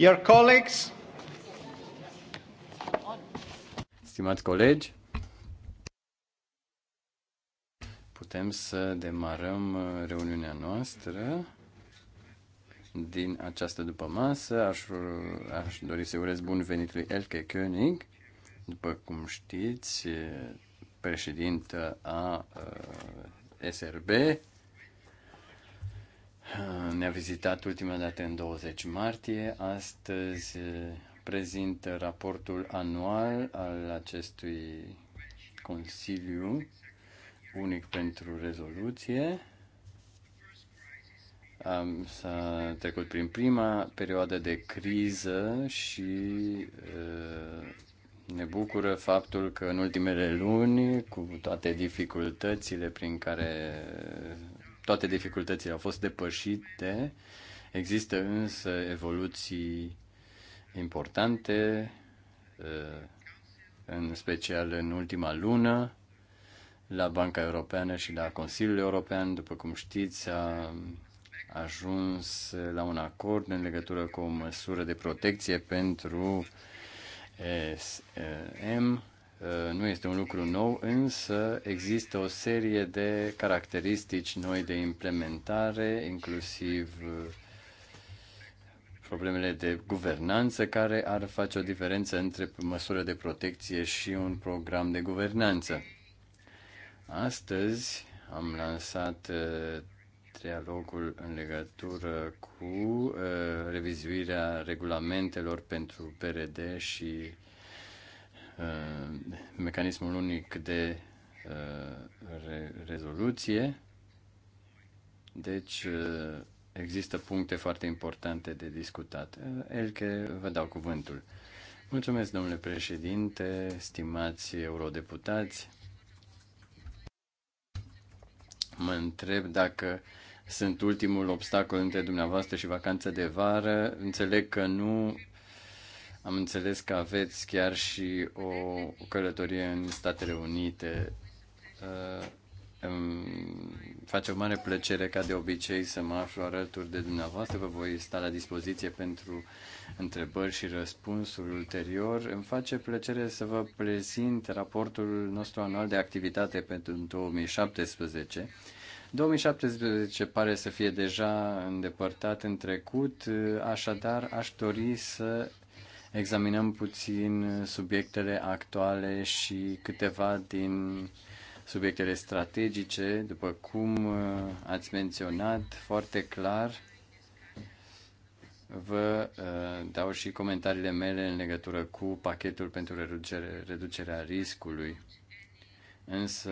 Your colleagues. Stimați colegi, putem să demarăm uh, reuniunea noastră din această după masă. Aș, uh, aș dori să urez bun venit lui Elke König. După cum știți, uh, președintă a uh, SRB, ne-a vizitat ultima dată în 20 martie. Astăzi eh, prezintă raportul anual al acestui Consiliu unic pentru rezoluție. Am, s-a trecut prin prima perioadă de criză și uh, ne bucură faptul că în ultimele luni, cu toate dificultățile prin care toate dificultățile au fost depășite, există însă evoluții importante, uh, în special în ultima lună, la Banca Europeană și la Consiliul European, după cum știți, a ajuns la un acord în legătură cu o măsură de protecție pentru SM Uh, nu este un lucru nou, însă există o serie de caracteristici noi de implementare, inclusiv uh, problemele de guvernanță care ar face o diferență între măsură de protecție și un program de guvernanță. Astăzi am lansat uh, trialogul în legătură cu revizuirea regulamentelor pentru PRD și Uh, mecanismul unic de uh, re- rezoluție. Deci uh, există puncte foarte importante de discutat. El că vă dau cuvântul. Mulțumesc, domnule președinte, stimați eurodeputați. Mă întreb dacă sunt ultimul obstacol între dumneavoastră și vacanța de vară. Înțeleg că nu am înțeles că aveți chiar și o, călătorie în Statele Unite. Uh, îmi face o mare plăcere, ca de obicei, să mă aflu alături de dumneavoastră. Vă voi sta la dispoziție pentru întrebări și răspunsuri ulterior. Îmi face plăcere să vă prezint raportul nostru anual de activitate pentru 2017. 2017 pare să fie deja îndepărtat în trecut, uh, așadar aș dori să examinăm puțin subiectele actuale și câteva din subiectele strategice, după cum uh, ați menționat foarte clar. Vă uh, dau și comentariile mele în legătură cu pachetul pentru reducere, reducerea riscului. Însă,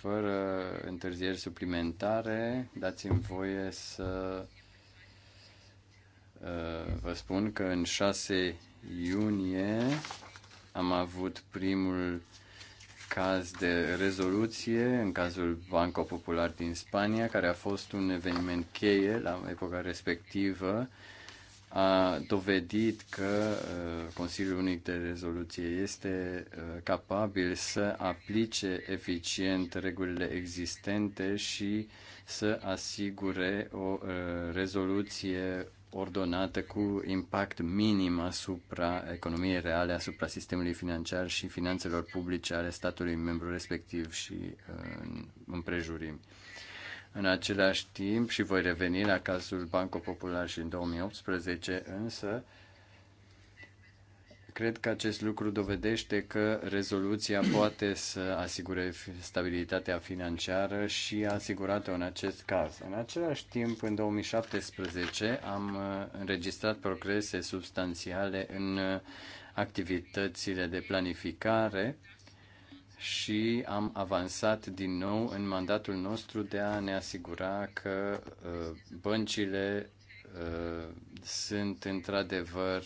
fără întârzieri suplimentare, dați-mi voie să Uh, vă spun că în 6 iunie am avut primul caz de rezoluție în cazul Banco Popular din Spania, care a fost un eveniment cheie la epoca respectivă, a dovedit că uh, Consiliul Unic de Rezoluție este uh, capabil să aplice eficient regulile existente și să asigure o rezoluție ordonată cu impact minim asupra economiei reale, asupra sistemului financiar și finanțelor publice ale statului membru respectiv și uh, în împrejurim. În același timp, și voi reveni la cazul Banco Popular și în 2018, însă, Cred că acest lucru dovedește că rezoluția poate să asigure stabilitatea financiară și asigurată în acest caz. În același timp, în 2017 am uh, înregistrat progrese substanțiale în uh, activitățile de planificare și am avansat din nou în mandatul nostru de a ne asigura că uh, băncile sunt într-adevăr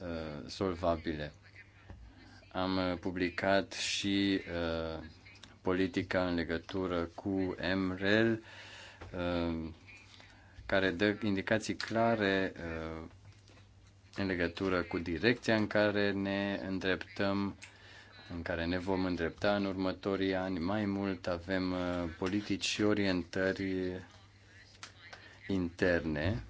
uh, solvabile. Am uh, publicat și uh, politica în legătură cu MREL, uh, care dă indicații clare uh, în legătură cu direcția în care ne îndreptăm, în care ne vom îndrepta în următorii ani. Mai mult avem uh, politici și orientări interne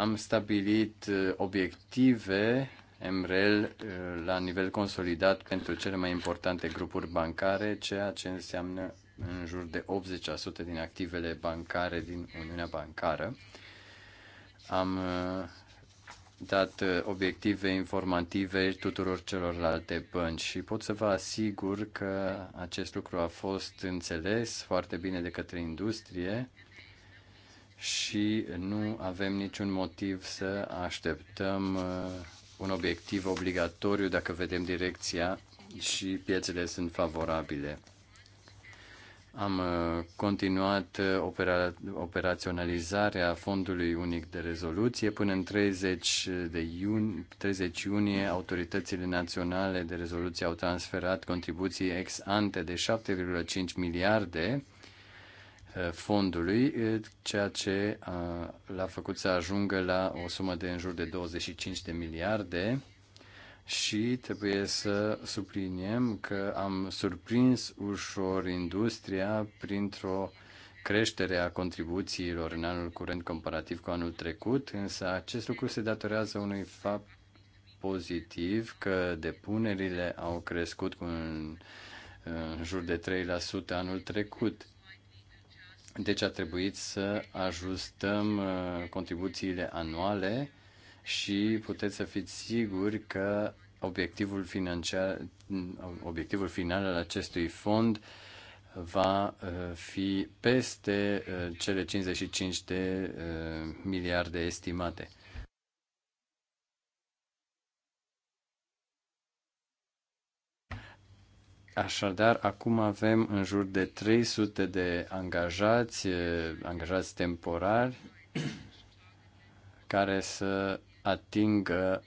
am stabilit uh, obiective MREL uh, la nivel consolidat pentru cele mai importante grupuri bancare, ceea ce înseamnă în jur de 80% din activele bancare din Uniunea Bancară. Am uh, dat obiective informative tuturor celorlalte bănci și pot să vă asigur că acest lucru a fost înțeles foarte bine de către industrie și nu avem niciun motiv să așteptăm uh, un obiectiv obligatoriu dacă vedem direcția și piețele sunt favorabile. Am uh, continuat uh, opera- operaționalizarea fondului unic de rezoluție. Până în 30, de iuni, 30 iunie, autoritățile naționale de rezoluție au transferat contribuții ex ante de 7,5 miliarde Uh, fondului, uh, ceea ce uh, l-a făcut să ajungă la o sumă de în jur de 25 de miliarde și trebuie să subliniem că am surprins ușor industria printr-o creștere a contribuțiilor în anul curent comparativ cu anul trecut, însă acest lucru se datorează unui fapt pozitiv că depunerile au crescut cu în, în jur de 3% anul trecut deci a trebuit să ajustăm uh, contribuțiile anuale și puteți să fiți siguri că obiectivul, financiar, mm, obiectivul final al acestui fond va uh, fi peste uh, cele 55 de miliarde estimate. Așadar, acum avem în jur de 300 de angajați, eh, angajați temporari, care să atingă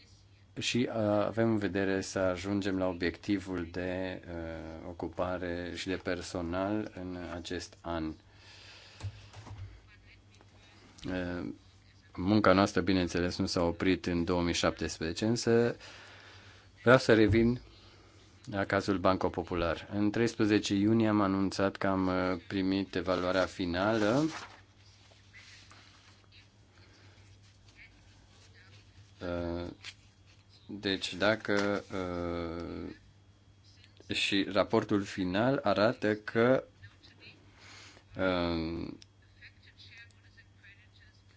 și eh, avem în vedere să ajungem la obiectivul de uh, ocupare și de personal în acest an. munca noastră, bineînțeles, nu s-a oprit în 2017, însă vreau să revin la cazul Banco Popular. În 13 iunie am anunțat că am uh, primit evaluarea finală. Uh, deci dacă uh, și raportul final arată că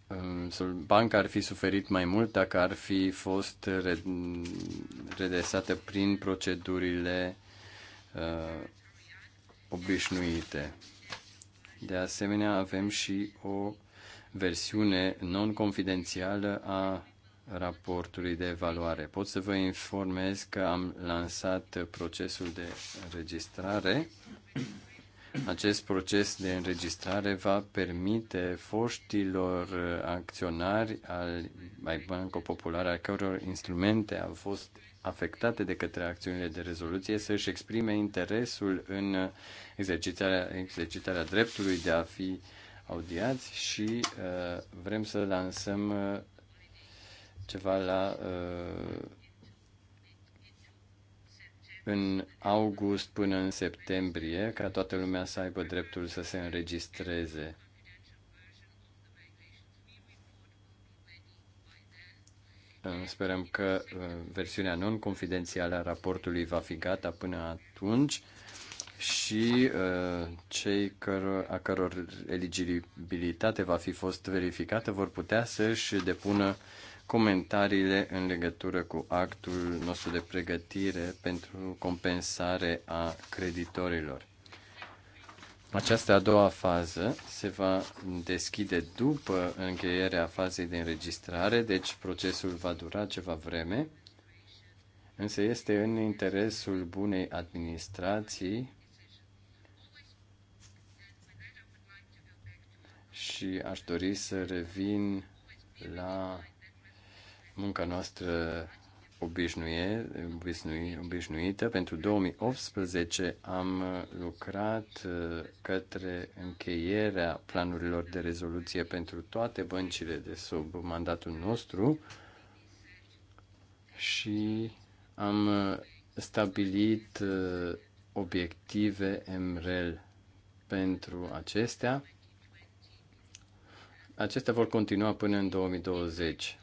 Um, banca ar fi suferit mai mult dacă ar fi fost redresată prin procedurile uh, obișnuite. De asemenea, avem și o versiune non-confidențială a raportului de evaluare. Pot să vă informez că am lansat procesul de registrare acest proces de înregistrare va permite foștilor acționari al mai Banco Popular, al căror instrumente au fost afectate de către acțiunile de rezoluție, să-și exprime interesul în exercitarea, exercitarea dreptului de a fi audiați și uh, vrem să lansăm uh, ceva la uh, în august până în septembrie, ca toată lumea să aibă dreptul să se înregistreze. Uh, sperăm că uh, versiunea non-confidențială a raportului va fi gata până atunci și uh, cei căro- a căror eligibilitate va fi fost verificată vor putea să-și depună comentariile în legătură cu actul nostru de pregătire pentru compensare a creditorilor. Această a doua fază se va deschide după încheierea fazei de înregistrare, deci procesul va dura ceva vreme, însă este în interesul bunei administrații și aș dori să revin la munca noastră obișnuie, obișnui, obișnuită. Pentru 2018 am uh, lucrat uh, către încheierea planurilor de rezoluție pentru toate băncile de sub mandatul nostru și am uh, stabilit obiective MREL pentru acestea. Acestea vor continua până în 2020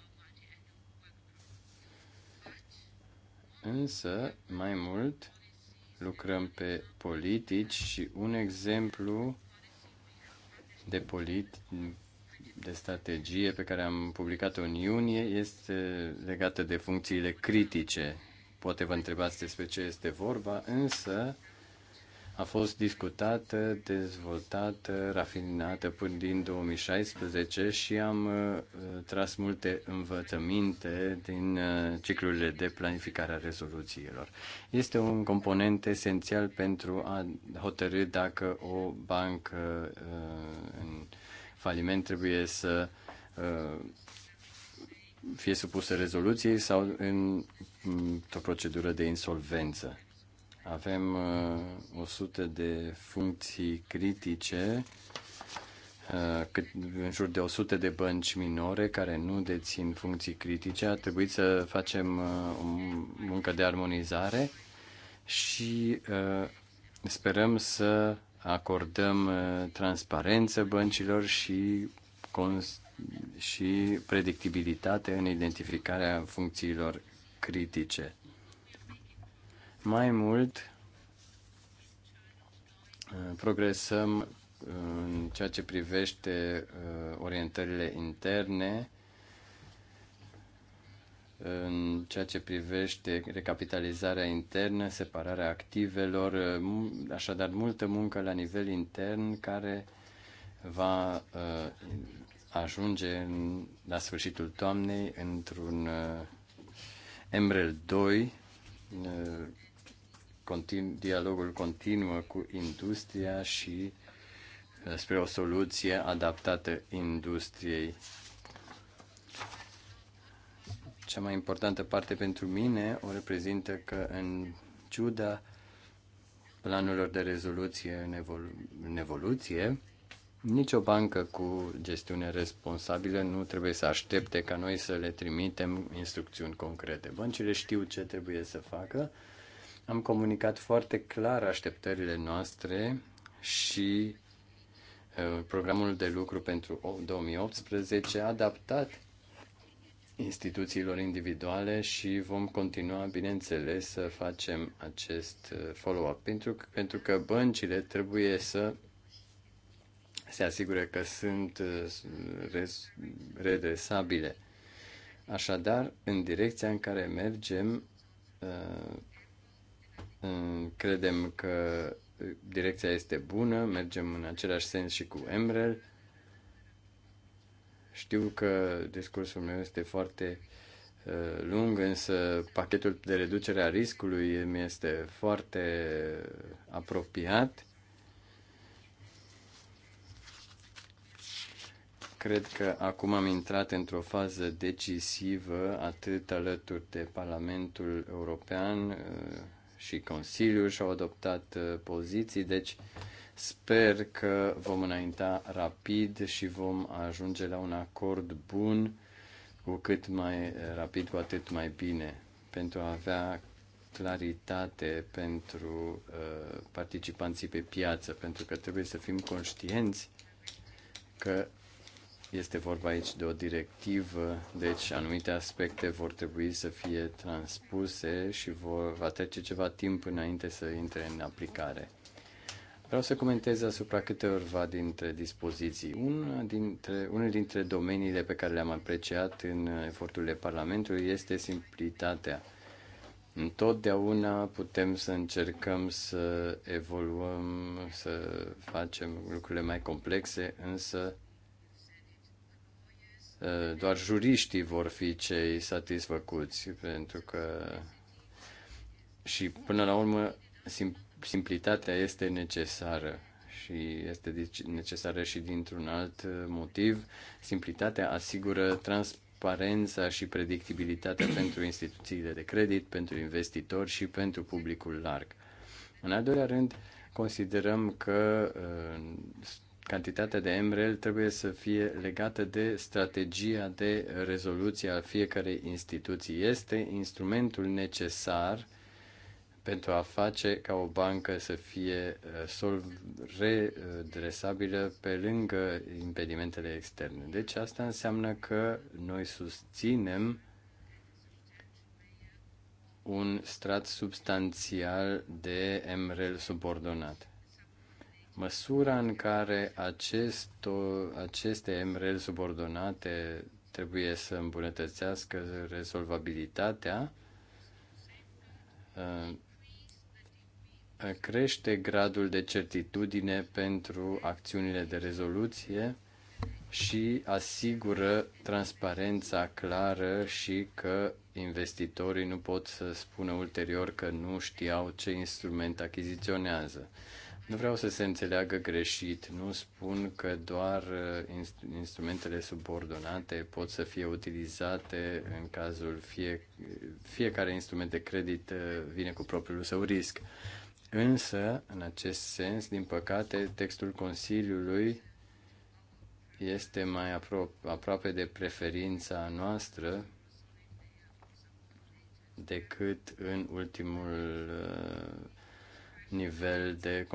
Însă, mai mult, lucrăm pe politici și un exemplu de polit de strategie pe care am publicat-o în iunie este legată de funcțiile critice. Poate vă întrebați despre ce este vorba, însă a fost discutată, dezvoltată, rafinată până din 2016 și am uh, tras multe învățăminte din uh, ciclurile de planificare a rezoluțiilor. Este un component esențial pentru a hotărâ dacă o bancă uh, în faliment trebuie să fie supusă rezoluției sau în, o procedură de insolvență. Avem 100 uh, de funcții critice, uh, în jur de 100 de bănci minore care nu dețin funcții critice. A trebuit să facem uh, o muncă de armonizare și sperăm să acordăm transparență băncilor și, și predictibilitate în identificarea funcțiilor critice. Mai mult, uh, progresăm uh, în ceea ce privește uh, orientările interne, în ceea ce privește recapitalizarea internă, separarea activelor, așadar multă muncă la nivel intern care va ajunge la sfârșitul toamnei într-un emerald 2 continu, dialogul continuă cu industria și uh, spre o soluție adaptată industriei. Cea mai importantă parte pentru mine o reprezintă că în ciuda planurilor de rezoluție în, evolu- în evoluție, nicio bancă cu gestiune responsabilă nu trebuie să aștepte ca noi să le trimitem instrucțiuni concrete. Băncile știu ce trebuie să facă, am comunicat foarte clar așteptările noastre și uh, programul de lucru pentru 2018 adaptat instituțiilor individuale și vom continua, bineînțeles, să facem acest uh, follow-up pentru că, pentru că băncile trebuie să se asigure că sunt uh, redresabile. Așadar, în direcția în care mergem, Mm, credem că direcția este bună, mergem în același sens și cu Emrel. Știu că discursul meu este foarte uh, lung, însă pachetul de reducere a riscului mi este foarte apropiat. Cred că acum am intrat într-o fază decisivă, atât alături de Parlamentul European, uh, și Consiliul și-au adoptat uh, poziții, deci sper că vom înainta rapid și vom ajunge la un acord bun cu cât mai uh, rapid, cu atât mai bine, pentru a avea claritate pentru uh, participanții pe piață, pentru că trebuie să fim conștienți că este vorba aici de o directivă, deci anumite aspecte vor trebui să fie transpuse și vor, va trece ceva timp înainte să intre în aplicare. Vreau să comentez asupra câteva dintre dispoziții. Una dintre, unul dintre domeniile pe care le-am apreciat în eforturile Parlamentului este simplitatea. Întotdeauna putem să încercăm să evoluăm, să facem lucrurile mai complexe, însă Eh, doar juriștii vor fi cei satisfăcuți, pentru că și până la urmă simplitatea este necesară și este necesară și dintr-un alt motiv. Simplitatea asigură transparența și predictibilitatea pentru instituțiile de credit, pentru investitori și pentru publicul larg. În al doilea rând, considerăm că eh, cantitatea de MREL trebuie să fie legată de strategia de rezoluție a fiecarei instituții. Este instrumentul necesar pentru a face ca o bancă să fie uh, redresabilă pe lângă impedimentele externe. Deci asta înseamnă că noi susținem un strat substanțial de MREL subordonat. Măsura în care acest, aceste MRL subordonate trebuie să îmbunătățească rezolvabilitatea, uh, crește gradul de certitudine pentru acțiunile de rezoluție și asigură transparența clară și că investitorii nu pot să spună ulterior că nu știau ce instrument achiziționează. Nu vreau să se înțeleagă greșit. Nu spun că doar uh, instrumentele subordonate pot să fie utilizate în cazul fie, fiecare instrument de credit uh, vine cu propriul său risc. Însă, în acest sens, din păcate, textul Consiliului este mai apro- aproape de preferința noastră decât în ultimul uh, nivel de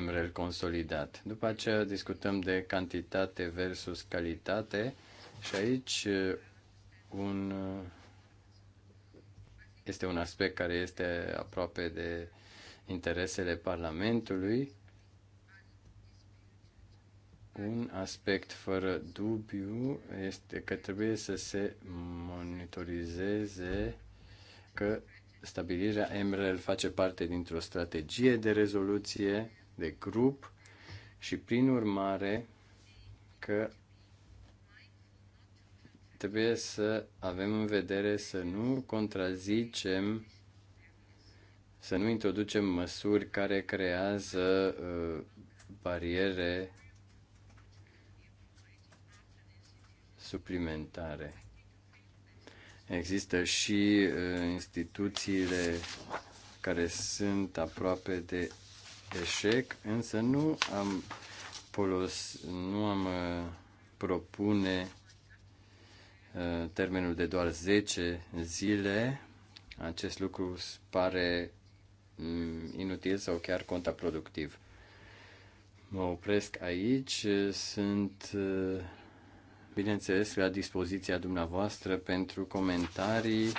MREL consolidat. După aceea discutăm de cantitate versus calitate și aici uh, un, uh, este un aspect care este aproape de interesele Parlamentului, un aspect fără dubiu este că trebuie să se monitorizeze că stabilirea MREL face parte dintr-o strategie de rezoluție de grup și prin urmare că trebuie să avem în vedere să nu contrazicem, să nu introducem măsuri care creează uh, bariere suplimentare. Există și uh, instituțiile care sunt aproape de eșec, însă nu am folos, nu am uh, propune uh, termenul de doar 10 zile. Acest lucru pare mm, inutil sau chiar contraproductiv. Mă opresc aici. Sunt bineînțeles, la dispoziția dumneavoastră pentru comentarii uh,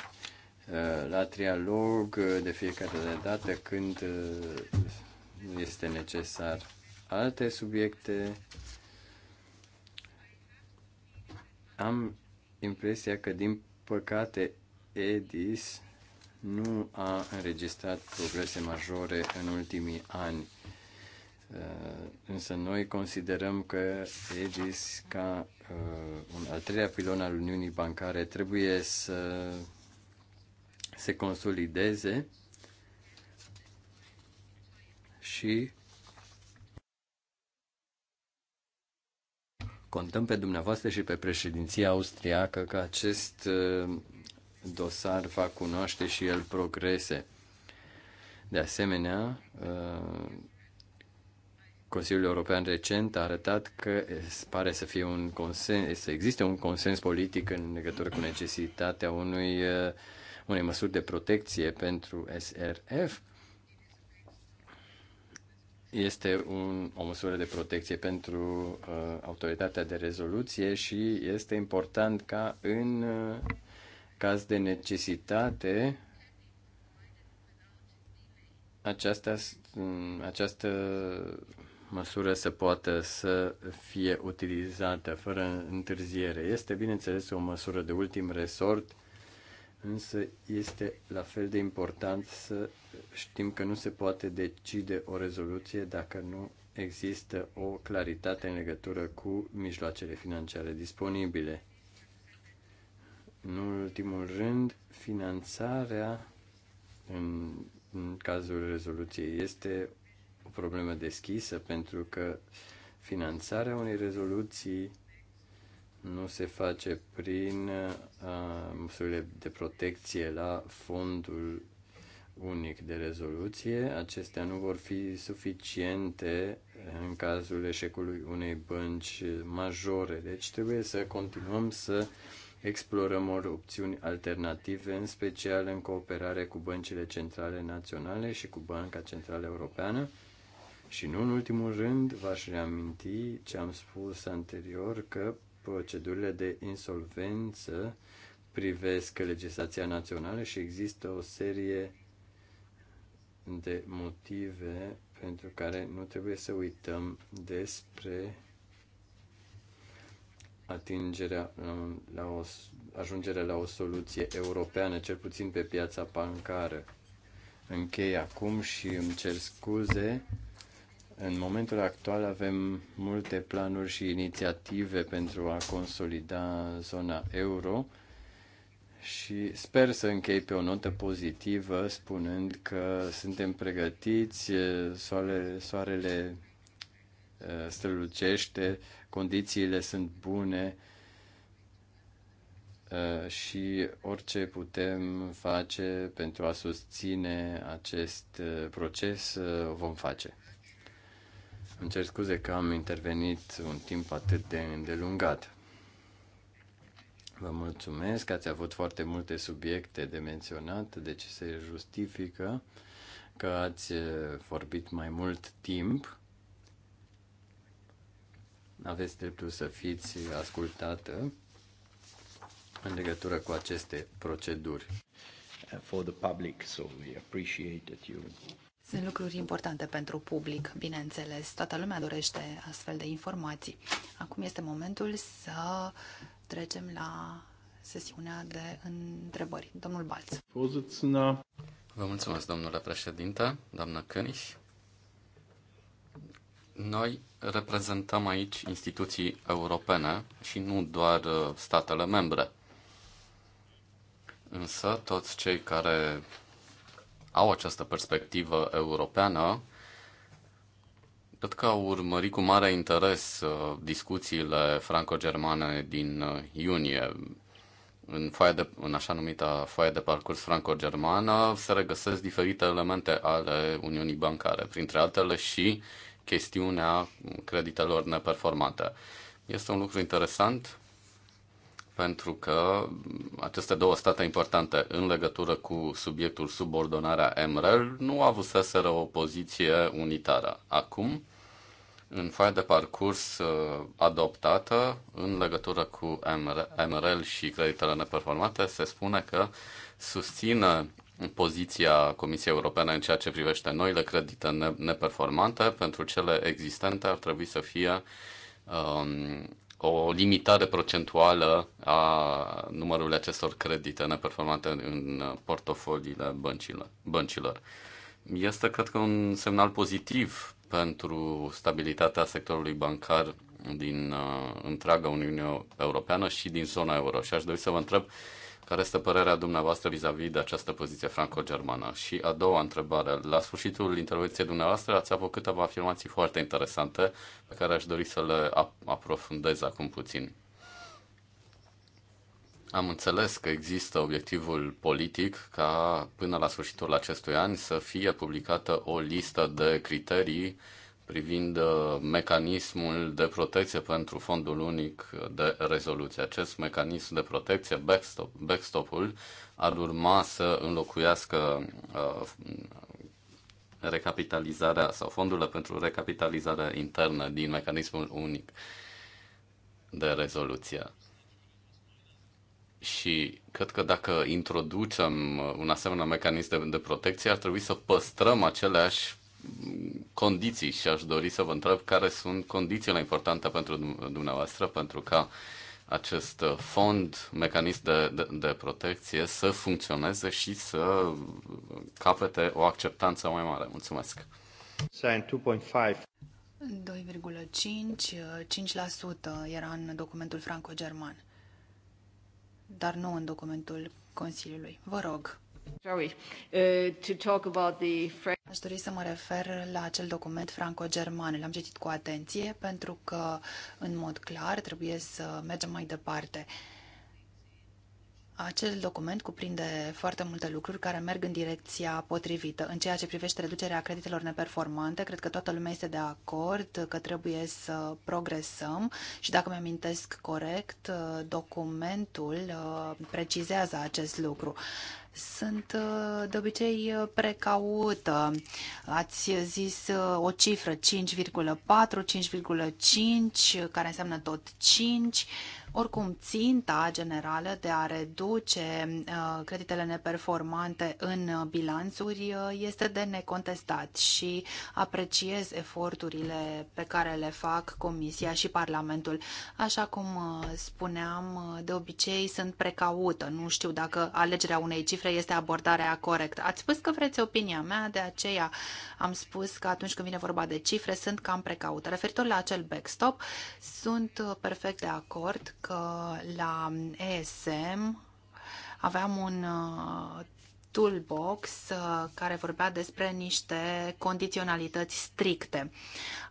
la trialog uh, de fiecare dată când uh, este necesar. Alte subiecte am impresia că, din păcate, Edis nu a înregistrat progrese majore în ultimii ani. Însă noi considerăm că Edis ca Uh, un al treilea pilon al Uniunii Bancare trebuie să se consolideze și contăm pe dumneavoastră și pe președinția austriacă că acest uh, dosar va cunoaște și el progrese. De asemenea, uh, Consiliul European recent a arătat că pare să fie un consens, să existe un consens politic în legătură cu necesitatea unui, uh, unei măsuri de protecție pentru SRF. Este un, o măsură de protecție pentru uh, autoritatea de rezoluție și este important ca în uh, caz de necesitate aceasta, această măsură să poată să fie utilizată fără întârziere. Este, bineînțeles, o măsură de ultim resort, însă este la fel de important să știm că nu se poate decide o rezoluție dacă nu există o claritate în legătură cu mijloacele financiare disponibile. În ultimul rând, finanțarea în, în cazul rezoluției este o problemă deschisă pentru că finanțarea unei rezoluții nu se face prin uh, măsurile de protecție la fondul unic de rezoluție. Acestea nu vor fi suficiente în cazul eșecului unei bănci majore. Deci trebuie să continuăm să explorăm ori opțiuni alternative, în special în cooperare cu băncile centrale naționale și cu Banca Centrală Europeană și nu în ultimul rând, v-aș reaminti ce am spus anterior, că procedurile de insolvență privesc legislația națională și există o serie de motive pentru care nu trebuie să uităm despre atingerea la o, ajungerea la o soluție europeană, cel puțin pe piața bancară. Închei acum și îmi cer scuze în momentul actual avem multe planuri și inițiative pentru a consolida zona euro și sper să închei pe o notă pozitivă spunând că suntem pregătiți, soarele, soarele strălucește, condițiile sunt bune și orice putem face pentru a susține acest proces o vom face. Îmi cer scuze că am intervenit un timp atât de îndelungat. Vă mulțumesc, ați avut foarte multe subiecte de menționat, deci se justifică că ați eh, vorbit mai mult timp. Aveți dreptul să fiți ascultată în legătură cu aceste proceduri. For the public, so we appreciate that you sunt lucruri importante pentru public, bineînțeles. Toată lumea dorește astfel de informații. Acum este momentul să trecem la sesiunea de întrebări. Domnul Balț. Vă mulțumesc, domnule președinte, doamnă Căniș. Noi reprezentăm aici instituții europene și nu doar uh, statele membre. Însă toți cei care au această perspectivă europeană, cred că au urmărit cu mare interes uh, discuțiile franco-germane din uh, iunie. În, foaia de, în așa numita foaie de parcurs franco-germană se regăsesc diferite elemente ale Uniunii Bancare, printre altele și chestiunea creditelor neperformante. Este un lucru interesant pentru că aceste două state importante în legătură cu subiectul subordonarea MREL nu avuseseră o poziție unitară. Acum, în foaia de parcurs uh, adoptată în legătură cu MREL și creditele neperformate, se spune că susține poziția Comisiei Europene în ceea ce privește noile credite neperformante, pentru cele existente ar trebui să fie um, o limitare procentuală a numărului acestor credite neperformante în portofoliile băncilor. băncilor. Este, cred că, un semnal pozitiv pentru stabilitatea sectorului bancar din uh, întreaga Uniune Europeană și din zona euro. Și aș dori să vă întreb uh, care este părerea dumneavoastră vis-a-vis -vis de această poziție franco-germană? Și a doua întrebare. La sfârșitul intervenției dumneavoastră ați avut câteva afirmații foarte interesante pe care aș dori să le aprofundez acum puțin. Am înțeles că există obiectivul politic ca până la sfârșitul acestui an să fie publicată o listă de criterii uh, privind uh, mecanismul de protecție pentru fondul unic de rezoluție. Acest mecanism de protecție, backstop, backstop-ul, ar urma să înlocuiască uh, recapitalizarea sau fondurile pentru recapitalizarea internă din mecanismul unic de rezoluție. Și cred că dacă introducem un asemenea mecanism de, de protecție, ar trebui să păstrăm aceleași condiții și aș dori să vă întreb care sunt condițiile importante pentru dumneavoastră pentru ca acest uh, fond, mecanism de, de, de protecție să funcționeze și să capete o acceptanță mai mare. Mulțumesc! 2.5 5% uh, era în documentul franco-german, dar nu în documentul Consiliului. Vă rog! Sorry, uh, Aș dori să mă refer la acel document franco-german. L-am citit cu atenție pentru că, în mod clar, trebuie să mergem mai departe. Acel document cuprinde foarte multe lucruri care merg în direcția potrivită. În ceea ce privește reducerea creditelor neperformante, cred că toată lumea este de acord că trebuie să progresăm și dacă mi amintesc corect, documentul uh, precizează acest lucru. Sunt uh, de obicei uh, precaută. Ați zis uh, o cifră 5,4, 5,5, care înseamnă tot 5. Oricum, ținta generală de a reduce uh, creditele neperformante în uh, bilanțuri uh, este de necontestat și apreciez eforturile pe care le fac Comisia și Parlamentul. Așa cum spuneam, de obicei sunt precaută. Nu știu dacă alegerea unei cifre este abordarea corectă. Ați spus că vreți opinia mea, de aceea am spus că atunci când vine vorba de cifre sunt cam precaută. Referitor la acel backstop, sunt perfect de acord că la ESM aveam un uh, toolbox uh, care vorbea despre niște condiționalități stricte.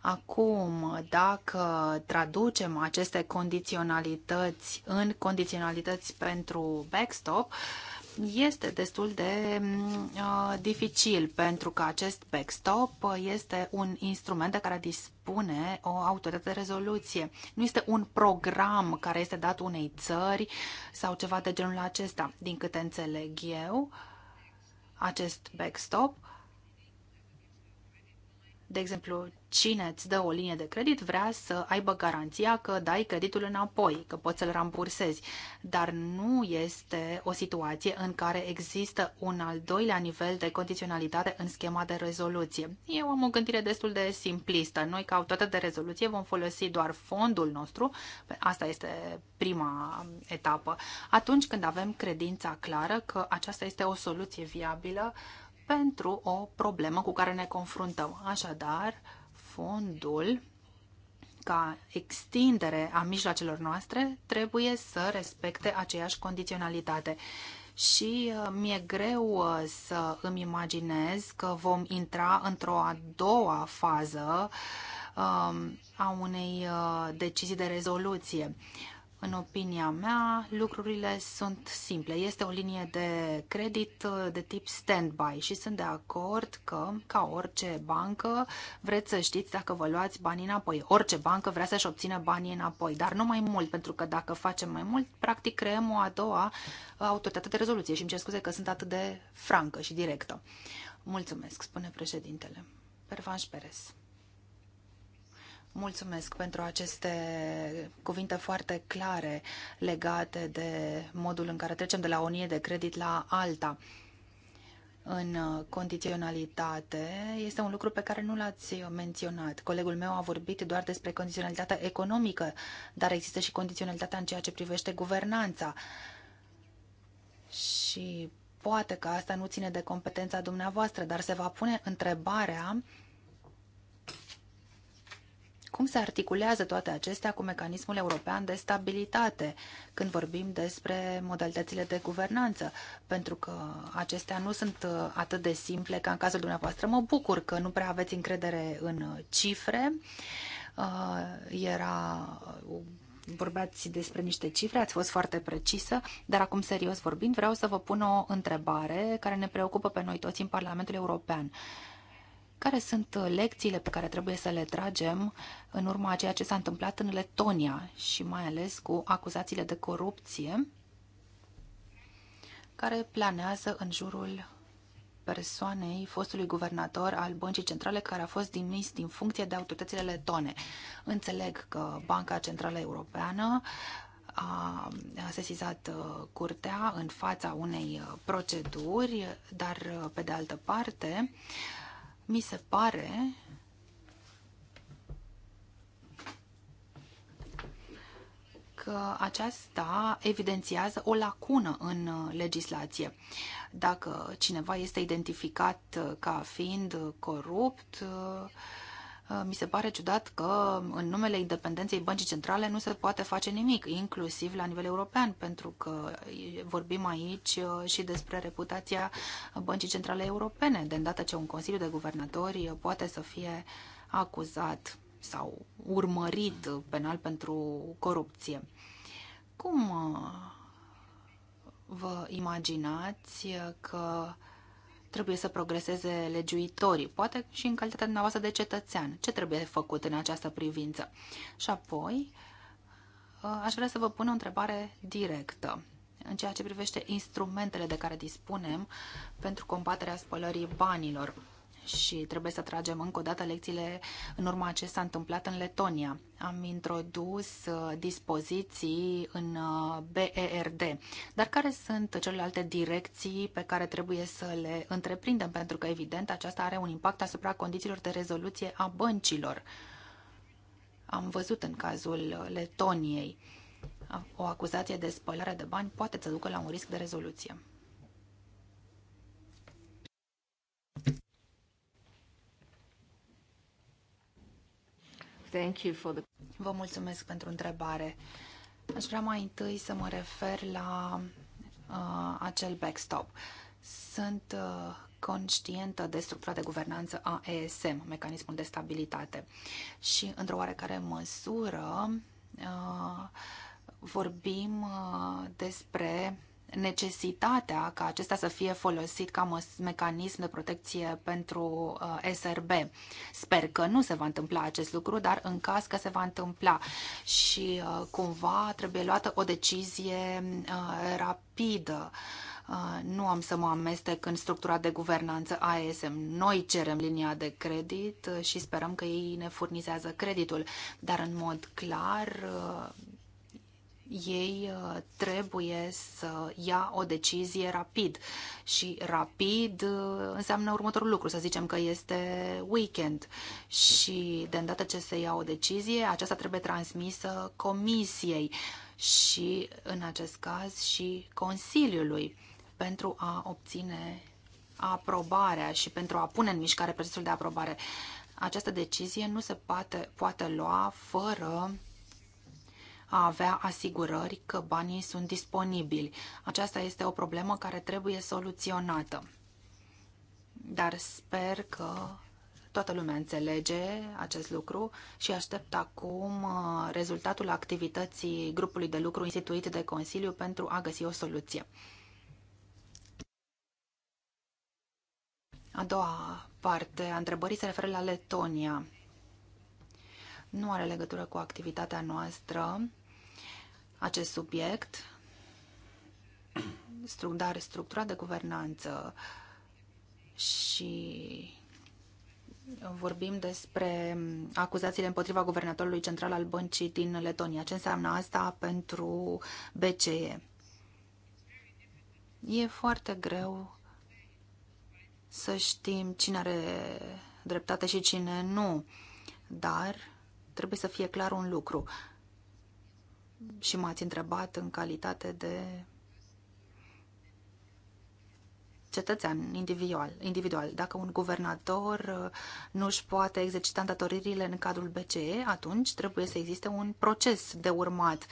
Acum, dacă traducem aceste condiționalități în condiționalități pentru backstop, uh, este destul de mm, uh, dificil pentru că acest backstop uh, este un instrument de care dispune o autoritate de rezoluție. Nu este un program care este dat unei țări sau ceva de genul acesta. Din câte înțeleg eu, acest backstop, de exemplu, cine îți dă o linie de credit vrea să aibă garanția că dai creditul înapoi, că poți să-l rambursezi, dar nu este o situație în care există un al doilea nivel de condiționalitate în schema de rezoluție. Eu am o gândire destul de simplistă. Noi, ca autoritate de rezoluție, vom folosi doar fondul nostru, asta este prima etapă, atunci când avem credința clară că aceasta este o soluție viabilă pentru o problemă cu care ne confruntăm. Așadar, fondul ca extindere a mijloacelor noastre trebuie să respecte aceeași condiționalitate. Și uh, mi-e greu uh, să îmi imaginez că vom intra într-o a doua fază um, a unei uh, decizii de rezoluție. În opinia mea, lucrurile sunt simple. Este o linie de credit uh, de tip standby și sunt de acord că, ca orice bancă, vreți să știți dacă vă luați banii înapoi. Orice bancă vrea să-și obțină banii înapoi, dar nu mai mult, pentru că dacă facem mai mult, practic creăm o a doua uh, autoritate de rezoluție și îmi cer scuze că sunt atât de francă și directă. Mulțumesc, spune președintele. Pervanș Perez. Mulțumesc pentru aceste cuvinte foarte clare legate de modul în care trecem de la o linie de credit la alta. În condiționalitate este un lucru pe care nu l-ați menționat. Colegul meu a vorbit doar despre condiționalitatea economică, dar există și condiționalitatea în ceea ce privește guvernanța. Și poate că asta nu ține de competența dumneavoastră, dar se va pune întrebarea uh, cum se articulează toate acestea cu mecanismul european de stabilitate când vorbim despre modalitățile de guvernanță? Pentru că acestea nu sunt uh, atât de simple ca în cazul dumneavoastră. Mă bucur că nu prea aveți încredere în uh, cifre. Uh, era vorbeați despre niște cifre, ați fost foarte precisă, dar acum serios vorbind, vreau să vă pun o întrebare care ne preocupă pe noi toți în Parlamentul European. Care sunt uh, lecțiile pe care trebuie să le tragem în urma a ceea ce s-a întâmplat în Letonia și mai ales cu acuzațiile de corupție care planează în jurul persoanei fostului guvernator al Băncii Centrale care a fost dimis din funcție de autoritățile letone. Înțeleg că Banca Centrală Europeană a sesizat uh, curtea în fața unei uh, proceduri, dar pe de altă parte mi se pare că aceasta evidențiază o lacună în uh, legislație. Dacă cineva este identificat uh, ca fiind uh, corupt, Uh, mi se pare ciudat că în numele independenței băncii centrale nu se poate face nimic, inclusiv la nivel european, pentru că vorbim aici uh, și despre reputația băncii centrale europene, de îndată ce un Consiliu de Guvernatori poate să fie acuzat sau urmărit penal pentru corupție. Cum uh, vă imaginați că uh, trebuie să progreseze legiuitorii, poate și în calitatea dumneavoastră de cetățean. Ce trebuie făcut în această privință? Și apoi, uh, aș vrea să vă pun o întrebare directă în ceea ce privește instrumentele de care dispunem pentru combaterea spălării banilor și trebuie să tragem încă o dată lecțiile în urma ce s-a întâmplat în Letonia. Am introdus uh, dispoziții în uh, BERD, dar care sunt celelalte direcții pe care trebuie să le întreprindem, pentru că, evident, aceasta are un impact asupra condițiilor de rezoluție a băncilor. Am văzut în cazul Letoniei. O acuzație de spălare de bani poate să ducă la un risc de rezoluție. Thank you for the... Vă mulțumesc pentru întrebare. Aș vrea mai întâi să mă refer la uh, acel backstop. Sunt uh, conștientă de structura de guvernanță a ESM, mecanismul de stabilitate, și într-o oarecare măsură uh, vorbim uh, despre necesitatea ca acesta să fie folosit ca mecanism de protecție pentru uh, SRB. Sper că nu se va întâmpla acest lucru, dar în caz că se va întâmpla și uh, cumva trebuie luată o decizie uh, rapidă nu am să mă amestec în structura de guvernanță ASM. Noi cerem linia de credit și sperăm că ei ne furnizează creditul, dar în mod clar ei uh, trebuie să ia o decizie rapid. Și rapid uh, înseamnă următorul lucru, să zicem că este weekend și de îndată ce se ia o decizie, aceasta trebuie transmisă comisiei și, în acest caz, și Consiliului pentru a obține aprobarea și pentru a pune în mișcare procesul de aprobare. Această decizie nu se poate, poate lua fără a avea asigurări că banii sunt disponibili. Aceasta este o problemă care trebuie soluționată. Dar sper că toată lumea înțelege acest lucru și aștept acum uh, rezultatul activității grupului de lucru instituit de Consiliu pentru a găsi o soluție. A doua parte a întrebării se referă la Letonia. Nu are legătură cu activitatea noastră acest subiect, dar structura de guvernanță și vorbim despre acuzațiile împotriva guvernatorului central al băncii din Letonia. Ce înseamnă asta pentru BCE? E foarte greu să știm cine are dreptate și cine nu, dar trebuie să fie clar un lucru. Și m-ați întrebat în calitate de cetățean individual, individual. Dacă un guvernator uh, nu își poate exercita datoririle în cadrul BCE, atunci trebuie să existe un proces de urmat.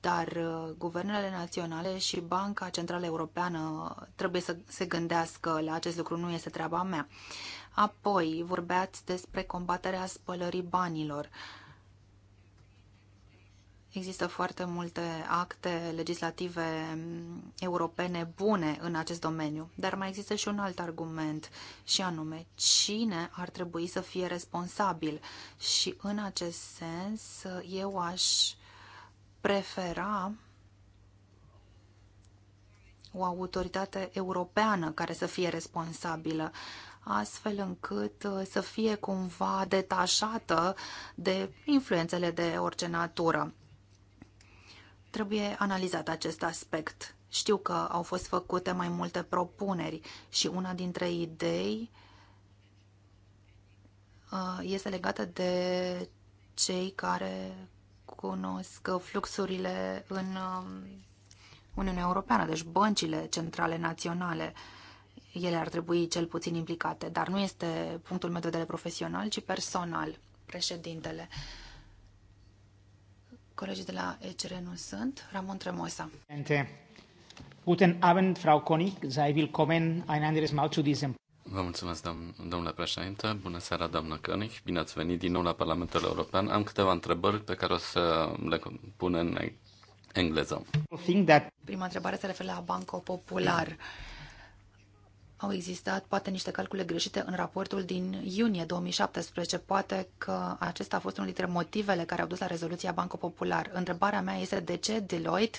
Dar uh, guvernele naționale și Banca Centrală Europeană trebuie să se gândească la acest lucru, nu este treaba mea. Apoi vorbeați despre combaterea spălării banilor. Există foarte multe acte legislative mm, europene bune în acest domeniu, dar mai există și un alt argument, și anume cine ar trebui să fie responsabil. Și în acest sens, eu aș prefera o autoritate europeană care să fie responsabilă astfel încât uh, să fie cumva detașată de influențele de orice natură. Trebuie analizat acest aspect. Știu că au fost făcute mai multe propuneri și una dintre idei uh, este legată de cei care cunosc fluxurile în um, Uniunea Europeană, deci băncile centrale naționale ele ar trebui cel puțin implicate, dar nu este punctul meu de vedere profesional, ci personal, președintele. Colegii de la ECR nu sunt. Ramon Tremosa. Guten Abend, Frau Konig. Sie willkommen ein anderes Mal zu diesem Vă mulțumesc, domnule președinte. Bună seara, doamnă König. Bine ați venit din nou la Parlamentul European. Am câteva întrebări pe care o să le pun în engleză. Prima întrebare se referă la Banco Popular. Yeah au existat poate niște calcule greșite în raportul din iunie 2017. Poate că acesta a fost unul dintre motivele care au dus la rezoluția Banco Popular. Întrebarea mea este de ce Deloitte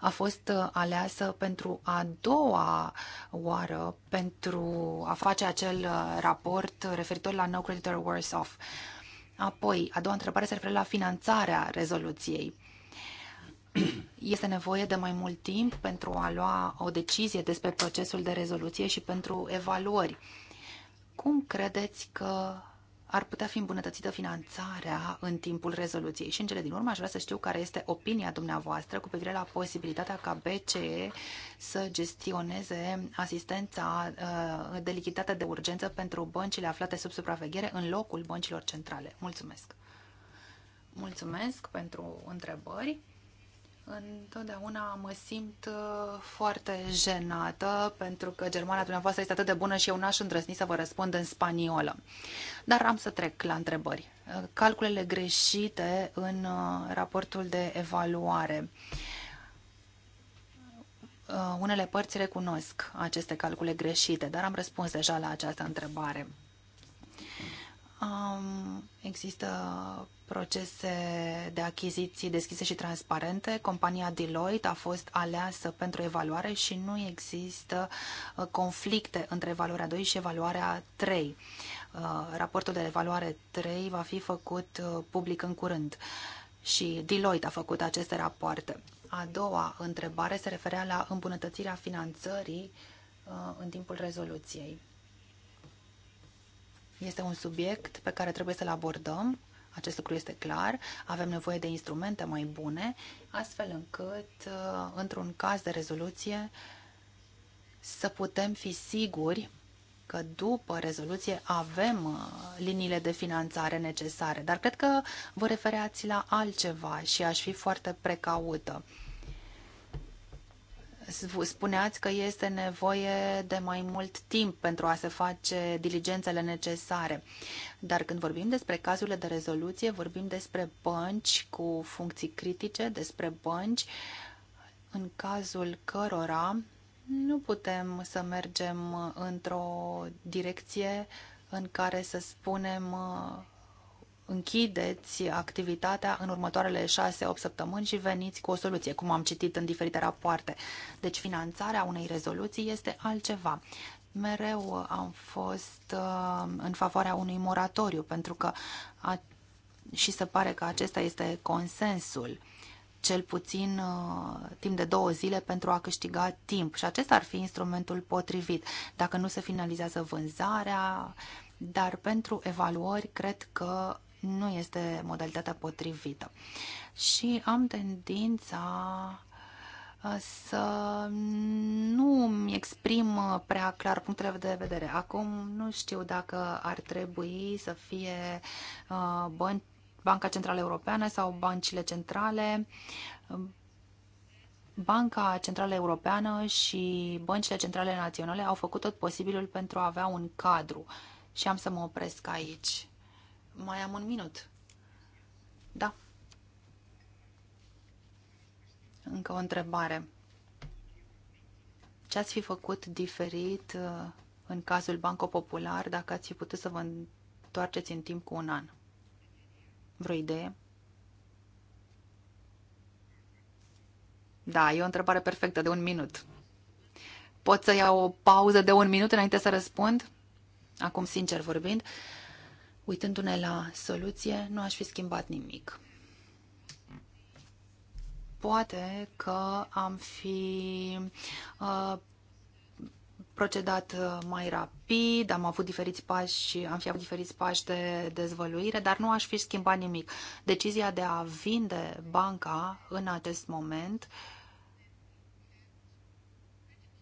a fost uh, aleasă pentru a doua oară pentru a face acel uh, raport referitor la No Creditor Worse Off. Apoi, a doua întrebare se referă la finanțarea rezoluției. Este nevoie de mai mult timp pentru a lua o decizie despre procesul de rezoluție și pentru evaluări. Cum credeți că ar putea fi îmbunătățită finanțarea în timpul rezoluției. Și în cele din urmă aș vrea să știu care este opinia dumneavoastră cu privire la posibilitatea ca BCE să gestioneze asistența uh, de lichitate de urgență pentru băncile aflate sub supraveghere în locul băncilor centrale. Mulțumesc! Mulțumesc pentru întrebări. Întotdeauna mă simt uh, foarte jenată pentru că germana dumneavoastră este atât de bună și eu n-aș îndrăzni să vă răspund în spaniolă. Dar am să trec la întrebări. Uh, calculele greșite în uh, raportul de evaluare. Unele părți recunosc aceste calcule greșite, dar am răspuns deja la această întrebare. Um, există procese de achiziții deschise și transparente. Compania Deloitte a fost aleasă pentru evaluare și nu există uh, conflicte între evaluarea 2 și evaluarea 3. Uh, raportul de evaluare 3 va fi făcut uh, public în curând și Deloitte a făcut aceste rapoarte. A doua întrebare se referea la îmbunătățirea finanțării în timpul rezoluției. Este un subiect pe care trebuie să-l abordăm, acest lucru este clar, avem nevoie de instrumente mai bune, astfel încât, uh, într-un caz de rezoluție, să putem fi siguri că după rezoluție avem uh, liniile de finanțare necesare, dar cred că vă refereați la altceva și aș fi foarte precaută. Spuneați că este nevoie de mai mult timp pentru a se face diligențele necesare, dar când vorbim despre cazurile de rezoluție, vorbim despre bănci cu funcții critice, despre bănci în cazul cărora nu putem să mergem într-o direcție în care să spunem închideți activitatea în următoarele 6-8 săptămâni și veniți cu o soluție, cum am citit în diferite rapoarte. Deci finanțarea unei rezoluții este altceva. Mereu am fost uh, în favoarea unui moratoriu, pentru că a, și se pare că acesta este consensul cel puțin uh, timp de două zile pentru a câștiga timp și acesta ar fi instrumentul potrivit. Dacă nu se finalizează vânzarea, dar pentru evaluări cred că nu este modalitatea potrivită. Și am tendința uh, să nu îmi exprim uh, prea clar punctele de vedere. Acum nu știu dacă ar trebui să fie uh, băn Banca Centrală Europeană sau băncile centrale. Banca Centrală Europeană și băncile centrale naționale au făcut tot posibilul pentru a avea un cadru și am să mă opresc aici. Mai am un minut. Da. Încă o întrebare. Ce ați fi făcut diferit uh, în cazul Banco Popular dacă ați fi putut să vă întoarceți în timp cu un an? Vreo idee? Da, e o întrebare perfectă de un minut. Pot să iau o pauză de un minut înainte să răspund? Acum, sincer vorbind. Uh, Uitându-ne la soluție, nu aș fi schimbat nimic. Poate că am fi uh, procedat uh, mai rapid, am avut diferiți pași, am fi avut diferiți pași de dezvăluire, dar nu aș fi schimbat nimic. Decizia de a vinde banca în acest moment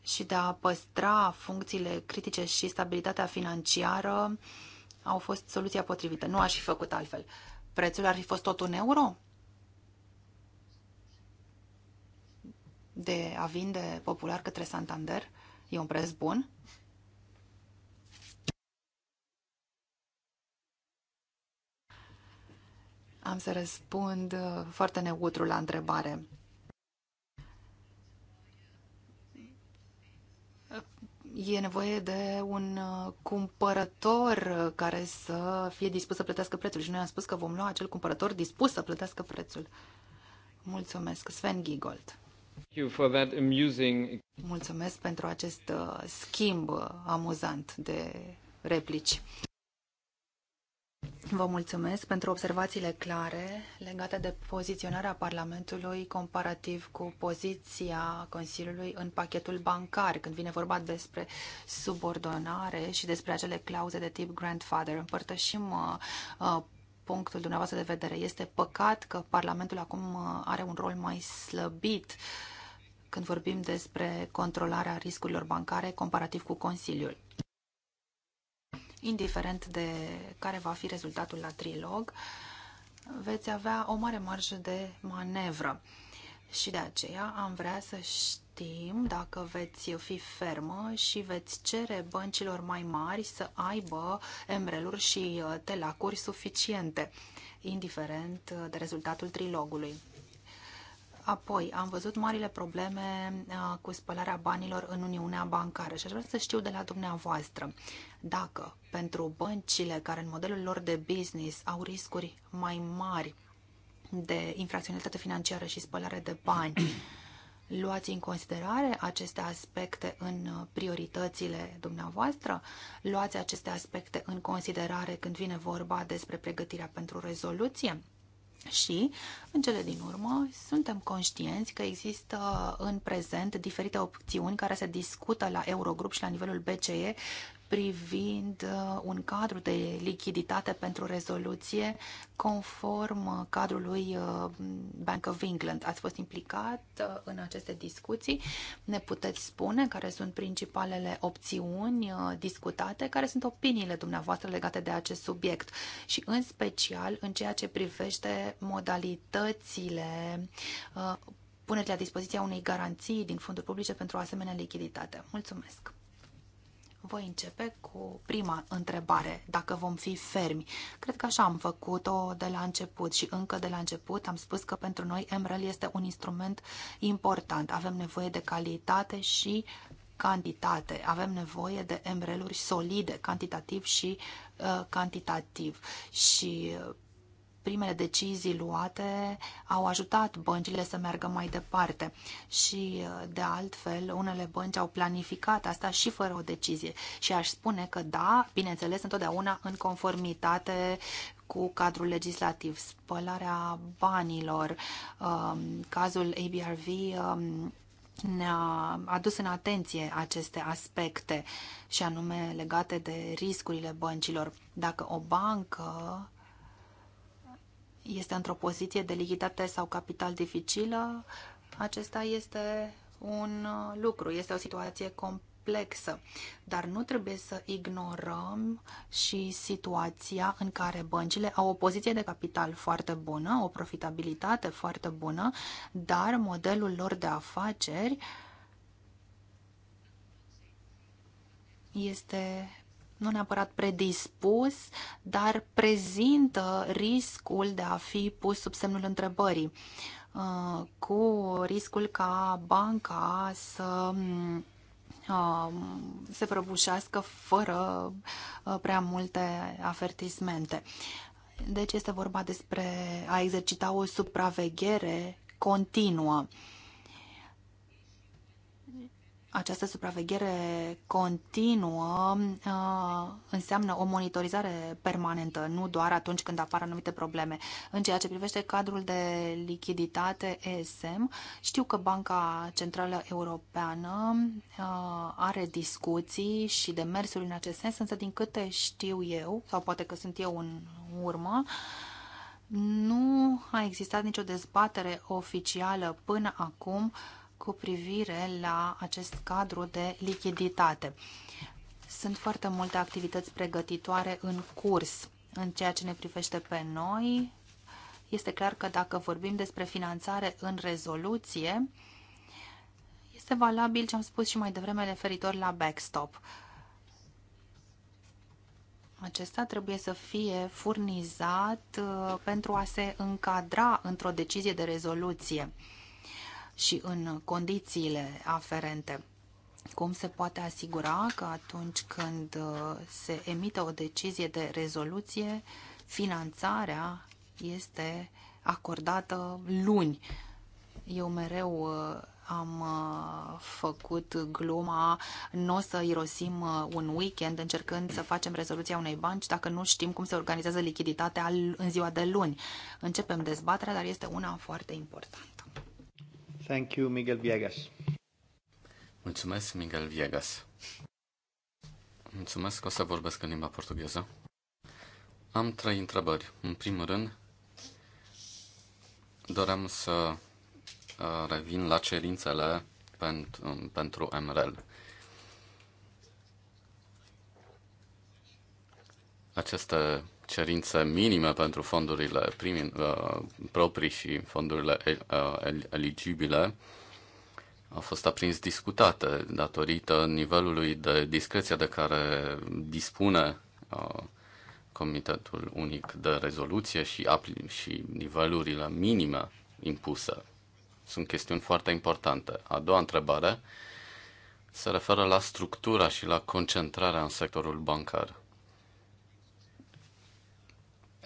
și de a păstra funcțiile critice și stabilitatea financiară uh, au fost soluția potrivită. Nu aș fi făcut altfel. Prețul ar fi fost tot un euro? De a vinde popular către Santander? E un preț bun? Am să răspund uh, foarte neutru la întrebare. e nevoie de un uh, cumpărător uh, care să fie dispus să plătească prețul și noi am spus că vom lua acel cumpărător dispus să plătească prețul. Mulțumesc, Sven Giegold. Mulțumesc pentru acest uh, schimb amuzant de replici. Vă mulțumesc pentru observațiile clare legate de poziționarea Parlamentului comparativ cu poziția Consiliului în pachetul bancar, când vine vorba despre subordonare și despre acele clauze de tip grandfather. Împărtășim uh, uh punctul dumneavoastră de vedere. Este păcat că Parlamentul acum uh, are un rol mai slăbit când vorbim despre controlarea riscurilor bancare comparativ cu Consiliul indiferent de care va fi rezultatul la trilog, veți avea o mare marjă de manevră. Și de aceea am vrea să știm dacă veți fi fermă și veți cere băncilor mai mari să aibă emreluri și uh, telacuri suficiente, indiferent uh, de rezultatul trilogului. Apoi, am văzut marile probleme uh, cu spălarea banilor în Uniunea Bancară și aș vrea să știu de la dumneavoastră dacă pentru băncile care în modelul lor de business au riscuri mai mari de infracționalitate financiară și spălare de bani, luați în considerare aceste aspecte în uh, prioritățile dumneavoastră? Luați aceste aspecte în considerare când vine vorba despre pregătirea pentru rezoluție? Și, în cele din urmă, suntem conștienți că există în prezent diferite opțiuni care se discută la Eurogrup și la nivelul BCE privind uh, un cadru de lichiditate pentru rezoluție conform uh, cadrului uh, Bank of England. Ați fost implicat în aceste discuții. Ne puteți spune care sunt principalele opțiuni discutate, care sunt opiniile dumneavoastră legate de acest subiect și în special în ceea ce privește modalitățile puneți la dispoziția unei garanții din fonduri publice pentru asemenea lichiditate. Mulțumesc! Voi începe cu prima întrebare, dacă vom fi fermi. Cred că așa am făcut-o de la început și încă de la început am spus că pentru noi MRL este un instrument important. Avem nevoie de calitate și cantitate. Avem nevoie de MRL-uri solide, cantitativ și uh, cantitativ. Și uh, primele decizii luate au ajutat băncile să meargă mai departe și, uh, de altfel, unele bănci au planificat asta și fără o decizie. Și aș spune că da, bineînțeles, întotdeauna în conformitate cu cadrul legislativ, spălarea banilor, um, cazul ABRV um, ne-a adus în atenție aceste aspecte și anume legate de riscurile băncilor. Dacă o bancă este într-o poziție de lichiditate sau capital dificilă, acesta este un uh, lucru, este o situație complexă. Dar nu trebuie să ignorăm și situația în care băncile au o poziție de capital foarte bună, o profitabilitate foarte bună, dar modelul lor de afaceri este nu neapărat predispus, dar prezintă riscul de a fi pus sub semnul întrebării, uh, cu riscul ca banca să uh, se prăbușească fără uh, prea multe avertismente. Deci este vorba despre a exercita o supraveghere continuă această supraveghere continuă uh, înseamnă o monitorizare permanentă, nu doar atunci când apar anumite probleme. În ceea ce privește cadrul de lichiditate ESM, știu că Banca Centrală Europeană uh, are discuții și demersuri în acest sens, însă din câte știu eu, sau poate că sunt eu în urmă, nu a existat nicio dezbatere oficială până acum uh, cu privire la acest cadru de lichiditate. Sunt foarte multe activități pregătitoare în curs. În ceea ce ne privește pe noi, este clar că dacă vorbim despre finanțare în rezoluție, este valabil ce am spus și mai devreme referitor la backstop. Acesta trebuie să fie furnizat uh, pentru a se încadra într-o decizie de rezoluție și în condițiile aferente. Cum se poate asigura că atunci când uh, se emite o decizie de rezoluție, finanțarea este acordată luni. Eu mereu uh, am uh, făcut gluma, nu o să irosim un weekend încercând să facem rezoluția unei banci dacă nu știm cum se organizează lichiditatea în ziua de luni. Începem dezbaterea, dar este una foarte importantă. Thank you, Miguel Viegas. Mulțumesc, Miguel Viegas. Mulțumesc că o să vorbesc în limba portugheză. Am trei întrebări. În primul rând, doream să uh, revin la cerințele um, pentru, pentru MRL. Aceste cerință minimă pentru fondurile primi, uh, proprii și fondurile uh, eligibile a fost aprins discutate datorită nivelului de discreție de care dispune uh, Comitetul Unic de Rezoluție și, apl- și nivelurile minime impuse. Sunt chestiuni foarte importante. A doua întrebare se referă la structura și la concentrarea în sectorul bancar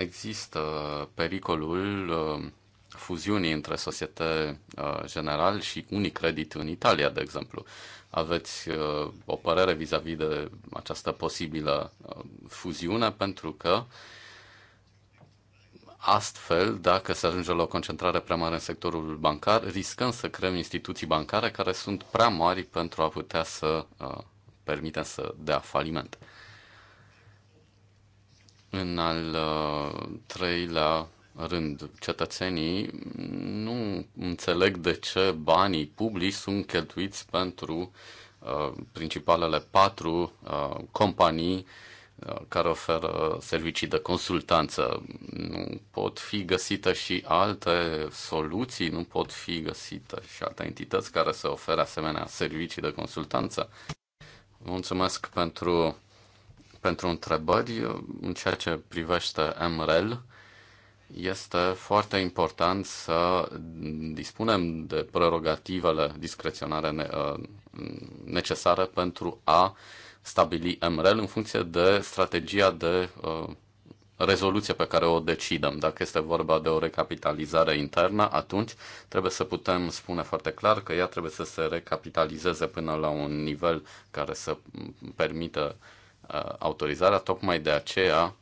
există pericolul uh, fuziunii între Societe uh, General și Unicredit în Italia, de exemplu. Aveți uh, o părere vis-a-vis -vis de această posibilă fuziune pentru că Astfel, dacă se ajunge la o concentrare prea mare în sectorul bancar, riscăm să creăm instituții bancare care sunt prea mari pentru a putea să uh, permitem să dea faliment. În al uh, treilea rând, cetățenii nu înțeleg de ce banii publici sunt cheltuiți pentru uh, principalele patru uh, companii care oferă servicii de consultanță. Nu pot fi găsite și alte soluții, nu pot fi găsite și alte entități care să ofere asemenea servicii de consultanță. Mulțumesc pentru pentru întrebări. În ceea ce privește MREL, este foarte important să dispunem de prerogativele discreționare uh, necesare pentru a stabili MREL în funcție de strategia de uh, rezoluție pe care o decidem. Dacă este vorba de o recapitalizare internă, atunci trebuie să putem spune foarte clar că ea trebuie să se recapitalizeze până la un nivel care să permită Uh, autorizarea. Tocmai de aceea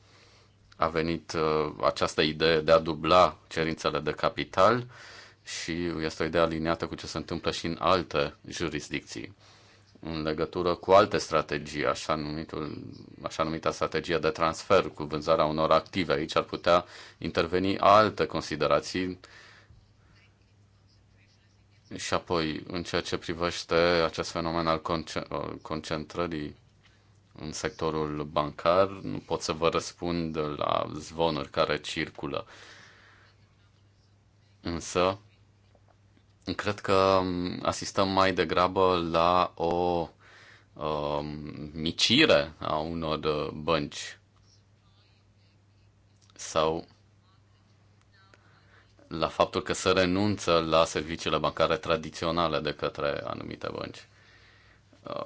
a venit uh, această idee de a dubla cerințele de capital și este o idee aliniată cu ce se întâmplă și în alte jurisdicții în legătură cu alte strategii, așa, numitul, așa numita strategie de transfer cu vânzarea unor active. Aici ar putea interveni alte considerații și apoi, în ceea ce privește acest fenomen al concentrării în sectorul bancar. Nu pot să vă răspund la zvonuri care circulă. Însă, cred că asistăm mai degrabă la o uh, micire a unor uh, bănci sau la faptul că se renunță la serviciile bancare tradiționale de către anumite bănci. Uh,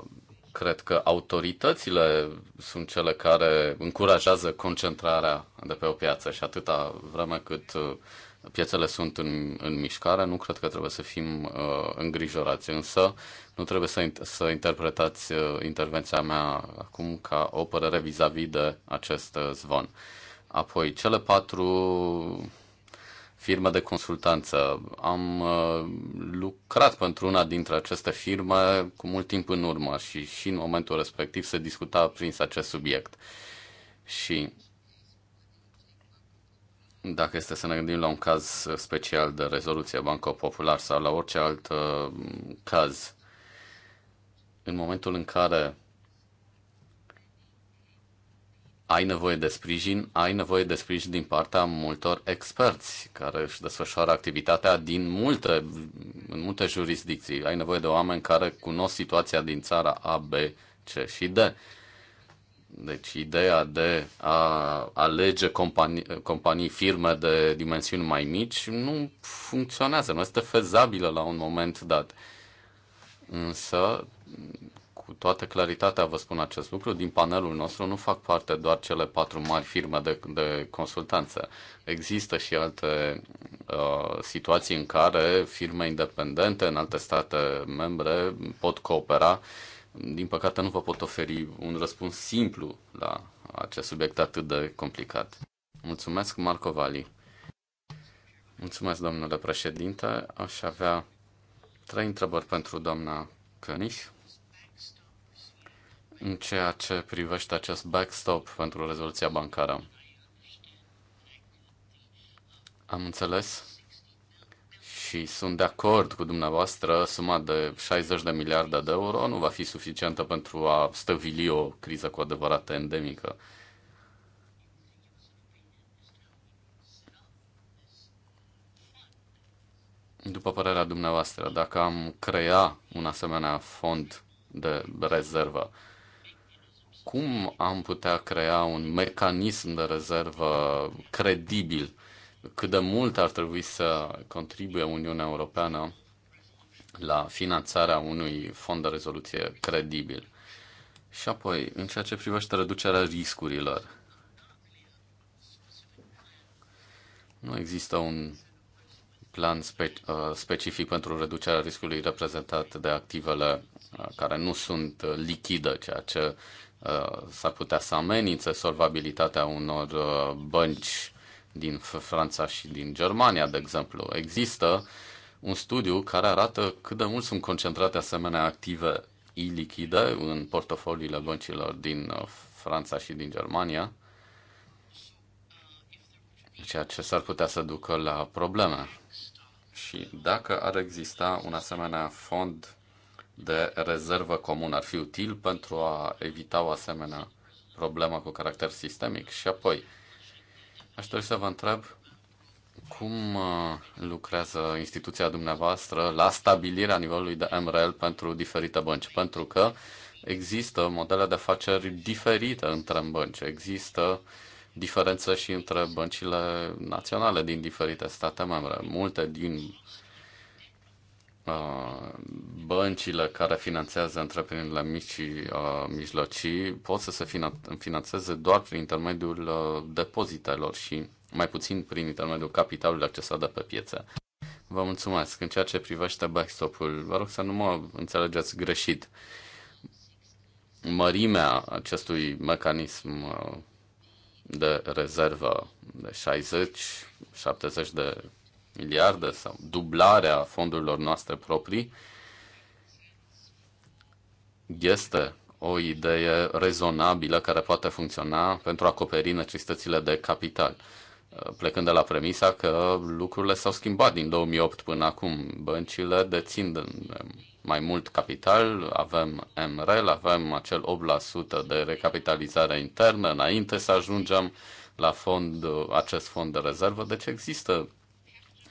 Cred că autoritățile sunt cele care încurajează concentrarea de pe o piață și atâta vreme cât uh, piețele sunt în, în mișcare, nu cred că trebuie să fim uh, îngrijorați, însă nu trebuie să, să interpretați uh, intervenția mea acum ca o părere vis-a-vis -vis de acest uh, zvon. Apoi, cele patru firmă de consultanță. Am uh, lucrat pentru una dintre aceste firme cu mult timp în urmă și și în momentul respectiv se discuta prins acest subiect. Și dacă este să ne gândim la un caz special de rezoluție Banco Popular sau la orice alt uh, caz, în momentul în care ai nevoie de sprijin, ai nevoie de sprijin din partea multor experți care își desfășoară activitatea din multe, în multe jurisdicții. Ai nevoie de oameni care cunosc situația din țara A, B, C și D. Deci ideea de a alege companii, companii, firme de dimensiuni mai mici nu funcționează, nu este fezabilă la un moment dat. Însă cu toată claritatea vă spun acest lucru, din panelul nostru nu fac parte doar cele patru mari firme de, de consultanță. Există și alte uh, situații în care firme independente în alte state membre pot coopera. Din păcate nu vă pot oferi un răspuns simplu la acest subiect atât de complicat. Mulțumesc, Marco Vali. Mulțumesc, domnule președinte. Aș avea trei întrebări pentru doamna Căniș în ceea ce privește acest backstop pentru rezoluția bancară. Am înțeles și sunt de acord cu dumneavoastră, suma de 60 de miliarde de euro nu va fi suficientă pentru a stăvili o criză cu adevărat endemică. După părerea dumneavoastră, dacă am crea un asemenea fond de rezervă, cum am putea crea un mecanism de rezervă credibil? Cât de mult ar trebui să contribuie Uniunea Europeană la finanțarea unui fond de rezoluție credibil? Și apoi, în ceea ce privește reducerea riscurilor, nu există un plan spe- uh, specific pentru reducerea riscului reprezentat de activele uh, care nu sunt uh, lichidă, ceea ce Uh, s-ar putea să amenințe solvabilitatea unor uh, bănci din Franța și din Germania, de exemplu. Există un studiu care arată cât de mult sunt concentrate asemenea active ilichide în portofoliile băncilor din uh, Franța și din Germania, ceea ce s-ar putea să ducă la probleme. Și dacă ar exista un asemenea fond de rezervă comună ar fi util pentru a evita o asemenea problemă cu caracter sistemic? Și apoi, aș dori să vă întreb cum uh, lucrează instituția dumneavoastră la stabilirea nivelului de MREL pentru diferite bănci? Pentru că există modele de afaceri diferite între bănci, există diferențe și între băncile naționale din diferite state membre. Multe din Uh, băncile care finanțează întreprinderile mici și uh, mijlocii pot să se finanțeze doar prin intermediul uh, depozitelor și mai puțin prin intermediul capitalului accesat de pe piețe. Vă mulțumesc. În ceea ce privește backstop-ul, vă rog să nu mă înțelegeți greșit. Mărimea acestui mecanism uh, de rezervă de 60-70 de miliarde sau dublarea fondurilor noastre proprii este o idee rezonabilă care poate funcționa pentru a acoperi necesitățile de capital. Plecând de la premisa că lucrurile s-au schimbat din 2008 până acum. Băncile dețin mai mult capital, avem MREL, avem acel 8% de recapitalizare internă înainte să ajungem la fond, acest fond de rezervă, deci există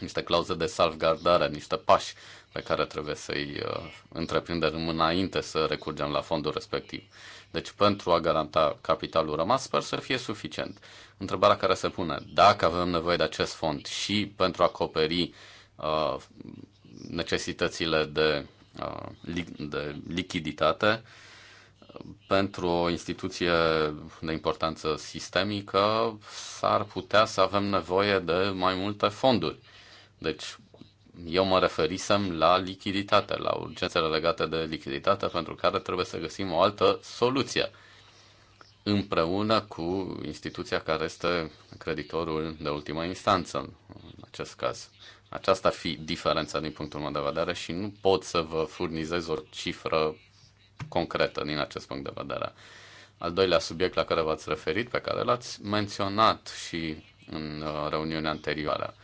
niște clauze de salvgardare, niște pași pe care trebuie să-i uh, întreprindem înainte să recurgem la fondul respectiv. Deci pentru a garanta capitalul rămas, sper să fie suficient. Întrebarea care se pune, dacă avem nevoie de acest fond și pentru a acoperi uh, necesitățile de, uh, li- de lichiditate, pentru o instituție de importanță sistemică s-ar putea să avem nevoie de mai multe fonduri. Deci, eu mă referisem la lichiditate, la urgențele legate de lichiditate, pentru care trebuie să găsim o altă soluție împreună cu instituția care este creditorul de ultima instanță, în acest caz. Aceasta ar fi diferența din punctul meu de vedere și nu pot să vă furnizez o cifră concretă din acest punct de vedere. Al doilea subiect la care v-ați referit, pe care l-ați menționat și în uh, reuniunea anterioară,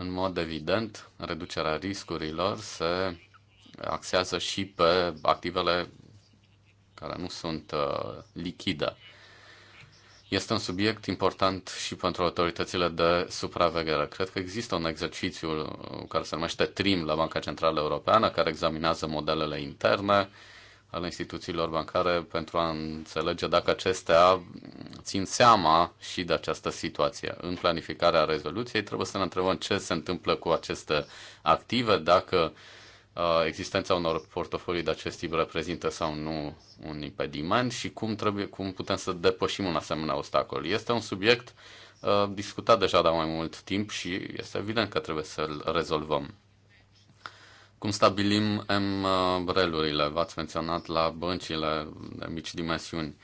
în mod evident, reducerea riscurilor se axează și pe activele care nu sunt uh, lichide. Este un subiect important și pentru autoritățile de supraveghere. Cred că există un exercițiu uh, care se numește TRIM la Banca Centrală Europeană, care examinează modelele interne, al instituțiilor bancare pentru a înțelege dacă acestea țin seama și de această situație. În planificarea rezoluției trebuie să ne întrebăm ce se întâmplă cu aceste active, dacă uh, existența unor portofolii de acest tip reprezintă sau nu un impediment și cum, trebuie, cum putem să depășim un asemenea obstacol. Este un subiect uh, discutat deja de mai mult timp și este evident că trebuie să-l rezolvăm. Cum stabilim MREL-urile? V-ați menționat la băncile de mici dimensiuni.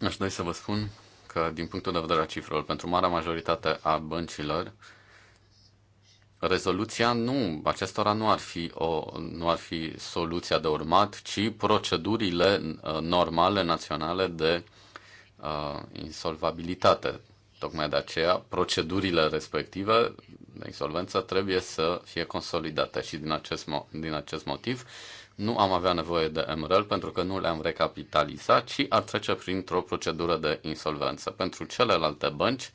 Aș dori să vă spun că, din punctul de vedere a cifrelor, pentru marea majoritate a băncilor, rezoluția nu, acestora nu ar fi, o, nu ar fi soluția de urmat, ci procedurile uh, normale naționale de uh, insolvabilitate. Tocmai de aceea, procedurile respective de insolvență trebuie să fie consolidată și din acest, mo- din acest motiv nu am avea nevoie de MREL pentru că nu le-am recapitalizat, ci ar trece printr-o procedură de insolvență. Pentru celelalte bănci,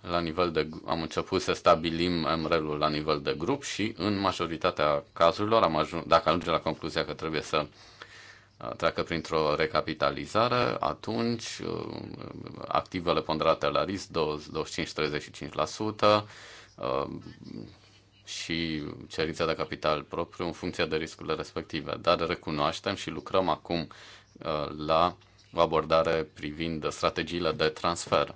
la nivel de, am început să stabilim MREL-ul la nivel de grup și în majoritatea cazurilor, am ajuns, dacă ajungem la concluzia că trebuie să uh, treacă printr-o recapitalizare, atunci uh, activele ponderate la risc 25-35%, Um, și cerința de capital propriu în funcție de riscurile respective. Dar recunoaștem și lucrăm acum uh, la o abordare privind strategiile de transfer.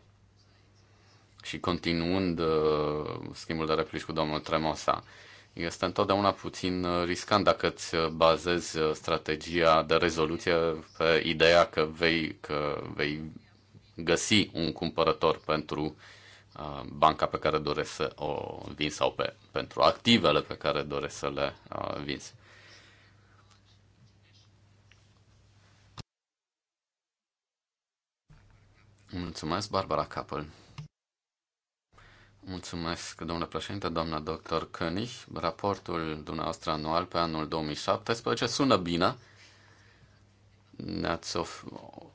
Și continuând uh, schimbul de replici cu domnul Tremosa, este întotdeauna puțin uh, riscant dacă îți bazezi strategia de rezoluție pe ideea că vei, că vei găsi un cumpărător pentru Uh, banca pe care doresc să o vin sau pe, pentru activele pe care doresc să le uh, vinzi. Mulțumesc, Barbara Capel. Mulțumesc, domnule președinte, doamna doctor König. Raportul dumneavoastră anual pe anul 2017 sună bine ne-ați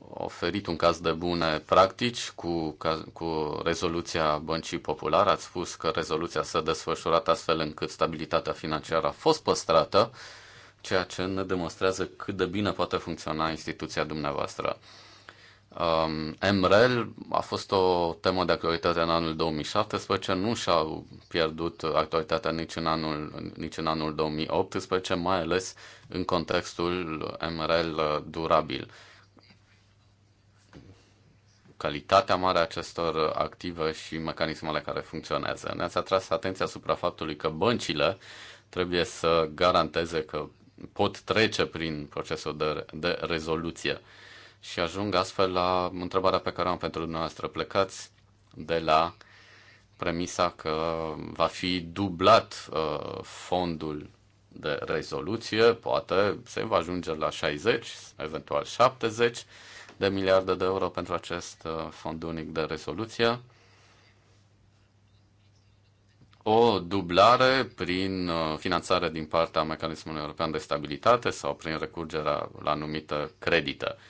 oferit un caz de bune practici cu, cu rezoluția Băncii Populare. Ați spus că rezoluția s-a desfășurat astfel încât stabilitatea financiară a fost păstrată, ceea ce ne demonstrează cât de bine poate funcționa instituția dumneavoastră. Um, MREL a fost o temă de actualitate în anul 2017, nu și-a pierdut actualitatea nici în, anul, nici în anul 2018, mai ales în contextul MREL durabil. Calitatea mare a acestor active și mecanismele care funcționează. Ne-ați atras atenția asupra faptului că băncile trebuie să garanteze că pot trece prin procesul de, de rezoluție și ajung astfel la întrebarea pe care am pentru dumneavoastră. Plecați de la premisa că va fi dublat uh, fondul de rezoluție, poate se va ajunge la 60, eventual 70 de miliarde de euro pentru acest uh, fond unic de rezoluție. O dublare prin uh, finanțare din partea mecanismului european de stabilitate sau prin recurgerea la anumite credite. Uh,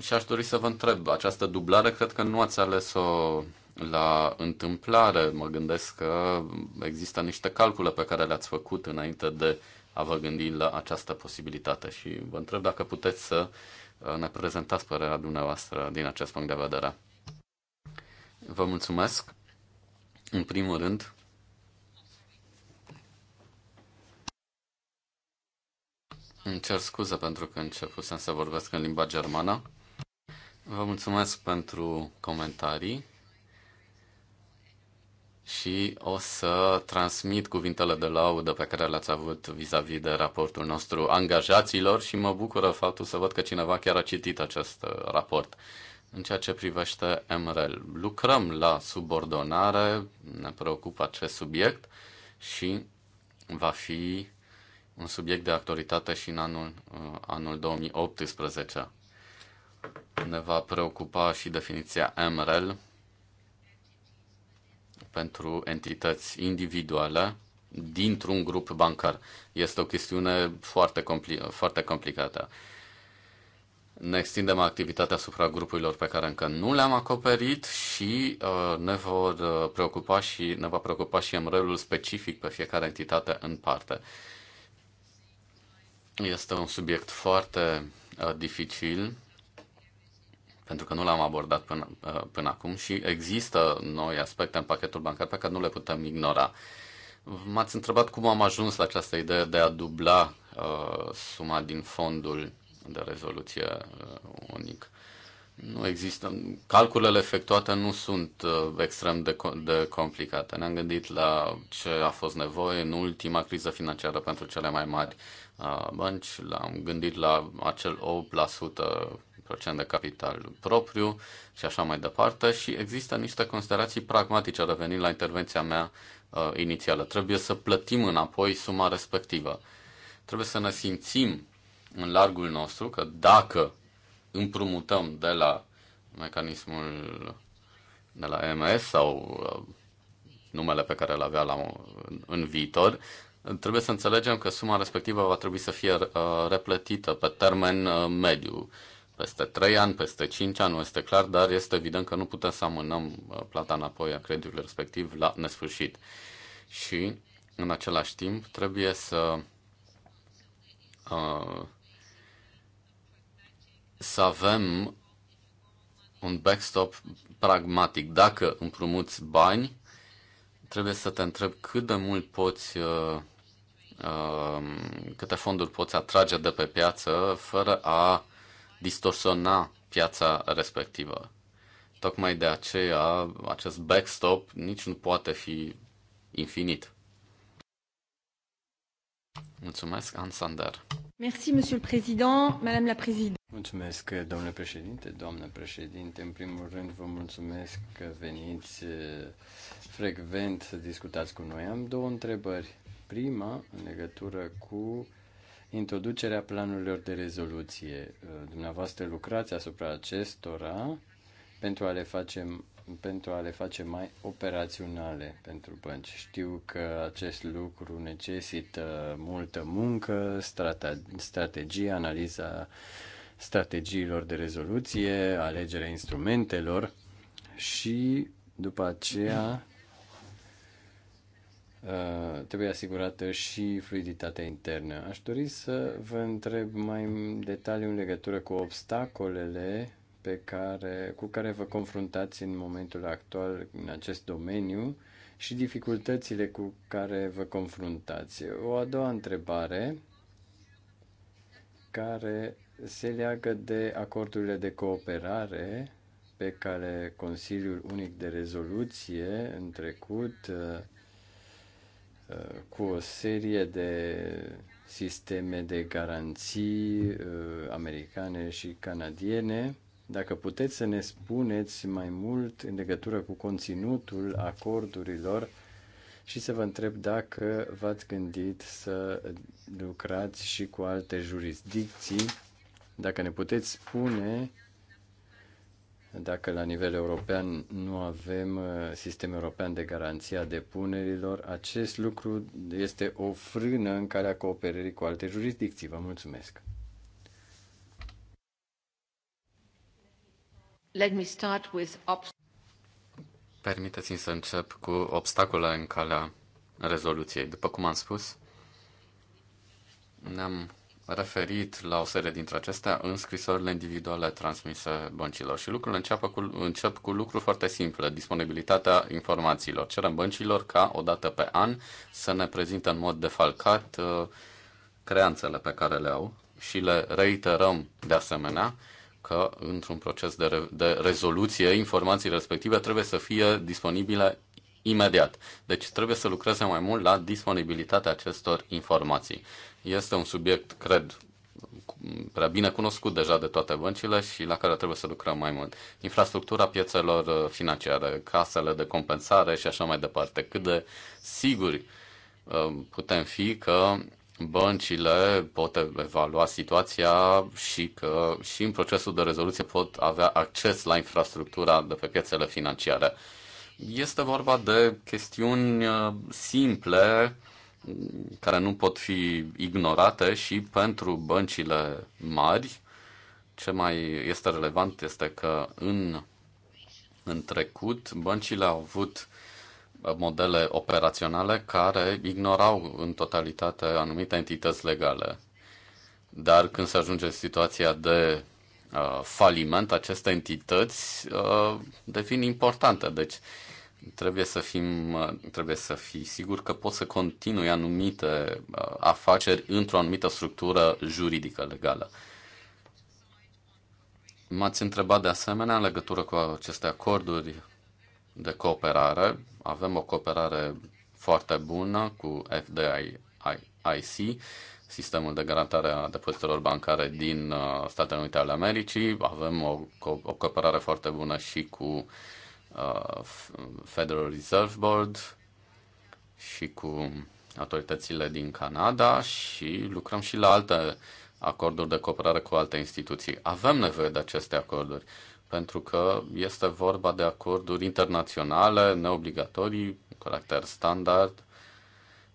și aș dori să vă întreb, această dublare cred că nu ați ales-o la întâmplare. Mă gândesc că există niște calcule pe care le-ați făcut înainte de a vă gândi la această posibilitate și vă întreb dacă puteți să uh, ne prezentați părerea dumneavoastră din acest punct de vedere. Vă mulțumesc. În primul rând, Îmi cer scuze pentru că începusem să vorbesc în limba germană. Vă mulțumesc pentru comentarii și o să transmit cuvintele de laudă pe care le-ați avut vis-a-vis -vis de raportul nostru angajaților și mă bucură faptul să văd că cineva chiar a citit acest raport. În ceea ce privește MRL, lucrăm la subordonare, ne preocupă acest subiect și va fi un subiect de actualitate și în anul, uh, anul 2018. Ne va preocupa și definiția MREL pentru entități individuale dintr-un grup bancar. Este o chestiune foarte, compli- foarte complicată. Ne extindem activitatea asupra grupurilor pe care încă nu le-am acoperit și uh, ne vor uh, preocupa și ne va preocupa și MREL-ul specific pe fiecare entitate în parte. Uh, este un subiect foarte uh, dificil pentru că nu l-am abordat până, uh, până acum și există noi aspecte în pachetul bancar pe care nu le putem ignora. M-ați întrebat cum am ajuns la această idee de a dubla uh, suma din fondul de rezoluție uh, unic. Nu există. Calculele efectuate nu sunt uh, extrem de, de complicate. Ne-am gândit la ce a fost nevoie în ultima criză financiară pentru cele mai mari bănci, am gândit la acel 8% de capital propriu și așa mai departe și există niște considerații pragmatice revenind la intervenția mea uh, inițială. Trebuie să plătim înapoi suma respectivă. Trebuie să ne simțim în largul nostru că dacă împrumutăm de la mecanismul de la EMS sau uh, numele pe care îl avea la, în viitor, trebuie să înțelegem că suma respectivă va trebui să fie uh, replătită pe termen uh, mediu, peste 3 ani, peste 5 ani, nu este clar, dar este evident că nu putem să amânăm uh, plata înapoi a creditului respectiv la nesfârșit. Și, în același timp, trebuie să să avem un backstop pragmatic. Dacă împrumuți bani, trebuie să te întreb cât de mult poți uh, Um, câte fonduri poți atrage de pe piață fără a distorsiona piața respectivă. Tocmai de aceea acest backstop nici nu poate fi infinit. Mulțumesc, Anne Sander. Merci, Monsieur le Président, Madame la Présidente. Mulțumesc, domnule președinte, doamnă președinte. În primul rând, vă mulțumesc că veniți eh, frecvent să discutați cu noi. Am două întrebări. Prima, în legătură cu introducerea planurilor de rezoluție. Dumneavoastră lucrați asupra acestora pentru a le face pentru a le face mai operaționale pentru bănci. Știu că acest lucru necesită multă muncă, strategie, analiza strategiilor de rezoluție, alegerea instrumentelor și după aceea Uh, trebuie asigurată și fluiditatea internă. Aș dori să vă întreb mai în detaliu în legătură cu obstacolele pe care, cu care vă confruntați în momentul actual în acest domeniu și dificultățile cu care vă confruntați. O a doua întrebare care se leagă de acordurile de cooperare pe care Consiliul Unic de Rezoluție în trecut uh, cu o serie de sisteme de garanții uh, americane și canadiene. Dacă puteți să ne spuneți mai mult în legătură cu conținutul acordurilor și să vă întreb dacă v-ați gândit să lucrați și cu alte jurisdicții, dacă ne puteți spune dacă la nivel european nu avem uh, sistem european de garanție a depunerilor, acest lucru este o frână în calea cooperării cu alte jurisdicții. Vă mulțumesc. Let me start with Permiteți-mi să încep cu obstacole în calea rezoluției. După cum am spus, ne-am referit la o serie dintre acestea în scrisorile individuale transmise băncilor și lucrurile înceapă cu, încep cu lucruri foarte simple, disponibilitatea informațiilor. Cerem băncilor ca o dată pe an să ne prezintă în mod defalcat uh, creanțele pe care le au și le reiterăm de asemenea că într-un proces de, re- de rezoluție informații respective trebuie să fie disponibile imediat. Deci trebuie să lucreze mai mult la disponibilitatea acestor informații. Este un subiect, cred, prea bine cunoscut deja de toate băncile și la care trebuie să lucrăm mai mult. Infrastructura piețelor uh, financiare, casele de compensare și așa mai departe. Cât de siguri uh, putem fi că băncile pot evalua situația și că și în procesul de rezoluție pot avea acces la infrastructura de pe piețele financiare. Este vorba de chestiuni uh, simple care nu pot fi ignorate și pentru băncile mari. Ce mai este relevant este că în, în trecut băncile au avut uh, modele operaționale care ignorau în totalitate anumite entități legale. Dar când se ajunge în situația de uh, faliment, aceste entități uh, devin importante. Deci, uh, trebuie să fim, uh, trebuie să fii sigur că poți să continui anumite uh, afaceri într-o anumită structură juridică legală. M-ați întrebat de asemenea în legătură cu aceste acorduri de cooperare. Avem o cooperare foarte bună cu FDIC, sistemul de garantare a depozitelor bancare din uh, Statele Unite ale Americii. Avem o, o cooperare foarte bună și cu Uh, Federal Reserve Board și cu autoritățile din Canada și lucrăm și la alte acorduri de cooperare cu alte instituții. Avem nevoie de aceste acorduri pentru că este vorba de acorduri internaționale, neobligatorii, caracter standard.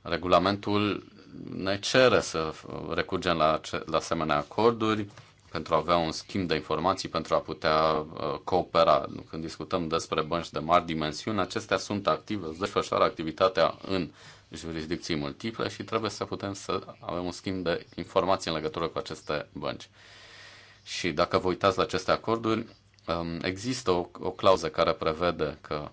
Regulamentul ne cere să recurgem la, la asemenea acorduri pentru a avea un schimb de informații, pentru a putea uh, coopera. Când discutăm despre bănci de mari dimensiuni, acestea sunt active, își desfășoară activitatea în jurisdicții multiple și trebuie să putem să avem un schimb de informații în legătură cu aceste bănci. Și dacă vă uitați la aceste acorduri, um, există o, o clauză care prevede că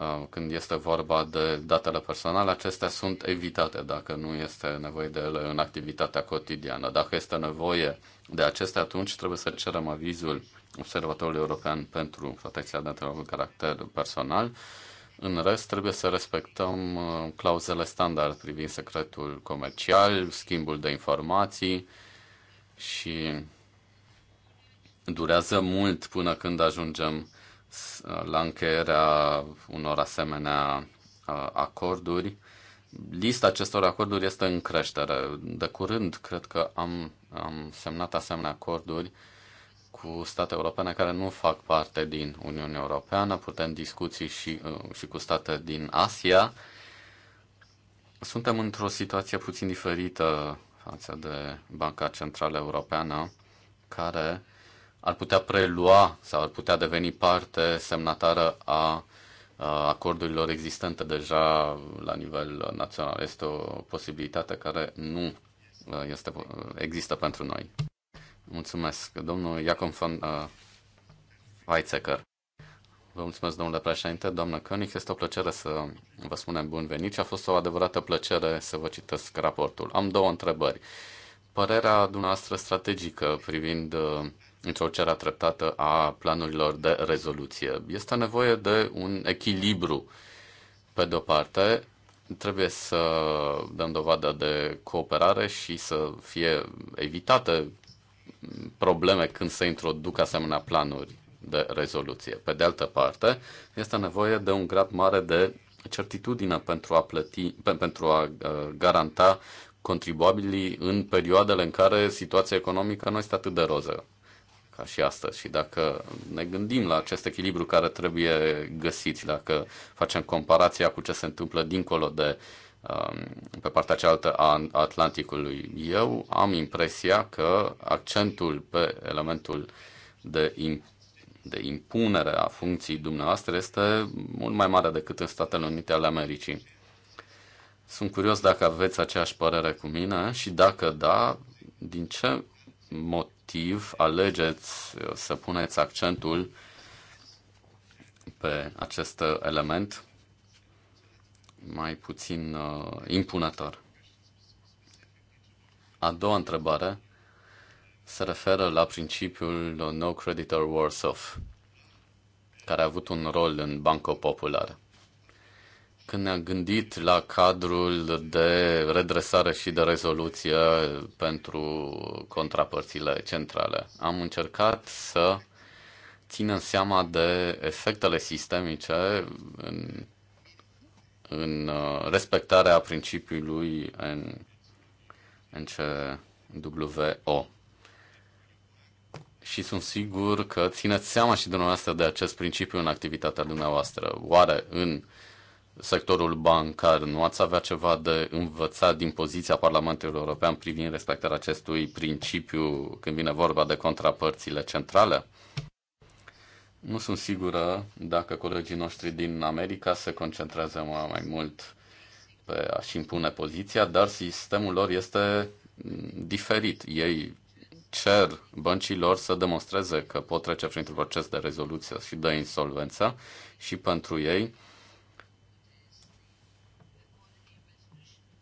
Uh, când este vorba de datele personale, acestea sunt evitate dacă nu este nevoie de ele în activitatea cotidiană. Dacă este nevoie de acestea, atunci trebuie să cerem avizul Observatorului European pentru protecția datelor cu caracter personal. În rest, trebuie să respectăm uh, clauzele standard privind secretul comercial, schimbul de informații și durează mult până când ajungem la încheierea unor asemenea acorduri. Lista acestor acorduri este în creștere. De curând, cred că am, am semnat asemenea acorduri cu state europene care nu fac parte din Uniunea Europeană. Putem discuții și, uh, și cu state din Asia. Suntem într-o situație puțin diferită față de Banca Centrală Europeană, care uh, ar putea prelua sau ar putea deveni parte semnatară a acordurilor existente deja la nivel național. Este o posibilitate care nu este, există pentru noi. Mulțumesc, domnul Iacom von Weizsäcker. Vă mulțumesc, domnule președinte, doamnă König. Este o plăcere să vă spunem bun venit și a fost o adevărată plăcere să vă citesc raportul. Am două întrebări. Părerea dumneavoastră strategică privind uh, introducerea treptată a planurilor de rezoluție. Este nevoie de un echilibru. Pe de o parte, trebuie să dăm dovadă de cooperare și să fie evitate probleme când se introduc asemenea planuri de rezoluție. Pe de altă parte, este nevoie de un grad mare de certitudine pentru a, plăti, pentru a uh, garanta contribuabilii în perioadele în care situația economică nu este atât de roză ca și astăzi. Și dacă ne gândim la acest echilibru care trebuie găsit și dacă facem comparația cu ce se întâmplă dincolo de um, pe partea cealaltă a Atlanticului, eu am impresia că accentul pe elementul de, de impunere a funcției dumneavoastră este mult mai mare decât în Statele Unite ale Americii. Sunt curios dacă aveți aceeași părere cu mine și dacă da, din ce motiv motiv alegeți uh, să puneți accentul pe acest uh, element mai puțin uh, impunător. A doua întrebare se referă la principiul No Creditor Worse Off, care a avut un rol în Banco Popular. Când ne-am gândit la cadrul de redresare și de rezoluție pentru contrapărțile centrale, am încercat să ținem seama de efectele sistemice în, în uh, respectarea principiului în, în CWO. Și sunt sigur că țineți seama și dumneavoastră de acest principiu în activitatea dumneavoastră. Oare în uh, sectorul bancar. Nu ați avea ceva de învățat din poziția Parlamentului European privind respectarea acestui principiu când vine vorba de contrapărțile centrale? Nu sunt sigură dacă colegii noștri din America se concentrează mai mult pe a-și impune poziția, dar sistemul lor este diferit. Ei cer băncilor să demonstreze că pot trece printr-un proces de rezoluție și de insolvență și pentru ei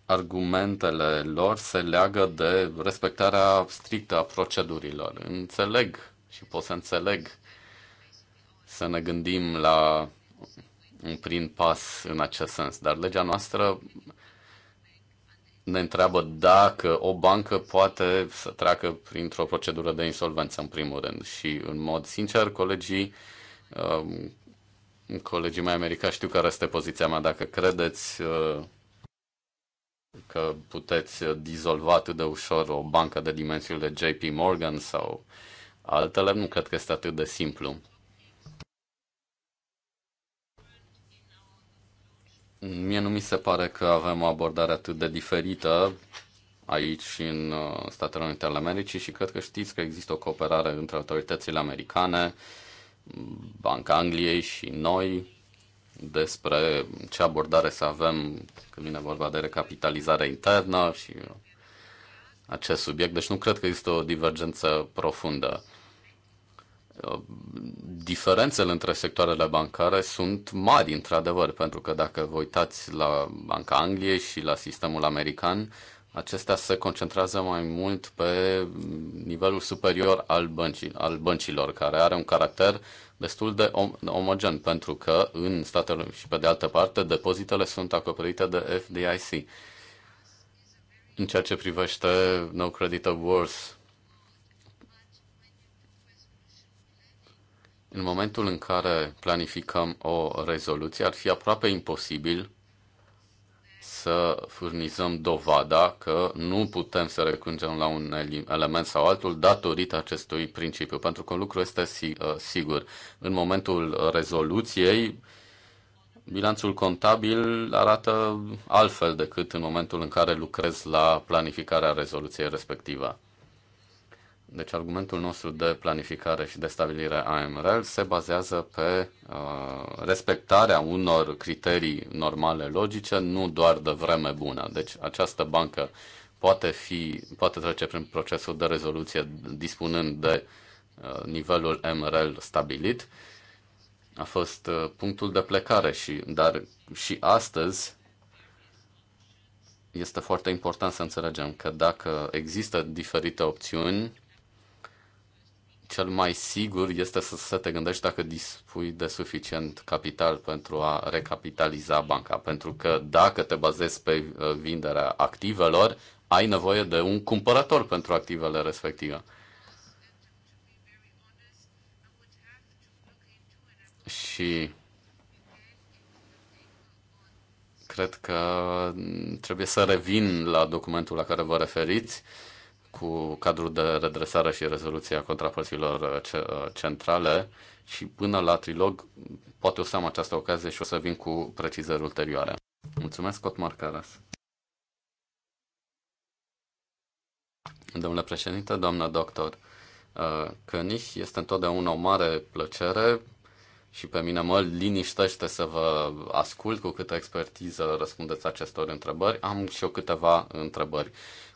argumentele lor se leagă de respectarea strictă a procedurilor. Înțeleg și pot să înțeleg să ne gândim la un prim pas în acest sens, dar legea noastră ne întreabă dacă o bancă poate să treacă printr-o procedură de insolvență, în primul rând. Și, în mod sincer, colegii, um, colegii mei americani știu care este poziția mea. Dacă credeți uh, că puteți dizolva atât de ușor o bancă de de JP Morgan sau altele, nu cred că este atât de simplu. Mie nu mi se pare că avem o abordare atât de diferită aici și în uh, Statele Unite ale Americii și cred că știți că există o cooperare între autoritățile americane, Banca Angliei și noi, despre ce abordare să avem când vine vorba de recapitalizare internă și acest subiect. Deci nu cred că există o divergență profundă. Uh, diferențele între sectoarele bancare sunt mari, într-adevăr, pentru că dacă vă uitați la Banca Angliei și la sistemul american, acestea se concentrează mai mult pe nivelul superior al, băncii, al băncilor, care are un caracter uh, destul de omogen, pentru că în Statele și pe de altă parte depozitele sunt acoperite de FDIC. În ceea ce privește No Credit Awards, în momentul în care planificăm o rezoluție, ar fi aproape imposibil să furnizăm dovada că nu putem să recungem la un element sau altul datorită acestui principiu, pentru că un lucru este uh, sigur. În momentul rezoluției, bilanțul contabil arată altfel decât în momentul în care lucrez la planificarea rezoluției respectivă. Deci argumentul nostru de planificare și de stabilire a MRL se bazează pe uh, respectarea unor criterii normale, logice, nu doar de vreme bună. Deci această bancă poate, fi, poate trece prin procesul de rezoluție dispunând de uh, nivelul MRL stabilit. A fost uh, punctul de plecare, și, dar și astăzi este foarte important să înțelegem că dacă există diferite opțiuni, cel mai sigur este să, să te gândești dacă dispui de suficient capital pentru a recapitaliza banca. Pentru că dacă te bazezi pe uh, vinderea activelor, ai nevoie de un cumpărător pentru activele respective. Și cred că mm, trebuie să revin la documentul la care vă referiți cu cadrul de redresare și rezoluție a contrapărților uh, uh, centrale și până la trilog poate o să am această ocazie și o să vin cu precizări ulterioare. Mulțumesc, Otmar Caras. Domnule președinte, doamnă doctor, Căniș uh, este întotdeauna o mare plăcere și pe mine mă liniștește să vă ascult cu câtă expertiză răspundeți acestor întrebări. Am și eu câteva întrebări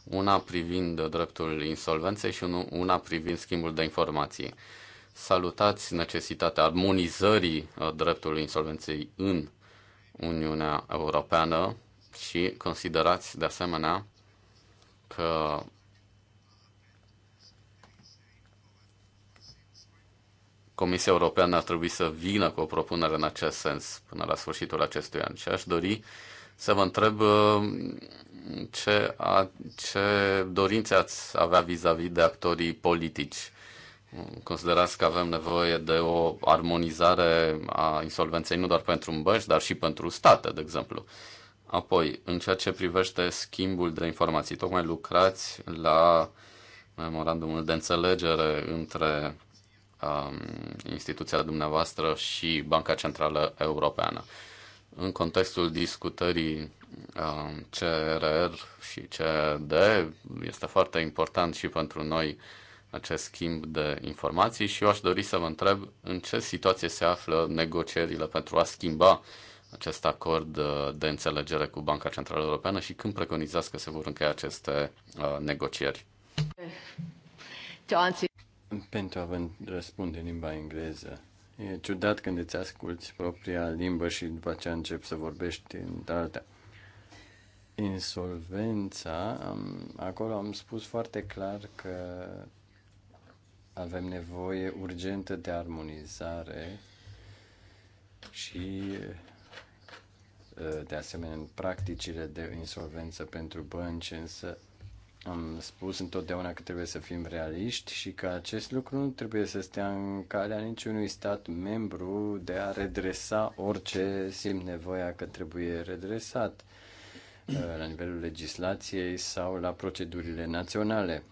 una privind dreptul insolvenței și una privind schimbul de informații. Salutați necesitatea armonizării uh, dreptului insolvenței în Uniunea Europeană și considerați de asemenea că Comisia Europeană ar trebui să vină cu o propunere în acest sens până la sfârșitul acestui an. Și aș dori să vă întreb uh, ce, a, ce dorințe ați avea vis-a-vis -vis de actorii politici? Considerați că avem nevoie de o armonizare a insolvenței nu doar pentru bănci, dar și pentru state, de exemplu. Apoi, în ceea ce privește schimbul de informații, tocmai lucrați la memorandumul de înțelegere între um, instituția dumneavoastră și Banca Centrală Europeană în contextul discutării um, CRR și CRD, este foarte important și pentru noi acest schimb de informații și eu aș dori să vă întreb în ce situație se află negocierile pentru a schimba acest acord uh, de înțelegere cu Banca Centrală Europeană și când preconizați că se vor încheia aceste uh, negocieri. Pentru a vă răspunde în limba engleză, E ciudat când îți asculti propria limbă și după aceea începi să vorbești în alta. Insolvența, am, acolo am spus foarte clar că avem nevoie urgentă de armonizare și uh, de asemenea practicile de insolvență pentru bănci, însă am spus întotdeauna că trebuie să fim realiști și că acest lucru nu trebuie să stea în calea niciunui stat membru de a redresa orice simt nevoia că trebuie redresat uh, la nivelul legislației sau la procedurile naționale.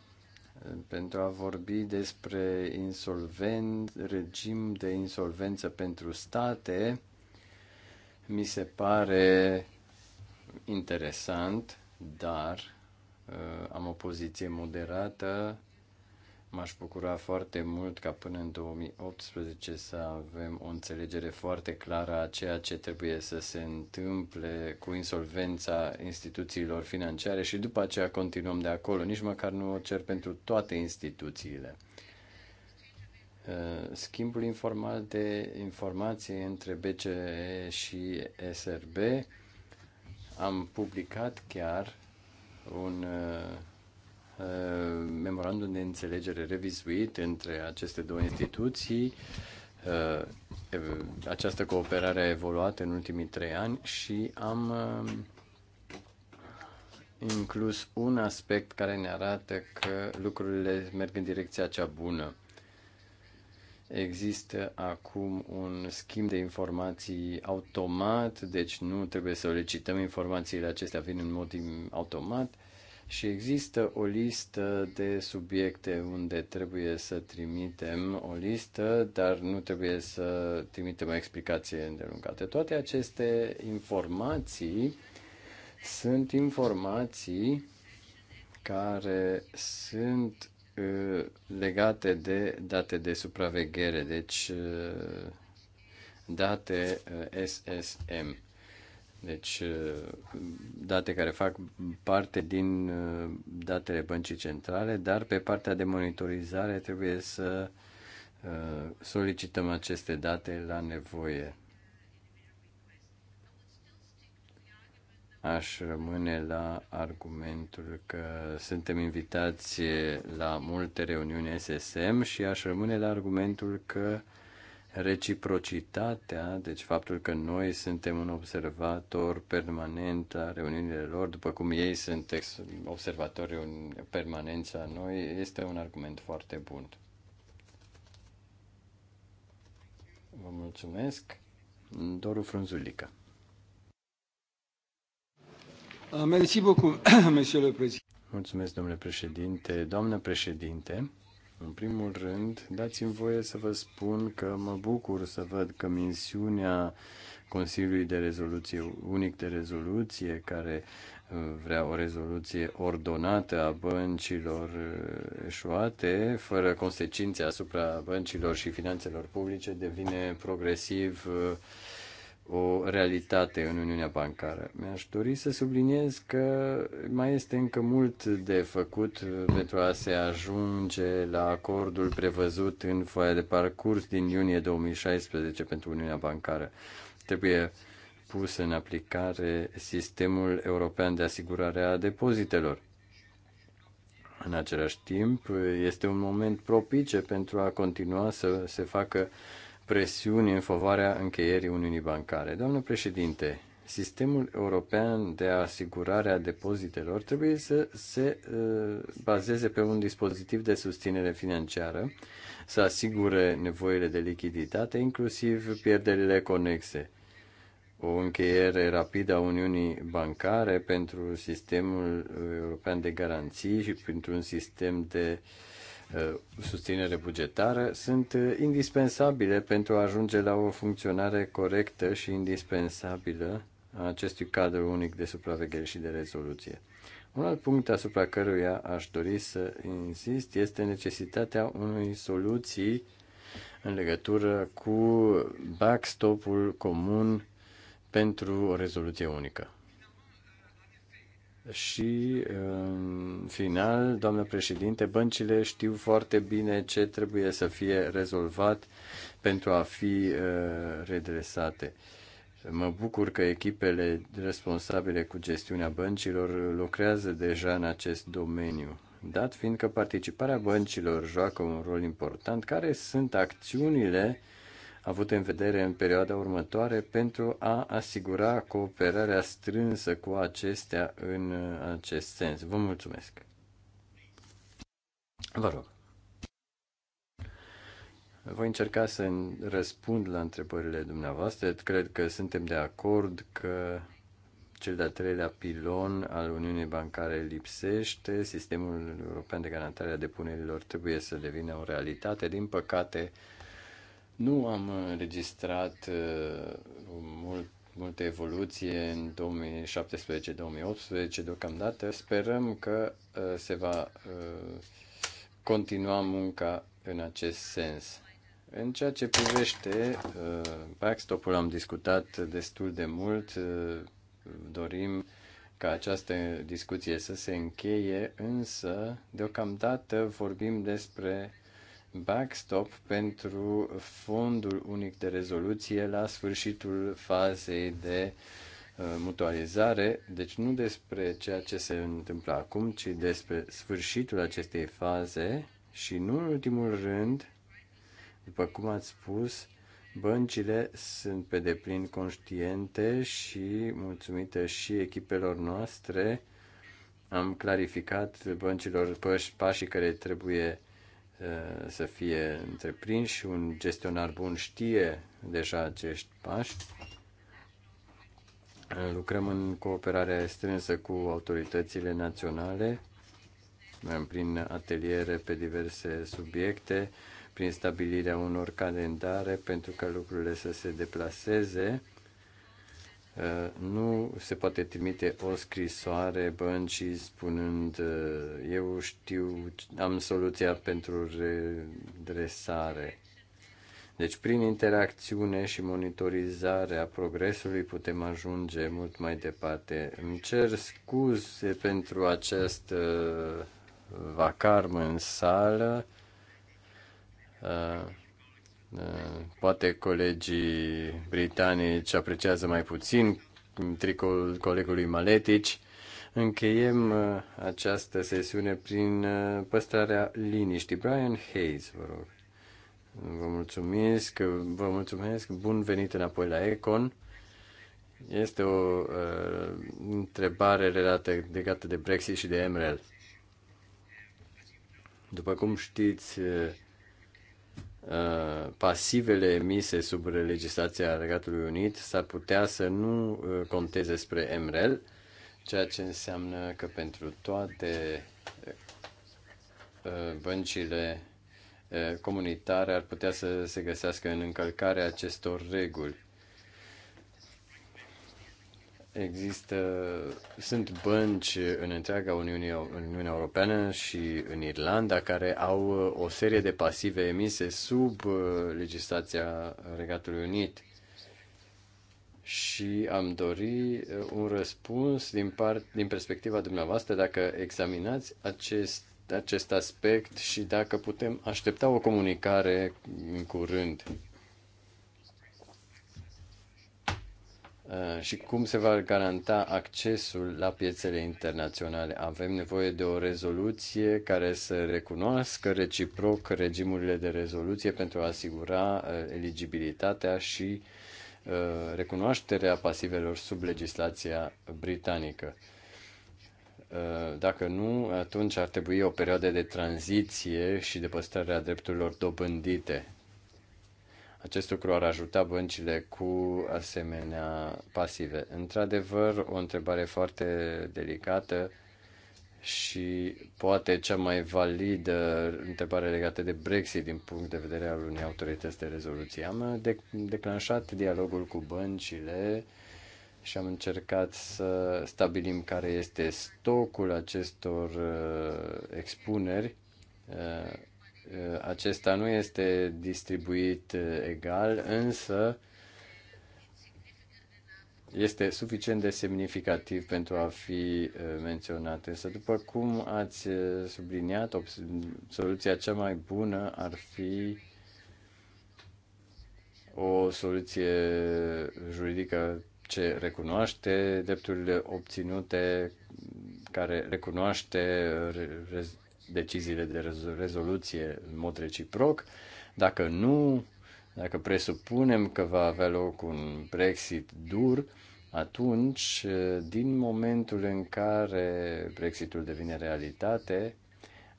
Pentru a vorbi despre insolvent, regim de insolvență pentru state, mi se pare interesant, dar Uh, am o poziție moderată. M-aș bucura foarte mult ca până în 2018 să avem o înțelegere foarte clară a ceea ce trebuie să se întâmple cu insolvența instituțiilor financiare și după aceea continuăm de acolo. Nici măcar nu o cer pentru toate instituțiile uh, schimbul informal de informații între BCE și SRB. Am publicat chiar un uh, uh, memorandum de înțelegere revizuit între aceste două instituții. Uh, această cooperare a evoluat în ultimii trei ani și am inclus un aspect care ne arată că lucrurile merg în direcția cea bună. Există acum un schimb de informații automat, deci nu trebuie să solicităm informațiile acestea, vin în mod automat și există o listă de subiecte unde trebuie să trimitem o listă, dar nu trebuie să trimitem o explicație îndelungată. Toate aceste informații sunt informații care sunt uh, legate de date de supraveghere, deci uh, date uh, SSM. Deci, uh, date care fac parte din uh, datele băncii centrale, dar pe partea de monitorizare trebuie să uh, solicităm aceste date la nevoie. Aș rămâne la argumentul că suntem invitați la multe reuniuni SSM și aș rămâne la argumentul că uh, reciprocitatea, deci faptul că noi suntem un observator permanent a reuniunilor lor, după cum ei sunt observatori permanenți la noi, este un argument foarte bun. Vă mulțumesc. Doru Frunzulică. Ah, mulțumesc, domnule președinte. Doamnă președinte, în primul rând, dați-mi voie să vă spun că mă bucur să văd că misiunea Consiliului de Rezoluție, unic de rezoluție, care uh, vrea o rezoluție ordonată a băncilor uh, eșuate, fără consecințe asupra băncilor și finanțelor publice, devine progresiv uh, o realitate în Uniunea Bancară. Mi-aș dori să subliniez că mai este încă mult de făcut pentru a se ajunge la acordul prevăzut în foaia de parcurs din iunie 2016 pentru Uniunea Bancară. Trebuie pus în aplicare sistemul european de asigurare a depozitelor. În același timp, este un moment propice pentru a continua să se facă presiuni în favoarea încheierii Uniunii Bancare. Doamnă președinte, sistemul european de asigurare a depozitelor trebuie să se uh, bazeze pe un dispozitiv de susținere financiară, să asigure nevoile de lichiditate, inclusiv pierderile conexe. O încheiere rapidă a Uniunii Bancare pentru sistemul european de garanții și pentru un sistem de uh, Uh, susținere bugetară sunt uh, indispensabile pentru a ajunge la o funcționare corectă și indispensabilă a acestui cadru unic de supraveghere și de rezoluție. Un alt punct asupra căruia aș dori să insist este necesitatea unei soluții în legătură cu backstop-ul comun pentru o rezoluție unică. Și, în final, doamnă președinte, băncile știu foarte bine ce trebuie să fie rezolvat pentru a fi uh, redresate. Mă bucur că echipele responsabile cu gestiunea băncilor lucrează deja în acest domeniu. Dat fiindcă participarea băncilor joacă un rol important, care sunt acțiunile uh, avut în vedere în perioada următoare pentru a asigura cooperarea strânsă cu acestea în uh, acest sens. Vă mulțumesc! Vă rog! Voi încerca să răspund la întrebările dumneavoastră. Cred că suntem de acord că cel de-al treilea pilon al Uniunii Bancare lipsește, sistemul european de garantare a depunerilor trebuie să devină o realitate. Din păcate, nu am înregistrat uh, mult, multă evoluție în 2017-2018 deocamdată. Sperăm că uh, se va uh, continua munca în acest sens. În ceea ce privește backstop-ul, am discutat destul de mult. Dorim ca această discuție să se încheie, însă deocamdată vorbim despre backstop pentru fondul unic de rezoluție la sfârșitul fazei de uh, mutualizare, deci nu despre ceea ce se întâmplă acum, ci despre sfârșitul acestei faze și nu în ultimul rând, după cum ați spus, băncile sunt pe deplin conștiente și mulțumită și echipelor noastre am clarificat băncilor pașii care trebuie Eh, să fie întreprins și un gestionar bun știe deja acești pași. Eh, lucrăm în cooperare strânsă cu autoritățile naționale eh, prin ateliere pe diverse subiecte, prin stabilirea unor calendare pentru ca lucrurile să se deplaseze Uh, nu se poate trimite o scrisoare băncii spunând uh, eu știu, am soluția pentru redresare. Deci prin interacțiune și monitorizarea progresului putem ajunge mult mai departe. Îmi cer scuze pentru acest uh, vacarm în sală. Poate colegii britanici apreciază mai puțin tricoul colegului Maletici. Încheiem uh, această sesiune prin uh, păstrarea liniștii. Brian Hayes, vă rog. Vă mulțumesc, vă mulțumesc, bun venit înapoi la Econ. Este o uh, întrebare relată, legată de Brexit și de emerald. După cum știți, uh, Uh, pasivele emise sub legislația Regatului Unit s-ar putea să nu uh, conteze spre MREL, ceea ce înseamnă că pentru toate uh, băncile comunitare ar putea să se găsească în încălcarea acestor reguli. Există, sunt bănci în întreaga Uniune, Uniunea Europeană și în Irlanda care au uh, o serie de pasive emise sub uh, legislația Regatului Unit. Și am dori uh, un răspuns din, part, din perspectiva dumneavoastră dacă examinați acest, acest aspect și dacă putem aștepta o comunicare în curând. Uh, și cum se va garanta accesul la piețele internaționale. Avem nevoie de o rezoluție care să recunoască reciproc regimurile de rezoluție pentru a asigura uh, eligibilitatea și uh, recunoașterea pasivelor sub legislația britanică. Dacă nu, atunci ar trebui o perioadă de tranziție și de păstrare a drepturilor dobândite acest lucru ar ajuta băncile cu asemenea pasive. Într-adevăr, o întrebare foarte delicată și poate cea mai validă întrebare legată de Brexit din punct de vedere al unei autorități de rezoluție. Am declanșat dialogul cu băncile și am încercat să stabilim care este stocul acestor uh, expuneri. Uh, Uh, acesta nu este distribuit uh, egal, însă este suficient de semnificativ pentru a fi uh, menționat. Însă, după cum ați subliniat, soluția cea mai bună ar fi o soluție juridică ce recunoaște drepturile obținute, care recunoaște deciziile de rezoluție în mod reciproc. Dacă nu, dacă presupunem că va avea loc un Brexit dur, atunci, din momentul în care Brexitul devine realitate,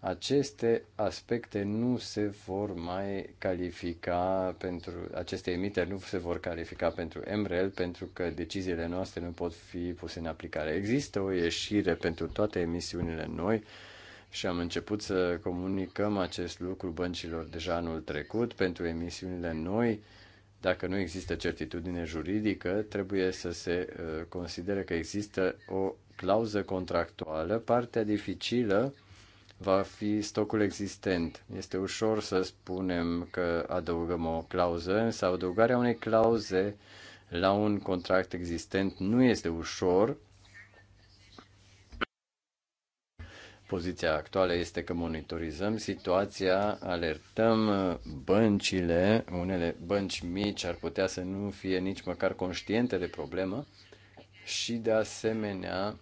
aceste aspecte nu se vor mai califica pentru, aceste emiteri nu se vor califica pentru MREL pentru că deciziile noastre nu pot fi puse în aplicare. Există o ieșire pentru toate emisiunile noi și am început să comunicăm acest lucru băncilor deja anul trecut pentru emisiunile noi. Dacă nu există certitudine juridică, trebuie să se uh, considere că există o clauză contractuală. Partea dificilă va fi stocul existent. Este ușor să spunem că adăugăm o clauză, însă adăugarea unei clauze la un contract existent nu este ușor Poziția actuală este că monitorizăm situația, alertăm băncile, unele bănci mici ar putea să nu fie nici măcar conștiente de problemă și de asemenea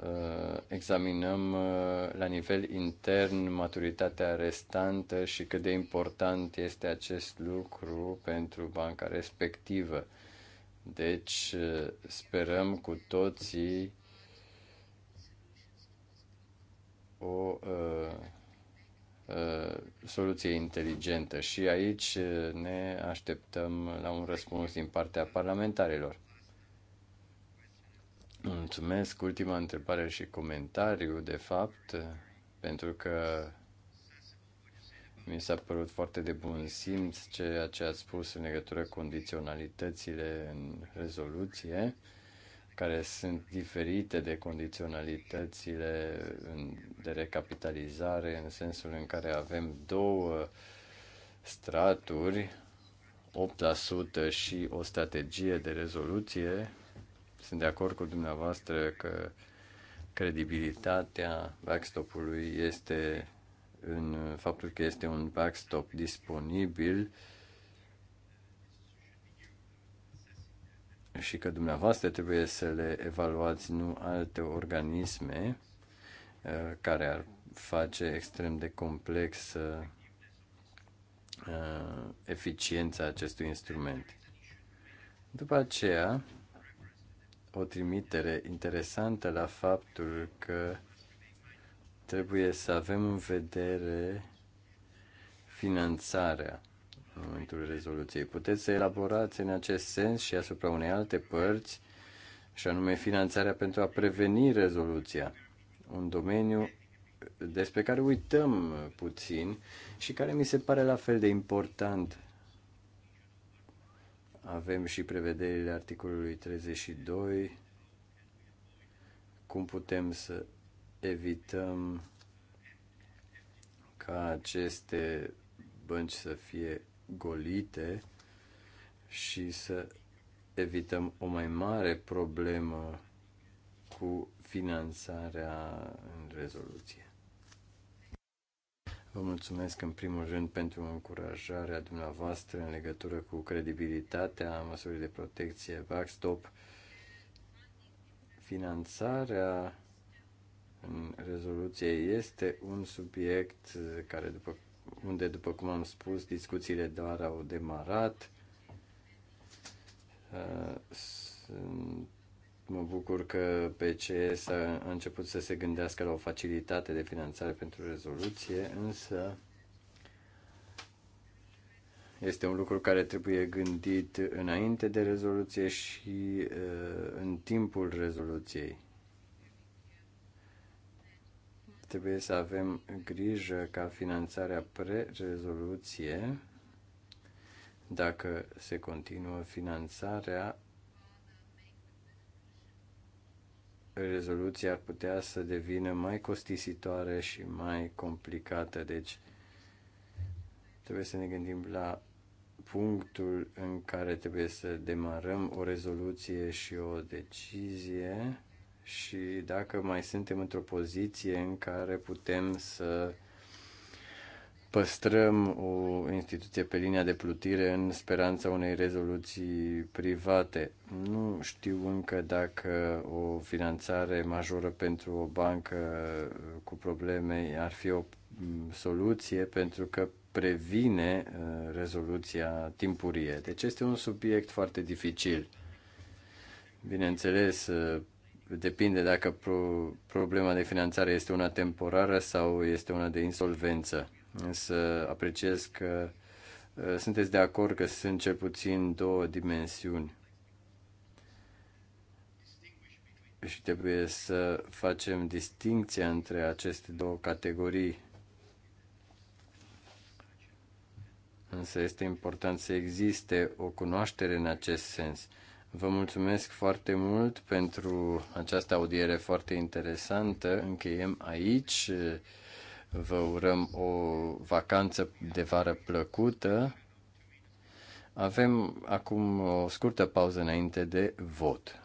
uh, examinăm uh, la nivel intern maturitatea restantă și cât de important este acest lucru pentru banca respectivă. Deci uh, sperăm cu toții o uh, uh, soluție inteligentă și aici uh, ne așteptăm la un răspuns din partea parlamentarilor. Mulțumesc. Ultima întrebare și comentariu, de fapt, pentru că mi s-a părut foarte de bun simț ceea ce ați spus în legătură cu condiționalitățile în rezoluție care sunt diferite de condiționalitățile de recapitalizare în sensul în care avem două straturi, 8% și o strategie de rezoluție. Sunt de acord cu dumneavoastră că credibilitatea backstop-ului este în faptul că este un backstop disponibil uh, și că dumneavoastră trebuie să le evaluați, nu alte organisme uh, care ar face extrem de complex uh, uh, eficiența acestui instrument. După aceea, o trimitere interesantă la faptul că trebuie să avem în vedere finanțarea momentul rezoluției. Puteți să elaborați în acest sens și asupra unei alte părți, și anume finanțarea pentru a preveni rezoluția, un domeniu despre care uităm puțin și care mi se pare la fel de important. Avem și prevederile articolului 32, cum putem să evităm ca aceste bănci să fie golite și să evităm o mai mare problemă cu finanțarea în rezoluție. Vă mulțumesc în primul rând pentru încurajarea dumneavoastră în legătură cu credibilitatea măsurii de protecție backstop. Finanțarea în rezoluție este un subiect care, după unde, după cum am spus, discuțiile doar au demarat. Uh, mă bucur că PCS a, început să se gândească la o facilitate de finanțare pentru rezoluție, însă este un lucru care trebuie gândit înainte de rezoluție și uh, în timpul rezoluției trebuie să avem grijă ca finanțarea pre-rezoluție, dacă se continuă finanțarea, rezoluția ar putea să devină mai costisitoare și mai complicată. Deci, trebuie să ne gândim la punctul în care trebuie să demarăm o rezoluție și o decizie și dacă mai suntem într-o poziție în care putem să păstrăm o instituție pe linia de plutire în speranța unei rezoluții private. Nu știu încă dacă o finanțare majoră pentru o bancă cu probleme ar fi o soluție pentru că previne uh, rezoluția timpurie. Deci este un subiect foarte dificil. Bineînțeles, uh, depinde dacă pro- problema de finanțare este una temporară sau este una de insolvență. Însă apreciez că uh, sunteți de acord că sunt cel puțin două dimensiuni și trebuie să facem distinția între aceste două categorii. Însă este important să existe o cunoaștere în acest sens. Vă mulțumesc foarte mult pentru această audiere foarte interesantă. Încheiem aici. Vă urăm o vacanță de vară plăcută. Avem acum o scurtă pauză înainte de vot.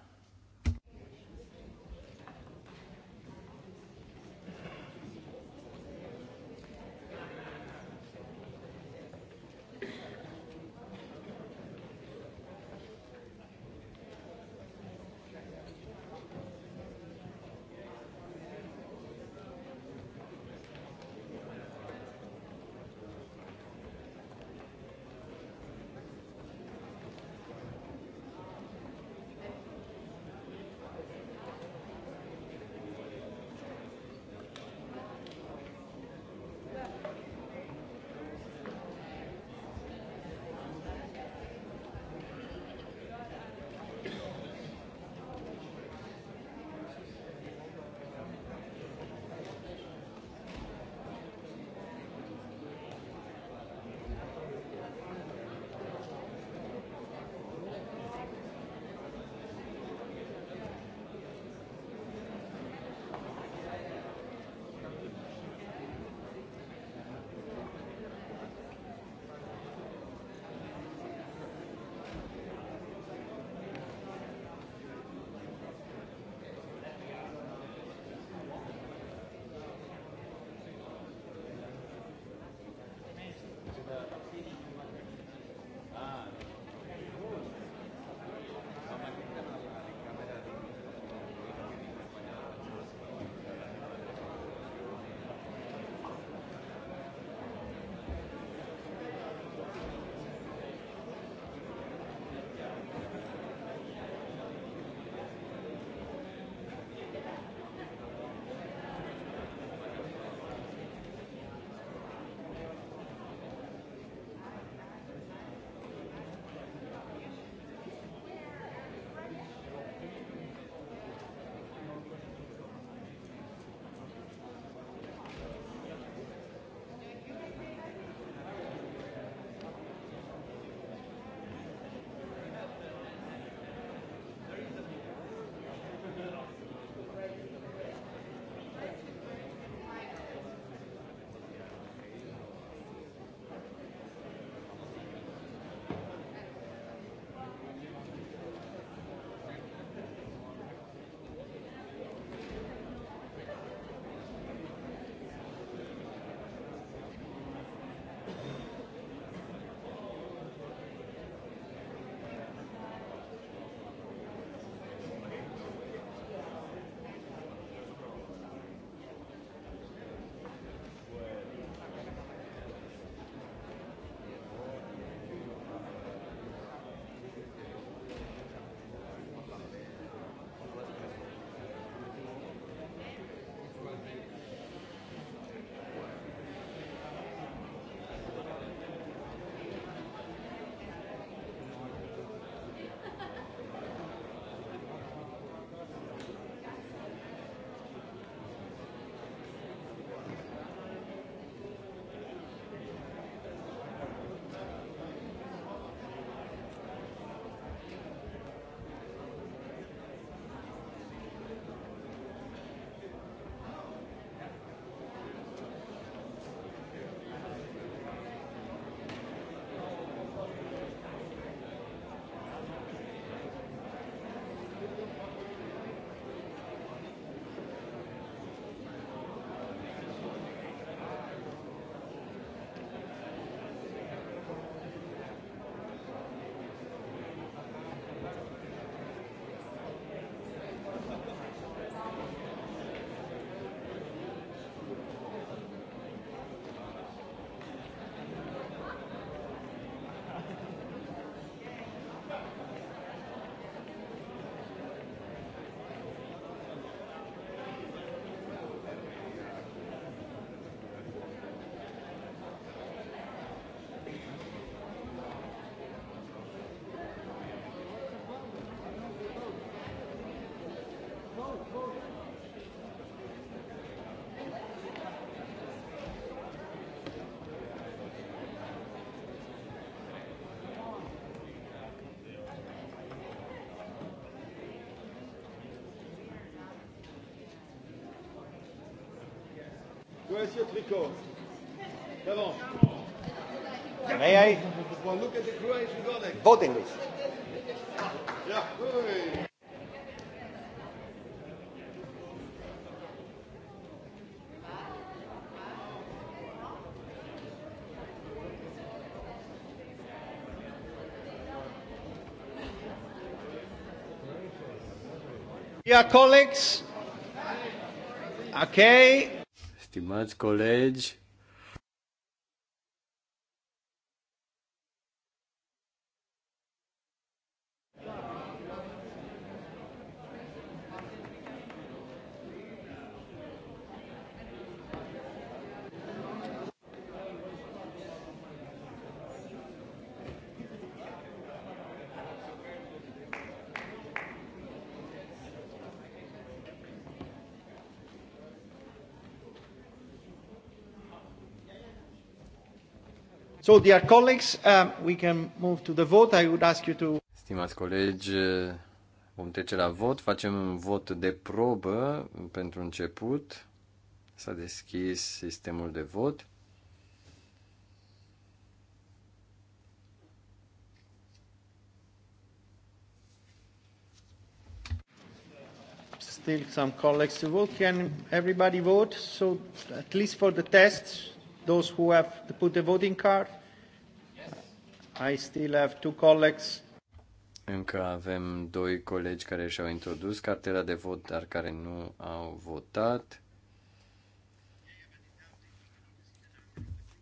Where's your tricot? Come May I? Well, look at the Croatian Godex. Voting list. Yeah. Dear colleagues, okay, Stimați colegi, So, dear colleagues, um, we can move to the vote. I would ask you to... Stimați colegi, vom trece la vot. Facem un vot de probă pentru început. S-a deschis sistemul de vot. Still some colleagues to vote. Can everybody vote? So at least for the tests, those who have to put the voting card? Yes. I still have two colleagues. Încă avem doi colegi care și-au introdus cartela de vot, dar care nu au votat.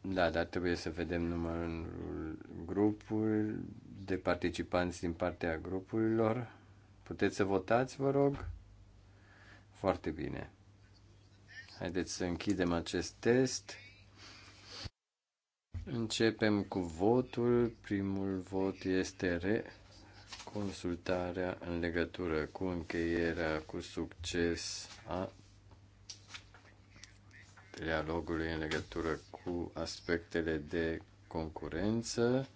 Da, dar trebuie să vedem numărul grupul de participanți din partea grupurilor. Puteți să votați, vă rog? Foarte bine. Haideți să închidem acest test. Începem cu votul. Primul vot este re consultarea în legătură cu încheierea cu succes a dialogului în legătură cu aspectele de concurență.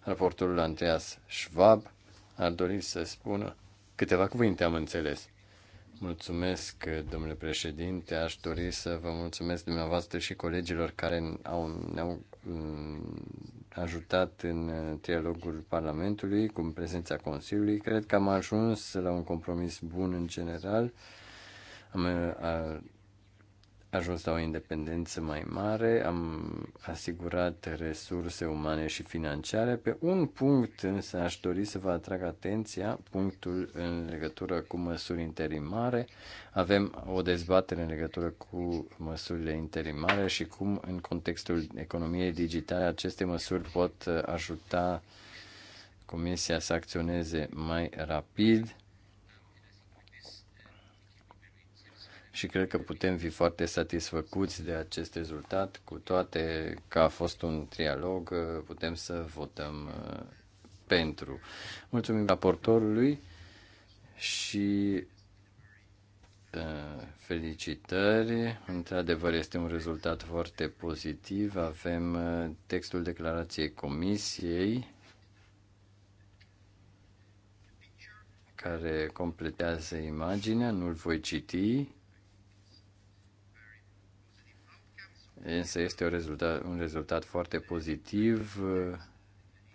Raportorul Andreas Schwab ar dori să spună câteva cuvinte, am înțeles. Mulțumesc, domnule președinte. Aș dori să vă mulțumesc dumneavoastră și colegilor care ne-au, ne-au Mm, ajutat în dialogul uh, Parlamentului cu prezența Consiliului. Cred că am ajuns la un compromis bun în general. Am uh, ajuns la o independență mai mare, am asigurat resurse umane și financiare. Pe un punct însă aș dori să vă atrag atenția, punctul în legătură cu măsuri interimare. Avem o dezbatere în legătură cu măsurile interimare și cum în contextul economiei digitale aceste măsuri pot ajuta Comisia să acționeze mai rapid și cred că putem fi foarte satisfăcuți de acest rezultat, cu toate că a fost un trialog, uh, putem să votăm uh, pentru. Mulțumim raportorului și uh, felicitări. Într-adevăr, este un rezultat foarte pozitiv. Avem textul declarației comisiei care completează imaginea, nu-l voi citi. însă este un rezultat, un rezultat foarte pozitiv.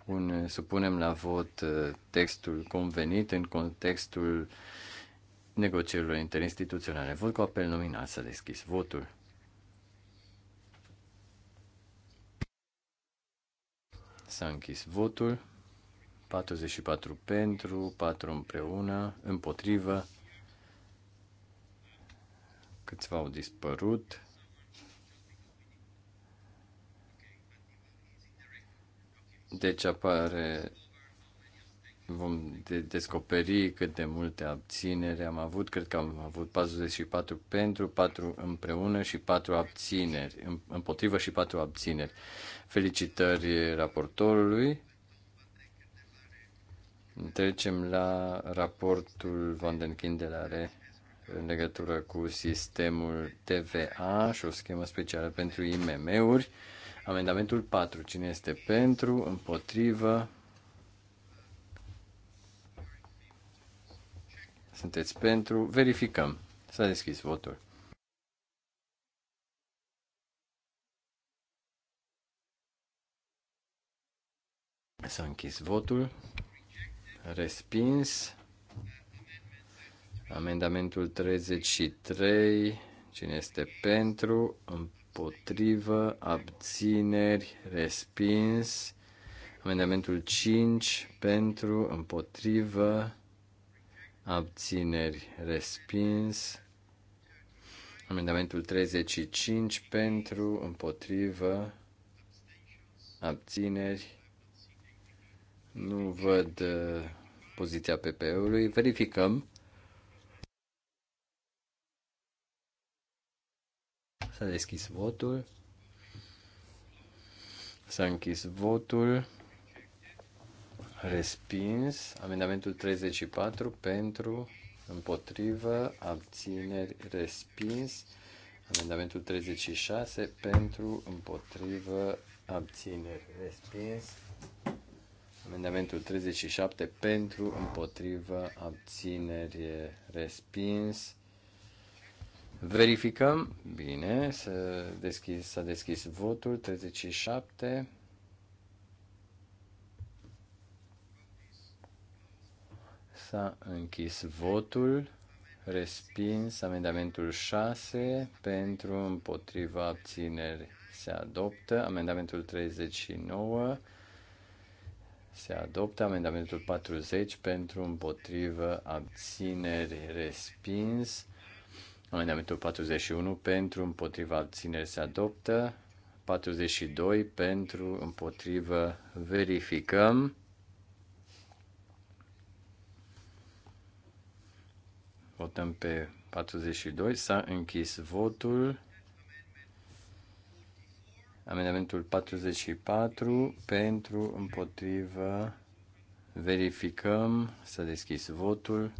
Un, supunem la vot uh, textul convenit în contextul negocierilor interinstituționale. Vot cu apel nominal să deschis votul. S-a închis votul. 44 pentru, 4 împreună, împotrivă. Câțiva au dispărut. Deci apare vom de- descoperi cât de multe abțineri am avut. Cred că am avut 44 pentru, 4 împreună și 4 abțineri, împotrivă și 4 abțineri. Felicitări raportorului. Trecem la raportul Van den Kindelare în legătură cu sistemul TVA și o schemă specială pentru IMM-uri. Amendamentul 4. Cine este pentru? Împotrivă? Sunteți pentru? Verificăm. S-a deschis votul. S-a închis votul. Respins. Amendamentul 33. Cine este pentru? Împotrivă? împotrivă, abțineri, respins. Amendamentul 5 pentru, împotrivă, abțineri, respins. Amendamentul 35 pentru, împotrivă, abțineri. Nu văd uh, poziția PP-ului. Verificăm. S-a deschis votul. S-a închis votul. Respins. Amendamentul 34 pentru, împotrivă, abțineri, respins. Amendamentul 36 pentru, împotrivă, abțineri, respins. Amendamentul 37 pentru, împotrivă, abțineri, respins. Verificăm. Bine, s-a deschis, s-a deschis votul. 37. S-a închis votul. Respins amendamentul 6 pentru împotriva abțineri se adoptă. Amendamentul 39 se adoptă. Amendamentul 40 pentru împotrivă abțineri respins. Amendamentul 41 pentru, împotriva abținere se adoptă. 42 pentru, împotrivă verificăm. Votăm pe 42. S-a închis votul. Amendamentul 44 pentru, împotrivă, verificăm, s-a deschis votul.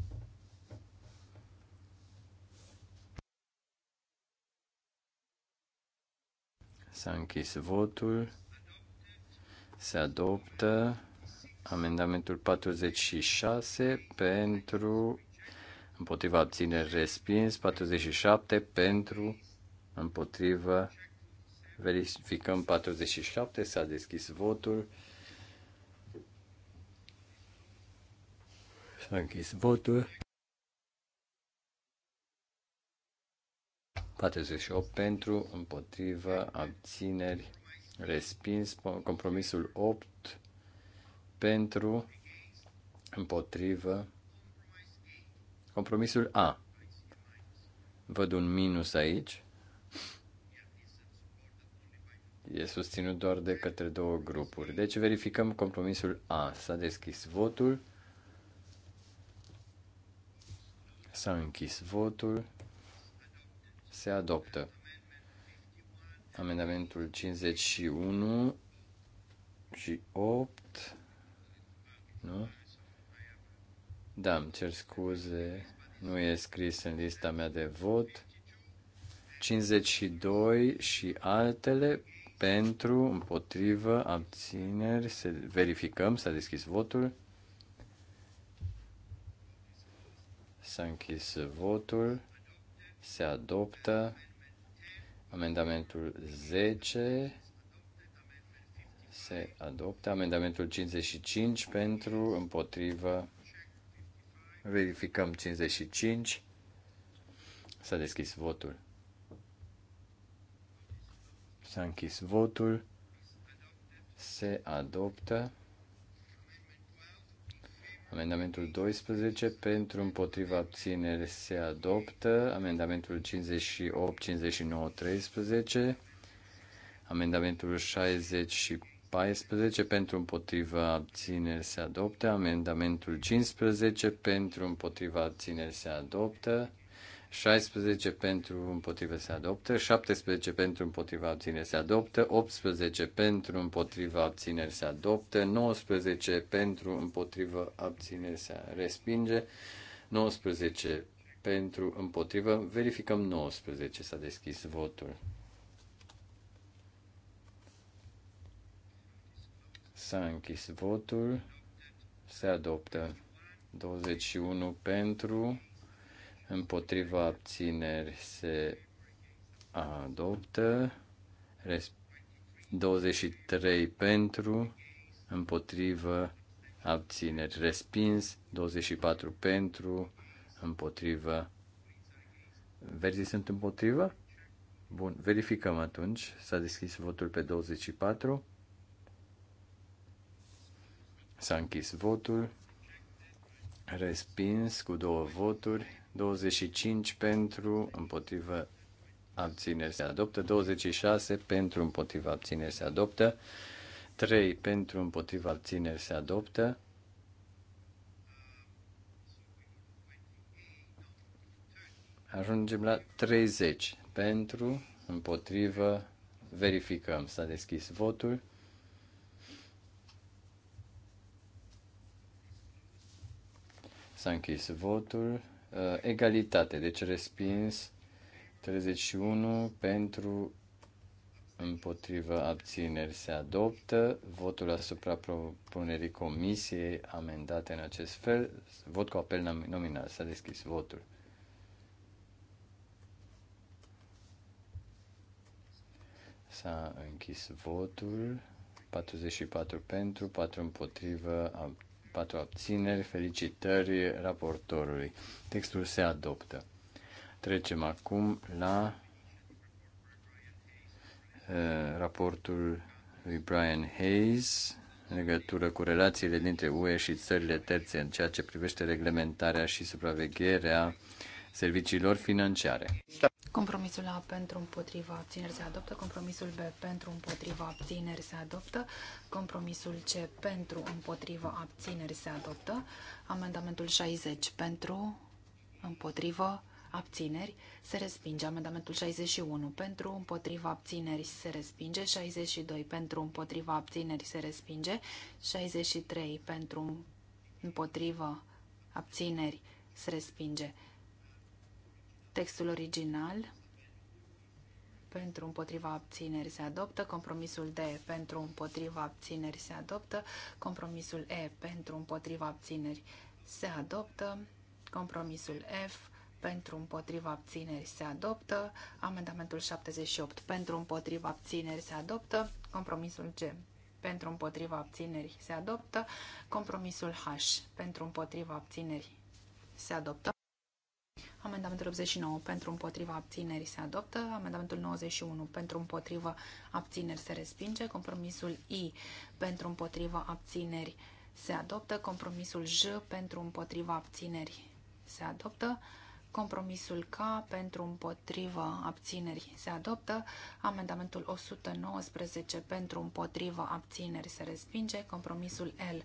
S-a închis votul. Se adoptă amendamentul 46 pentru împotriva abțineri respins, 47 pentru împotrivă verificăm 47, s-a deschis votul. S-a închis votul. 48 pentru, împotrivă, abțineri, respins. Compromisul 8 pentru, împotrivă. Compromisul A. Văd un minus aici. E susținut doar de către două grupuri. Deci verificăm compromisul A. S-a deschis votul. S-a închis votul se adoptă. Amendamentul 51 și 8. Nu? Da, îmi cer scuze. Nu e scris în lista mea de vot. 52 și altele pentru, împotrivă, abțineri. Se verificăm, s-a deschis votul. S-a închis votul se adoptă. Amendamentul 10 se adoptă. Amendamentul 55 pentru, împotrivă, verificăm 55. S-a deschis votul. S-a închis votul. Se adoptă. Amendamentul 12 pentru împotriva abținere se adoptă. Amendamentul 58, 59, 13. Amendamentul 60 și 14 pentru împotriva abținere se adoptă. Amendamentul 15 pentru împotriva abținere se adoptă. 16 pentru împotrivă se adoptă, 17 pentru împotriva abțineri se adoptă, 18 pentru împotriva abțineri se adoptă, 19 pentru împotriva abțineri se respinge, 19 pentru împotrivă, verificăm 19, s-a deschis votul. S-a închis votul, se adoptă 21 pentru împotriva abțineri se adoptă, 23 pentru, împotrivă abțineri respins, 24 pentru, împotrivă. Verzii sunt împotrivă? Bun, verificăm atunci. S-a deschis votul pe 24. S-a închis votul. Respins cu două voturi. 25 pentru, împotrivă, abțineri se adoptă. 26 pentru, împotrivă, abțineri se adoptă. 3 pentru, împotrivă, abțineri se adoptă. 30. Ajungem la 30 pentru, împotrivă, verificăm. S-a deschis votul. S-a închis votul. Uh, egalitate, deci respins 31 pentru împotrivă abțineri se adoptă. Votul asupra propunerii comisiei amendate în acest fel. Vot cu apel nominal. S-a deschis votul. S-a închis votul. 44 pentru, 4 împotrivă, 4 abțineri, felicitări raportorului. Textul se adoptă. Trecem acum la uh, raportul lui Brian Hayes în legătură cu relațiile dintre UE și țările terțe în ceea ce privește reglementarea și supravegherea serviciilor financiare. Compromisul A pentru împotriva abțineri se adoptă. Compromisul B pentru împotriva abțineri se adoptă. Compromisul C pentru împotriva abțineri se adoptă. Amendamentul 60 pentru împotriva abțineri se respinge. Amendamentul 61 pentru împotriva abțineri se respinge. 62 pentru împotriva abțineri se respinge. 63 pentru împotriva abțineri se respinge. Textul original pentru împotriva abțineri se adoptă, compromisul D pentru împotriva abțineri se adoptă, compromisul E pentru împotriva abțineri se adoptă, compromisul F pentru împotriva abțineri se adoptă, amendamentul 78 pentru împotriva abțineri se adoptă, compromisul G pentru împotriva abțineri se adoptă, compromisul H pentru împotriva abțineri se adoptă. Amendamentul 89 pentru împotriva abțineri se adoptă. Amendamentul 91 pentru împotriva abțineri se respinge. Compromisul I pentru împotriva abțineri se adoptă. Compromisul J pentru împotriva abțineri se adoptă. Compromisul K pentru împotriva abțineri se adoptă. Amendamentul 119 pentru împotriva abțineri se respinge. Compromisul L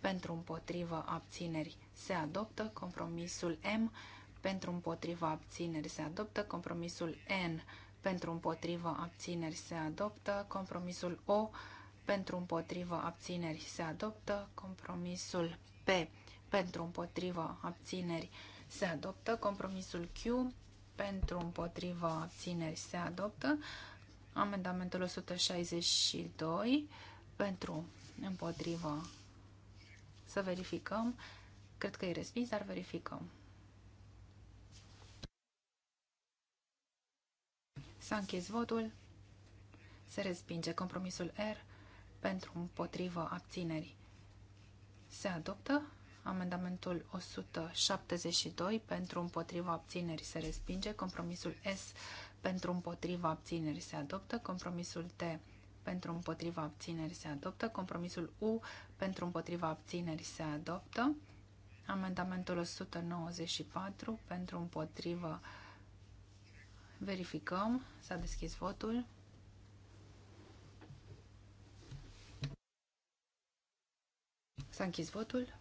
pentru împotriva abțineri se adoptă. Compromisul M pentru împotriva abțineri se adoptă, compromisul N pentru împotriva abțineri se adoptă, compromisul O pentru împotriva abțineri se adoptă, compromisul P pentru împotriva abțineri se adoptă, compromisul Q pentru împotriva abțineri se adoptă, amendamentul 162 pentru împotriva să verificăm, cred că e respins, dar verificăm. S-a închis votul. Se respinge compromisul R pentru împotrivă abținerii. Se adoptă amendamentul 172 pentru împotriva abținerii, se respinge, compromisul S pentru împotriva abținerii, se adoptă, compromisul T pentru împotriva abținerii se adoptă, compromisul U pentru împotriva abținerii se adoptă, amendamentul 194 pentru împotriva abțineri Verificăm. S-a deschis votul. S-a închis votul.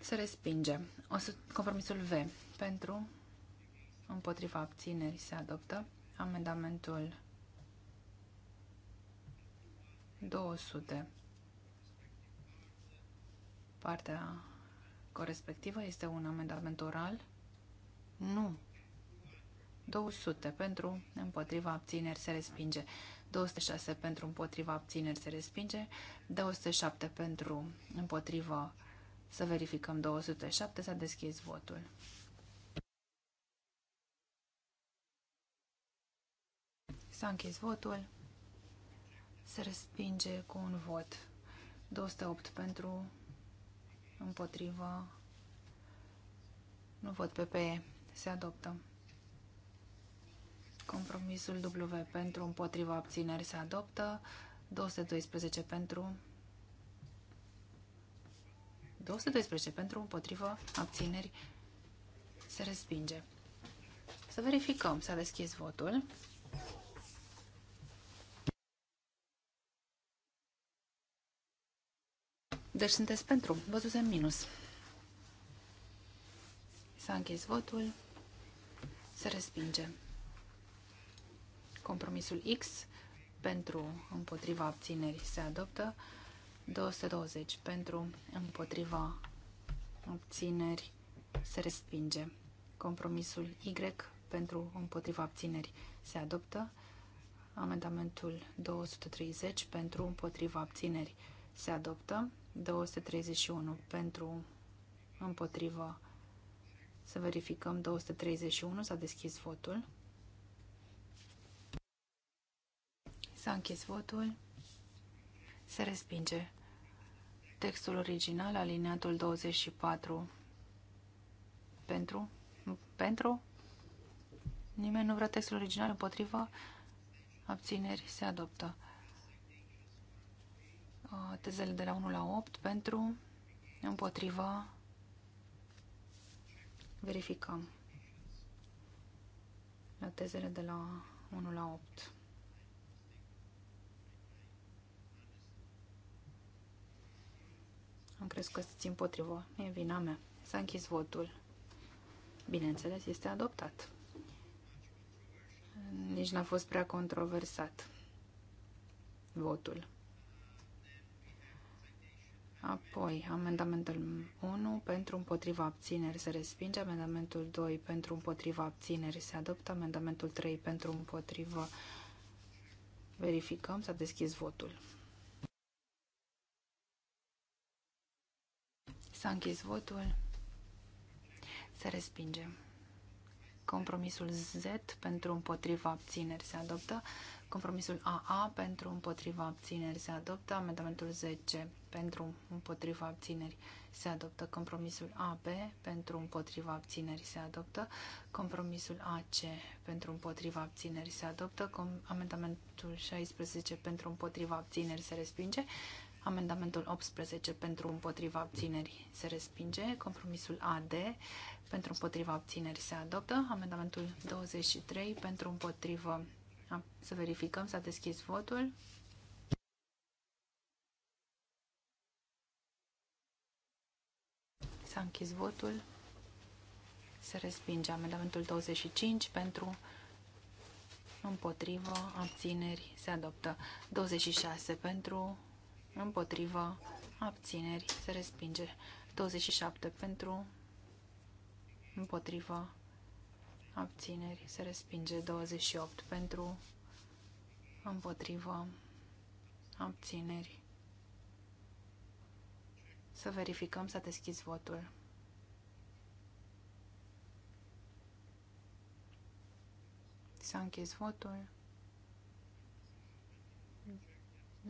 Se respinge. O să, compromisul V. Pentru, împotriva abțineri, se adoptă amendamentul 200. Partea corespectivă este un amendament oral? Nu. 200 pentru împotriva abțineri se respinge. 206 pentru împotriva abțineri se respinge. 207 pentru împotriva să verificăm 207 s-a deschis votul. S-a închis votul. Se respinge cu un vot. 208 pentru împotriva nu vot PPE. Se adoptă. Compromisul W pentru împotriva abțineri se adoptă. 212 pentru 212 pentru împotriva abțineri se respinge. Să verificăm. S-a deschis votul. Deci sunteți pentru. Văzusem minus. S-a închis votul. Se respinge. Compromisul X pentru împotriva abținerii se adoptă. 220 pentru împotriva abțineri se respinge. Compromisul Y pentru împotriva abțineri se adoptă. Amendamentul 230 pentru împotriva abțineri se adoptă. 231 pentru împotriva. Să verificăm 231. S-a deschis votul. S-a închis votul. Se respinge. Textul original, alineatul 24. Pentru? Pentru? Nimeni nu vrea textul original împotriva? Abțineri se adoptă. Tezele de la 1 la 8 pentru, împotriva, verificăm. La tezele de la 1 la 8. Am crezut că sunt împotrivă. E vina mea. S-a închis votul. Bineînțeles, este adoptat. Nici n-a fost prea controversat votul. Apoi, amendamentul 1 pentru împotriva abțineri se respinge, amendamentul 2 pentru împotriva abțineri se adoptă, amendamentul 3 pentru împotriva verificăm, s-a deschis votul. S-a închis votul. Se respinge. Compromisul Z pentru împotriva abțineri se adoptă. Compromisul AA pentru împotriva abțineri se adoptă. Amendamentul 10 pentru împotriva abțineri se adoptă. Compromisul AB pentru împotriva abțineri se adoptă. Compromisul AC pentru împotriva abțineri se adoptă. Com amendamentul 16 pentru împotriva abțineri se respinge. Amendamentul 18 pentru împotriva abțineri se respinge. Compromisul AD pentru împotriva abțineri se adoptă. Amendamentul 23 pentru împotrivă. Să verificăm, s-a deschis votul. S-a închis votul. Se respinge amendamentul 25 pentru împotrivă, abțineri, se adoptă 26 pentru împotriva, abțineri, se respinge. 27 pentru, împotriva, abțineri, se respinge. 28 pentru, împotriva, abțineri. Să verificăm, să deschizi votul. S-a închis votul.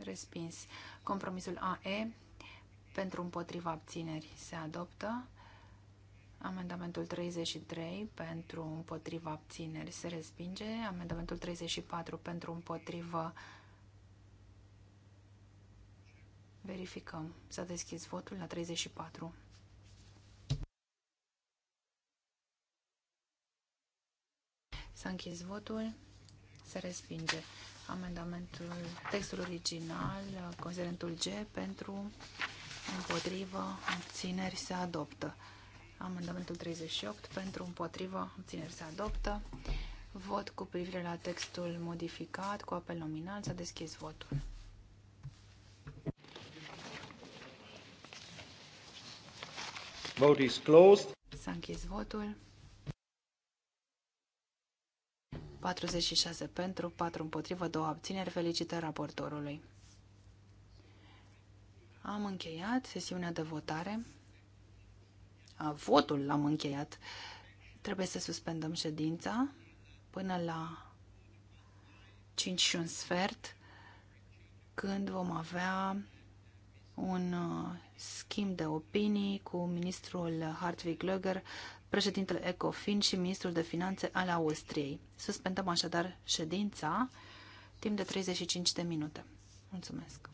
Respins. Compromisul AE pentru împotriva abțineri se adoptă. Amendamentul 33 pentru împotriva abțineri se respinge. Amendamentul 34 pentru împotriva Verificăm. S-a deschis votul la 34. S-a închis votul. Se respinge amendamentul, textul original, considerentul G, pentru, împotrivă, obțineri se adoptă. Amendamentul 38, pentru, împotrivă, obțineri se adoptă. Vot cu privire la textul modificat, cu apel nominal, s-a deschis votul. Vote is closed. S-a închis votul. 46 pentru, 4 împotrivă, 2 abțineri. Felicitări raportorului. Am încheiat sesiunea de votare. A, votul l-am încheiat. Trebuie să suspendăm ședința până la 5 și un sfert, când vom avea un uh, schimb de opinii cu ministrul Hartwig Löger președintele ECOFIN și ministrul de finanțe al Austriei. Suspendăm așadar ședința timp de 35 de minute. Mulțumesc!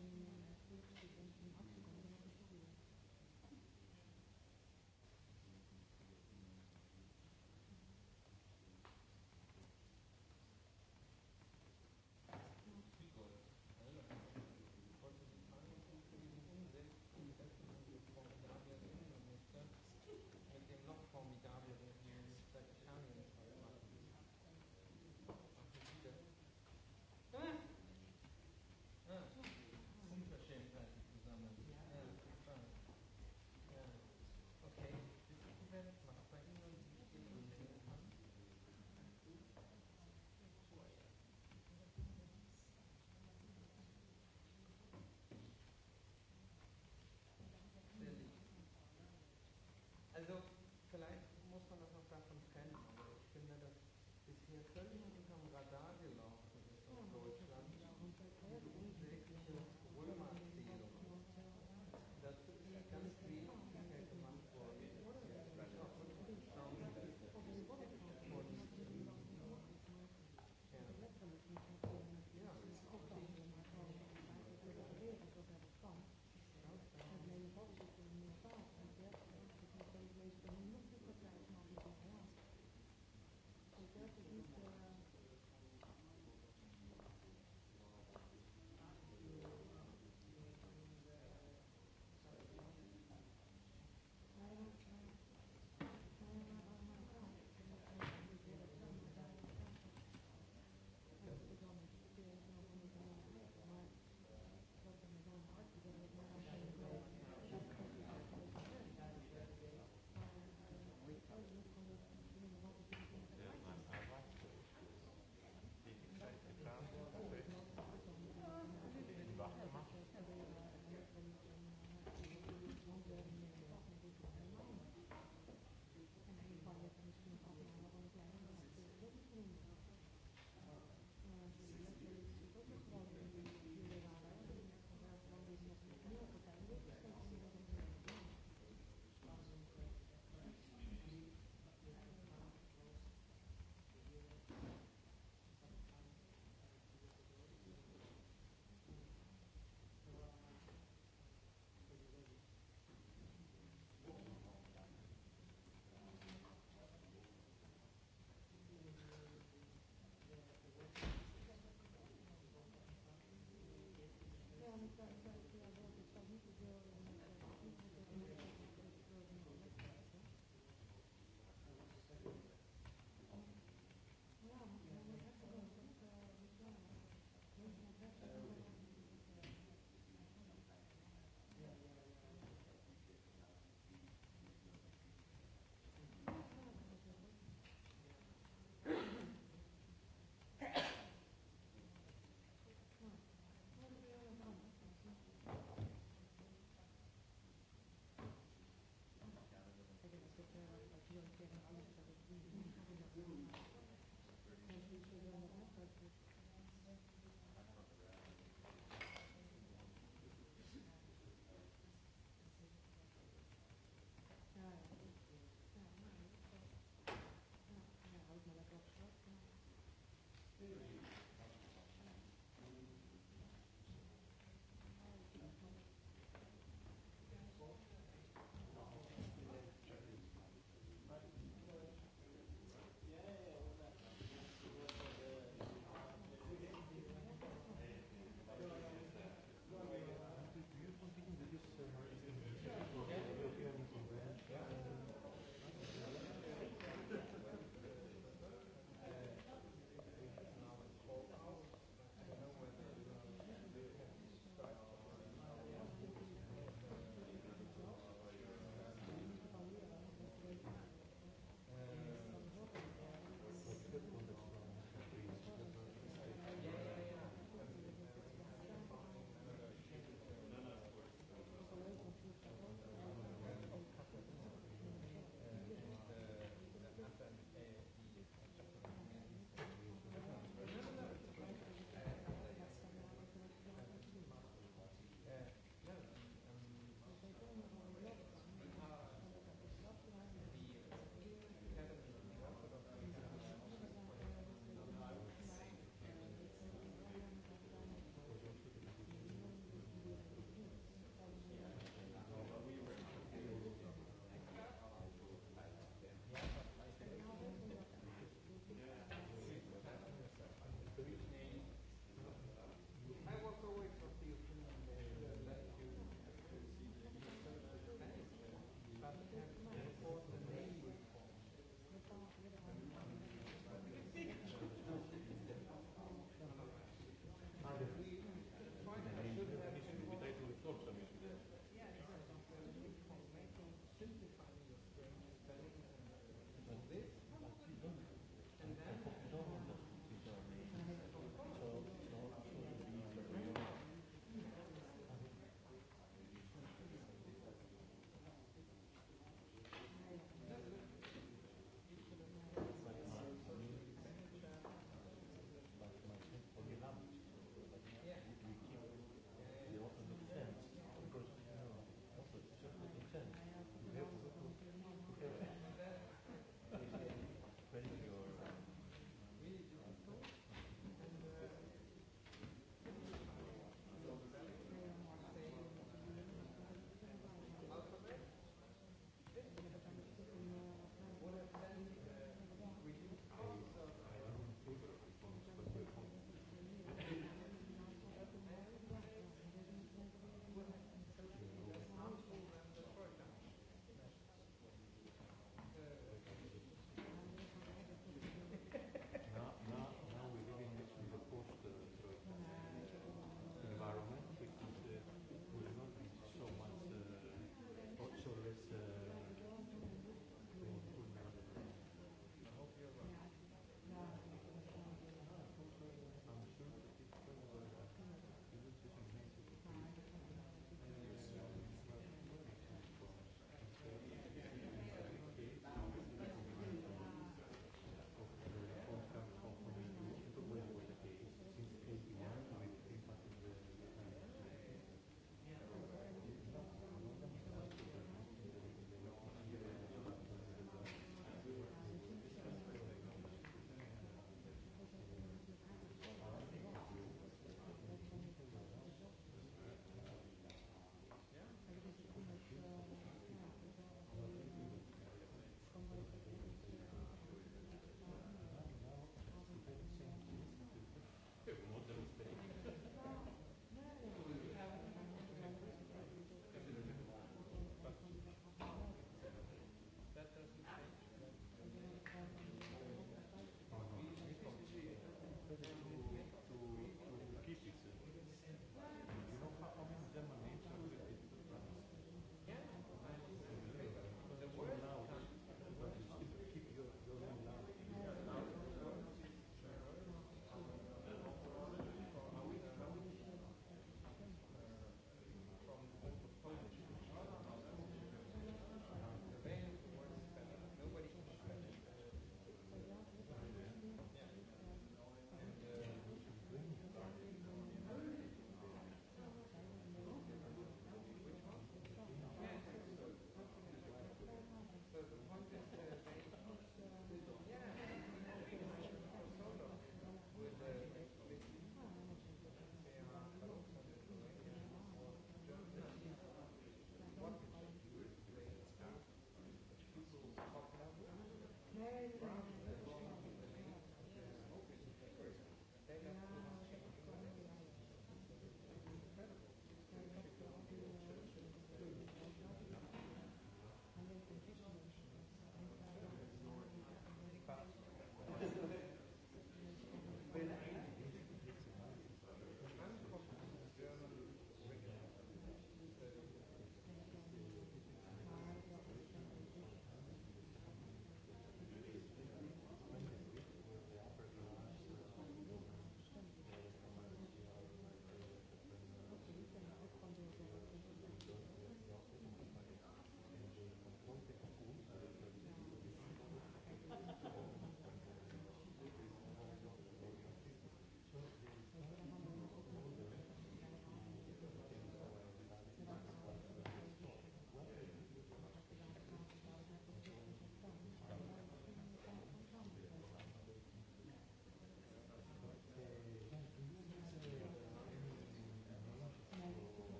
Amen. Also vielleicht muss man das noch davon trennen. Also ich finde das hier völlig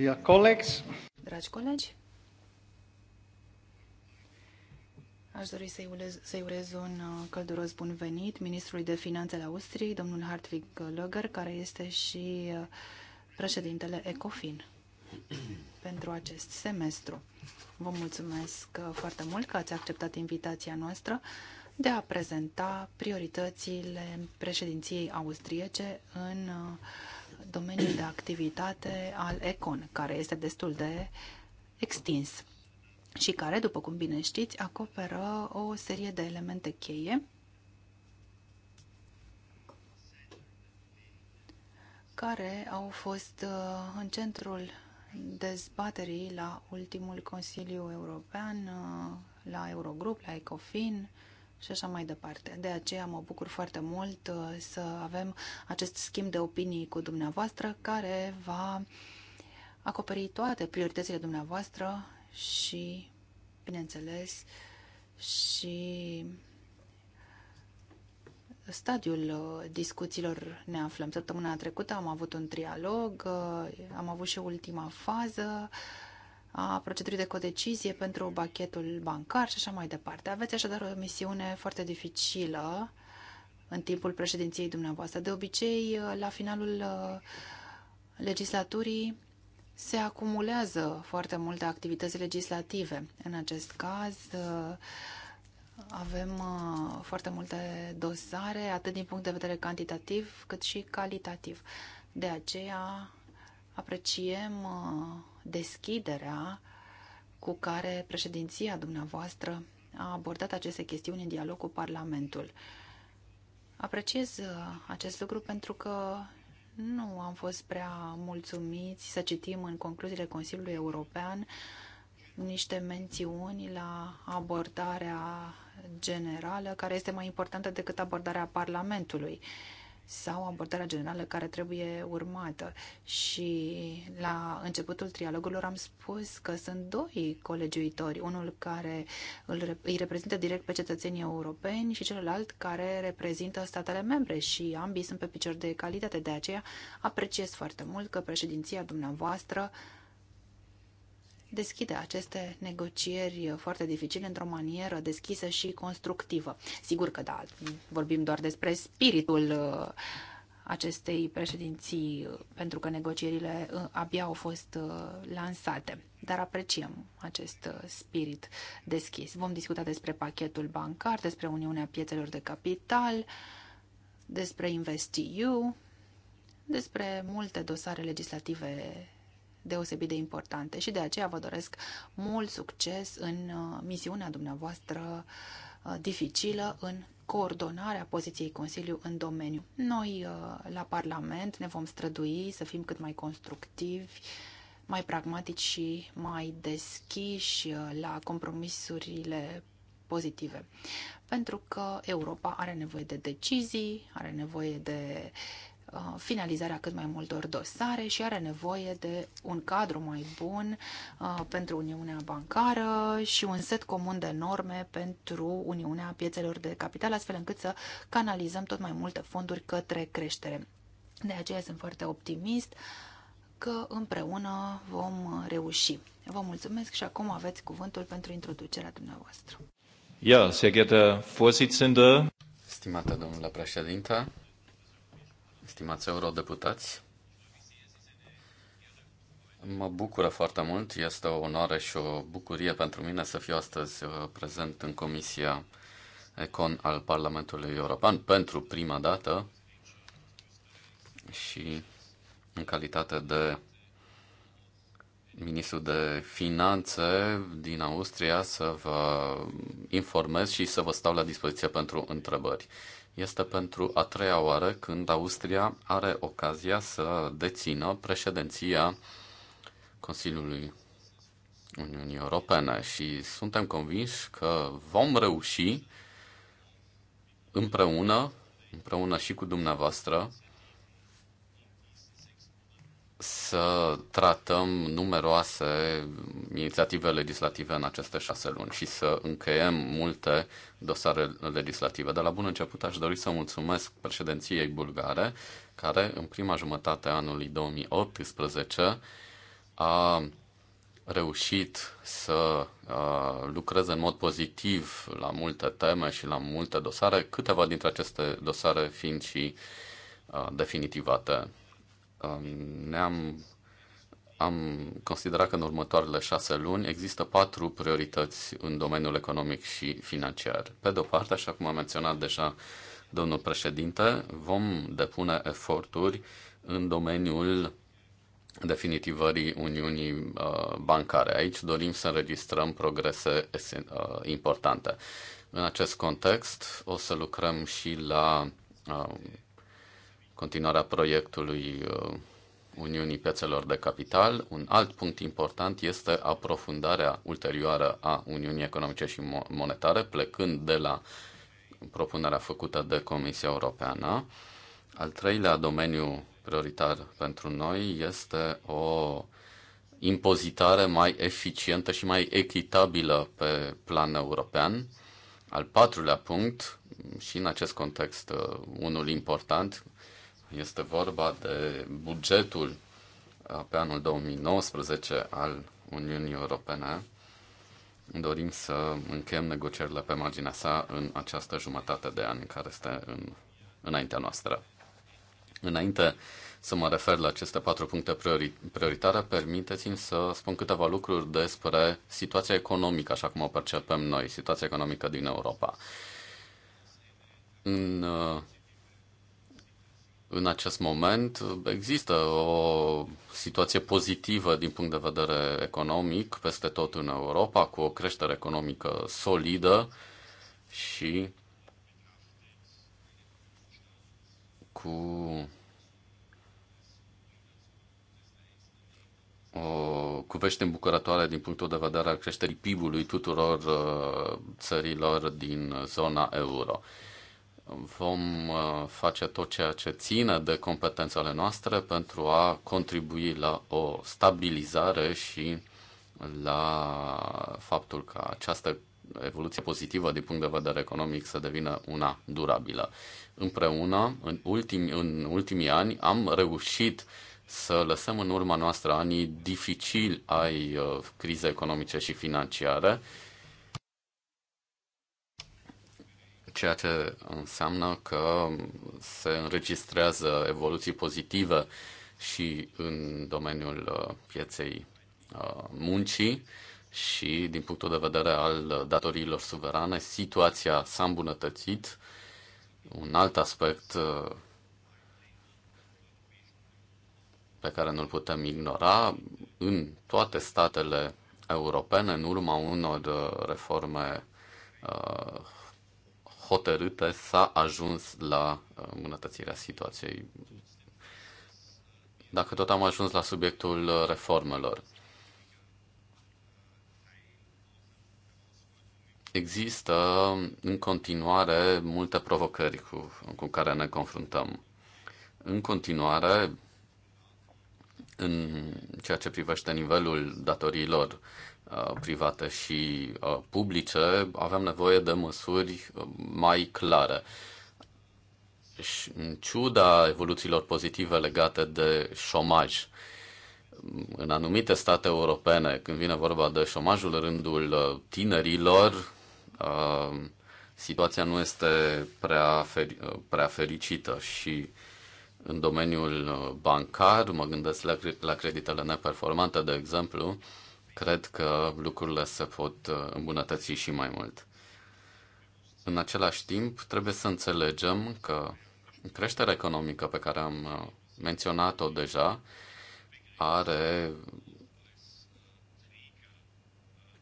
Dear colleagues. Dragi colegi, aș dori să-i urez, să urez un uh, călduros bun venit ministrului de finanțe al Austriei, domnul Hartwig Löger, care este și uh, președintele ECOFIN pentru acest semestru. Vă mulțumesc uh, foarte mult că ați acceptat invitația noastră de a prezenta prioritățile președinției austriece în uh, domeniul de activitate al ECON, care este destul de extins și care, după cum bine știți, acoperă o serie de elemente cheie care au fost uh, în centrul dezbaterii la ultimul Consiliu European, uh, la Eurogrup, la ECOFIN, și așa mai departe. De aceea mă bucur foarte mult uh, să avem acest schimb de opinii cu dumneavoastră care va acoperi toate prioritățile dumneavoastră și, bineînțeles, și stadiul uh, discuțiilor ne aflăm. Săptămâna trecută am avut un trialog, uh, am avut și ultima fază a procedurii de codecizie pentru bachetul bancar și așa mai departe. Aveți așadar o misiune foarte dificilă în timpul președinției dumneavoastră. De obicei, la finalul uh, legislaturii se acumulează foarte multe activități legislative. În acest caz, uh, avem uh, foarte multe dosare, atât din punct de vedere cantitativ, cât și calitativ. De aceea, apreciem deschiderea cu care președinția dumneavoastră a abordat aceste chestiuni în dialog cu Parlamentul. Apreciez uh, acest lucru pentru că nu am fost prea mulțumiți să citim în concluziile Consiliului European niște mențiuni la abordarea generală, care este mai importantă decât abordarea Parlamentului. Uh, sau abordarea generală care trebuie urmată. Și la începutul trialogurilor am spus că sunt doi colegiuitori, unul care îl, îi reprezintă direct pe cetățenii europeni și celălalt care reprezintă statele membre și ambii sunt pe picior de calitate. De aceea apreciez foarte mult că președinția dumneavoastră deschide aceste negocieri foarte dificile într-o manieră deschisă și constructivă. Sigur că da, vorbim doar despre spiritul uh, acestei președinții, uh, pentru că negocierile uh, abia au fost lansate, dar apreciem acest spirit deschis. Vom discuta despre pachetul bancar, despre Uniunea Piețelor de Capital, despre InvestEU, despre multe dosare legislative deosebit de importante și de aceea vă doresc mult succes în uh, misiunea dumneavoastră uh, dificilă în coordonarea poziției Consiliu în domeniu. Noi uh, la Parlament ne vom strădui să fim cât mai constructivi, mai pragmatici și mai deschiși la compromisurile pozitive. Pentru că Europa are nevoie de decizii, are nevoie de Uh, finalizarea cât mai multor dosare și are nevoie de un cadru mai bun uh, pentru Uniunea Bancară și un set comun de norme pentru Uniunea Piețelor de Capital, astfel încât să canalizăm tot mai multe fonduri către creștere. De aceea sunt foarte optimist că împreună vom reuși. Vă mulțumesc și acum aveți cuvântul pentru introducerea dumneavoastră. Ja, sehr geehrter Vorsitzender. Stimată domnule președinte, stimați eurodeputați. Mă bucură foarte mult, este o onoare și o bucurie pentru mine să fiu astăzi uh, prezent în Comisia Econ al Parlamentului European pentru prima dată și în calitate de ministru de finanțe din Austria să vă informez și să vă stau la dispoziție pentru întrebări. Este pentru a treia oară când Austria are ocazia să dețină președinția Consiliului Uniunii Europene și suntem convinși că vom reuși împreună, împreună și cu dumneavoastră, să tratăm numeroase inițiative legislative în aceste șase luni și să încheiem multe dosare legislative. De la bun început aș dori să mulțumesc președinției bulgare, care în prima jumătate a anului 2018 a reușit să lucreze în mod pozitiv la multe teme și la multe dosare, câteva dintre aceste dosare fiind și definitivate ne-am am considerat că în următoarele șase luni există patru priorități în domeniul economic și financiar. Pe de-o parte, așa cum a menționat deja domnul președinte, vom depune eforturi în domeniul definitivării Uniunii uh, Bancare. Aici dorim să înregistrăm progrese uh, importante. În acest context, o să lucrăm și la uh, continuarea proiectului uh, Uniunii Piațelor de Capital. Un alt punct important este aprofundarea ulterioară a Uniunii Economice și Monetare, plecând de la propunerea făcută de Comisia Europeană. Al treilea domeniu prioritar pentru noi este o impozitare mai eficientă și mai echitabilă pe plan european. Al patrulea punct, și în acest context uh, unul important, este vorba de bugetul pe anul 2019 al Uniunii Europene. Dorim să încheiem negocierile pe marginea sa în această jumătate de an care este în, înaintea noastră. Înainte să mă refer la aceste patru puncte priori, prioritare, permiteți-mi să spun câteva lucruri despre situația economică, așa cum o percepem noi, situația economică din Europa. În uh, în acest moment există o situație pozitivă din punct de vedere economic peste tot în Europa, cu o creștere economică solidă și cu o, cu vești îmbucurătoare din punctul de vedere al creșterii PIB-ului tuturor uh, țărilor din zona euro vom uh, face tot ceea ce ține de competențele noastre pentru a contribui la o stabilizare și la faptul că această evoluție pozitivă din punct de vedere economic să devină una durabilă. Împreună, în, ultim, în ultimii ani, am reușit să lăsăm în urma noastră anii dificili ai uh, crizei economice și financiare, uh, ceea ce înseamnă că se înregistrează evoluții pozitive și în domeniul uh, pieței uh, muncii și din punctul de vedere al datoriilor suverane, situația s-a îmbunătățit. Un alt aspect uh, pe care nu-l putem ignora, în toate statele europene, în urma unor reforme hotărâtă s-a ajuns la uh, îmbunătățirea situației. Dacă tot am ajuns la subiectul uh, reformelor. Există um, în continuare multe provocări cu, cu care ne confruntăm. În continuare, în ceea ce privește nivelul datoriilor Uh, private și uh, publice, avem nevoie de măsuri uh, mai clare. Și în ciuda evoluțiilor pozitive legate de șomaj, în anumite state europene, când vine vorba de șomajul în rândul tinerilor, situația nu este prea, feri- prea fericită și în domeniul bancar, mă gândesc la, la creditele neperformante, de exemplu, cred că lucrurile se pot uh, îmbunătăți și mai mult. În același timp, trebuie să înțelegem că creșterea economică pe care am uh, menționat-o deja are,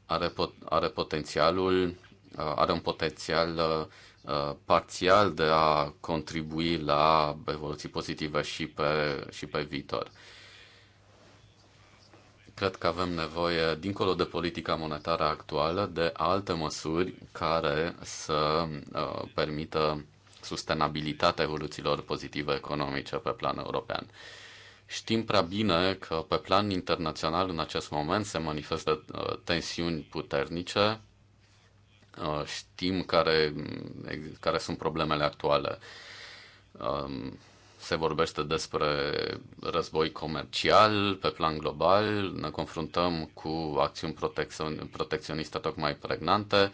are, pot, are potențialul, uh, are un potențial parțial de a contribui la evoluții pozitive și pe, și pe viitor. Cred că avem nevoie, dincolo de politica monetară actuală, de alte măsuri care să uh, permită sustenabilitatea evoluțiilor pozitive economice pe plan european. Știm prea bine că pe plan internațional în acest moment se manifestă uh, tensiuni puternice, uh, știm care, mm, care sunt problemele actuale. Um, se vorbește despre război comercial pe plan global, ne confruntăm cu acțiuni protecționiste tocmai pregnante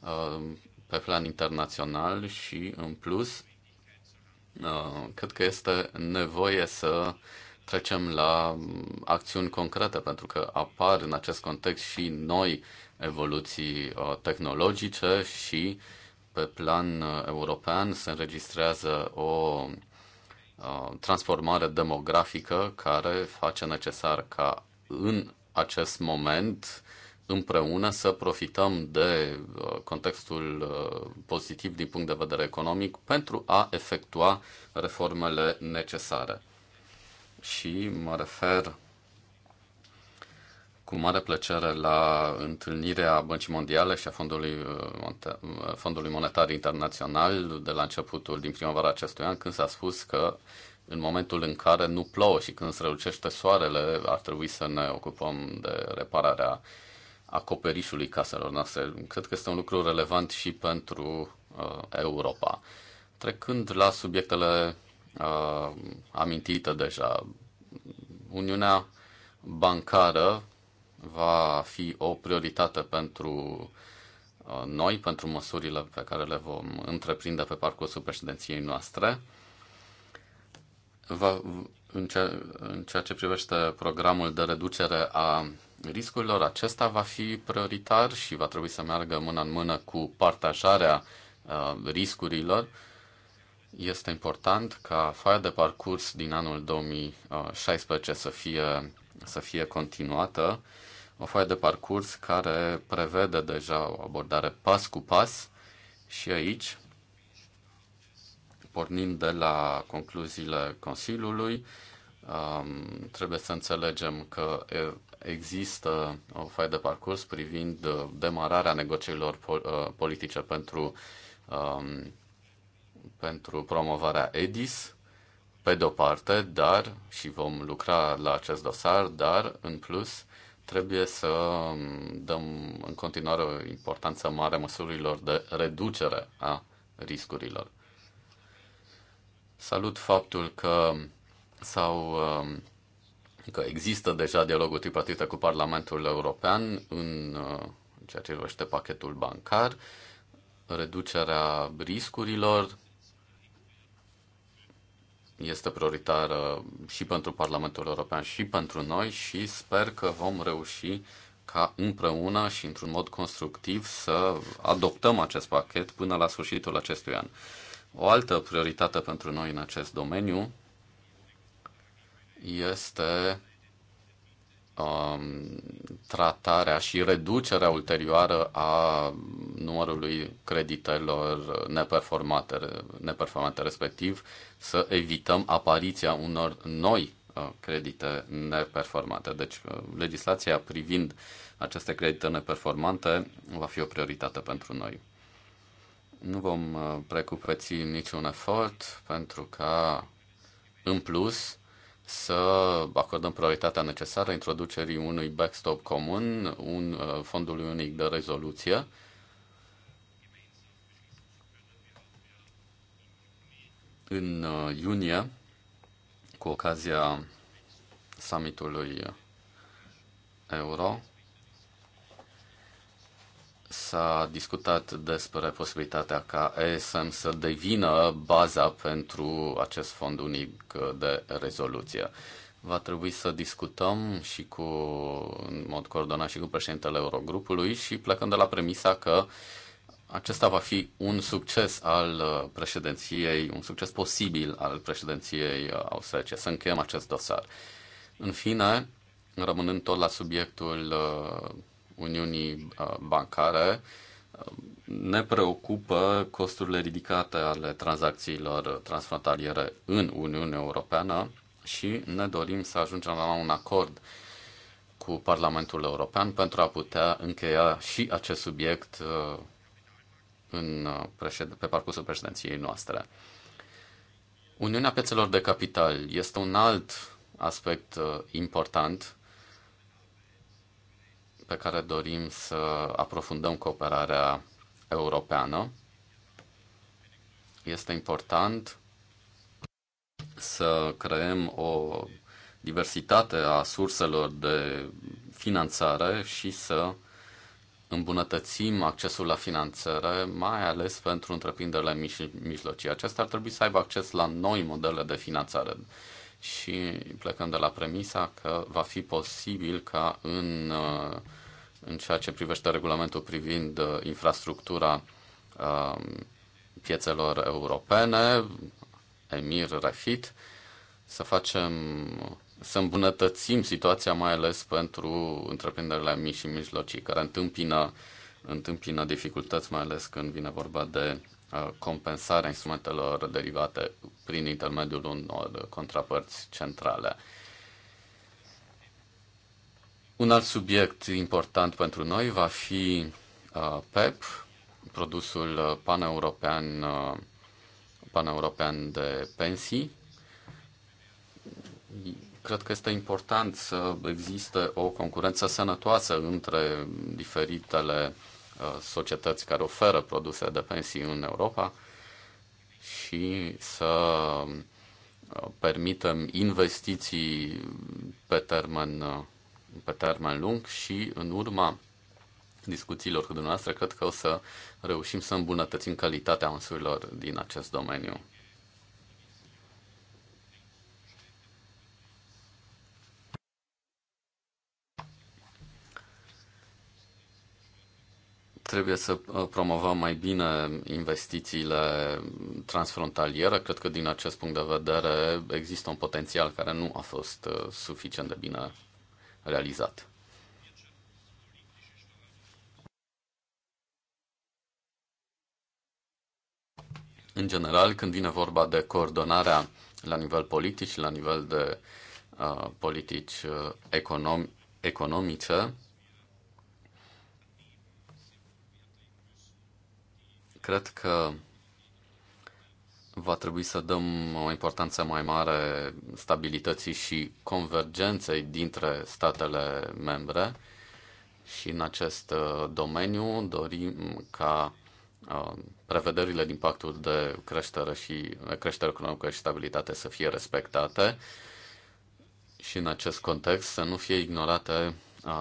uh, pe plan internațional și, în plus, uh, cred că este nevoie să trecem la acțiuni concrete, pentru că apar în acest context și noi evoluții uh, tehnologice și pe plan european se înregistrează o transformare demografică care face necesar ca în acest moment împreună să profităm de contextul pozitiv din punct de vedere economic pentru a efectua reformele necesare. Și mă refer cu mare plăcere la întâlnirea Băncii Mondiale și a Fondului, uh, uh, Fondului Monetar Internațional de la începutul din primăvara acestui an, când s-a spus că în momentul în care nu plouă și când strălucește soarele, ar trebui să ne ocupăm de repararea acoperișului caselor noastre. Cred că este un lucru relevant și pentru uh, Europa. Trecând la subiectele uh, amintite deja, Uniunea bancară va fi o prioritate pentru uh, noi, pentru măsurile pe care le vom întreprinde pe parcursul președinției noastre. Va, în, ce, în ceea ce privește programul de reducere a riscurilor, acesta va fi prioritar și va trebui să meargă mână în mână cu partajarea uh, riscurilor. Este important ca foaia de parcurs din anul 2016 uh, să fie, să fie continuată o foaie de parcurs care prevede deja o abordare pas cu pas și aici, pornind de la concluziile Consiliului, trebuie să înțelegem că există o foaie de parcurs privind demararea negocierilor uh, politice pentru, um, pentru promovarea EDIS, pe de-o parte, dar, și vom lucra la acest dosar, dar, în plus, trebuie să um, dăm în continuare o importanță mare măsurilor de reducere a riscurilor. Salut faptul că sau um, că există deja dialogul tripartită cu Parlamentul European uh, în ceea ce privește pachetul bancar, reducerea riscurilor, este prioritară și pentru Parlamentul European și pentru noi și sper că vom reuși ca împreună și într-un mod constructiv să adoptăm acest pachet până la sfârșitul acestui an. O altă prioritate pentru noi în acest domeniu este Um, tratarea și reducerea ulterioară a numărului creditelor neperformate, neperformate respectiv, să evităm apariția unor noi uh, credite neperformante. Deci, uh, legislația privind aceste credite neperformante va fi o prioritate pentru noi. Nu vom uh, precupeți niciun efort pentru ca, în plus, să acordăm prioritatea necesară introducerii unui backstop comun, un uh, fondul unic de rezoluție. În uh, iunie, cu ocazia summitului euro, s-a discutat despre posibilitatea ca ESM să devină baza pentru acest fond unic de rezoluție. Va trebui să discutăm și cu, în mod coordonat și cu președintele Eurogrupului și plecând de la premisa că acesta va fi un succes al președinției, un succes posibil al președinției austriece, să încheiem acest dosar. În fine, rămânând tot la subiectul Uniunii uh, Bancare uh, ne preocupă costurile ridicate ale tranzacțiilor transfrontaliere în Uniunea Europeană și ne dorim să ajungem la un acord cu Parlamentul European pentru a putea încheia și acest subiect uh, în președ- pe parcursul președinției noastre. Uniunea piețelor de capital este un alt aspect important pe care dorim să aprofundăm cooperarea europeană. Este important să creăm o diversitate a surselor de finanțare și să îmbunătățim accesul la finanțare, mai ales pentru întreprinderile mijlocii. Acestea ar trebui să aibă acces la noi modele de finanțare și plecând de la premisa că va fi posibil ca în, uh, în ceea ce privește regulamentul privind uh, infrastructura um, piețelor europene, Emir Refit, să facem să îmbunătățim situația mai ales pentru întreprinderile mici și mijlocii care întâmpină, întâmpină dificultăți mai ales când vine vorba de Uh, compensarea instrumentelor derivate prin intermediul unor contrapărți centrale. Un alt subiect important pentru noi va fi PEP, uh, produsul paneuropean, uh, paneuropean de pensii. Cred că este important să existe o concurență sănătoasă între diferitele uh, Uh, societăți care oferă produse de pensii în Europa și să uh, permitem investiții pe termen, uh, pe termen lung și în urma discuțiilor cu dumneavoastră, cred că o să reușim să îmbunătățim calitatea măsurilor din acest domeniu. Trebuie să uh, promovăm mai bine investițiile transfrontaliere. Cred că din acest punct de vedere există un potențial care nu a fost uh, suficient de bine realizat. În general, când vine vorba de coordonarea la nivel politic și la nivel de uh, politici uh, econom- economice, Cred că va trebui să dăm o importanță mai mare stabilității și convergenței dintre statele membre și în acest uh, domeniu dorim ca uh, prevederile din pactul de creștere și uh, creștere economică și stabilitate să fie respectate și în acest context să nu fie ignorate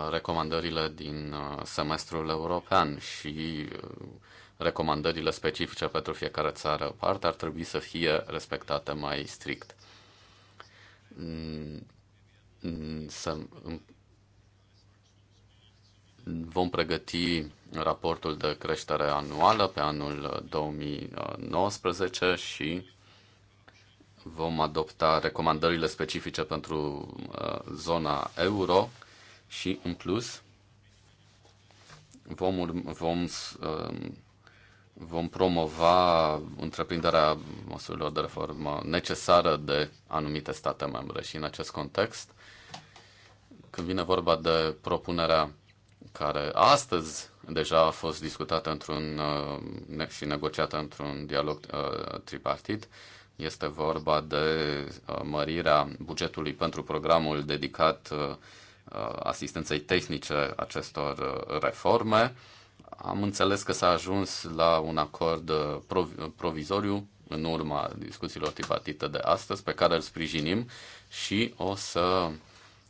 recomandările din semestrul european și recomandările specifice pentru fiecare țară parte ar trebui să fie respectate mai strict. Să vom pregăti raportul de creștere anuală pe anul 2019 și vom adopta recomandările specifice pentru uh, zona euro și, în plus, vom, vom um, vom promova întreprinderea măsurilor de reformă necesară de anumite state membre. Și în acest context, când vine vorba de propunerea care astăzi deja a fost discutată într-un, uh, și negociată într-un dialog uh, tripartit, este vorba de uh, mărirea bugetului pentru programul dedicat asistenței tehnice acestor reforme am înțeles că s-a ajuns la un acord uh, provizoriu în urma discuțiilor tipatite de astăzi, pe care îl sprijinim și o să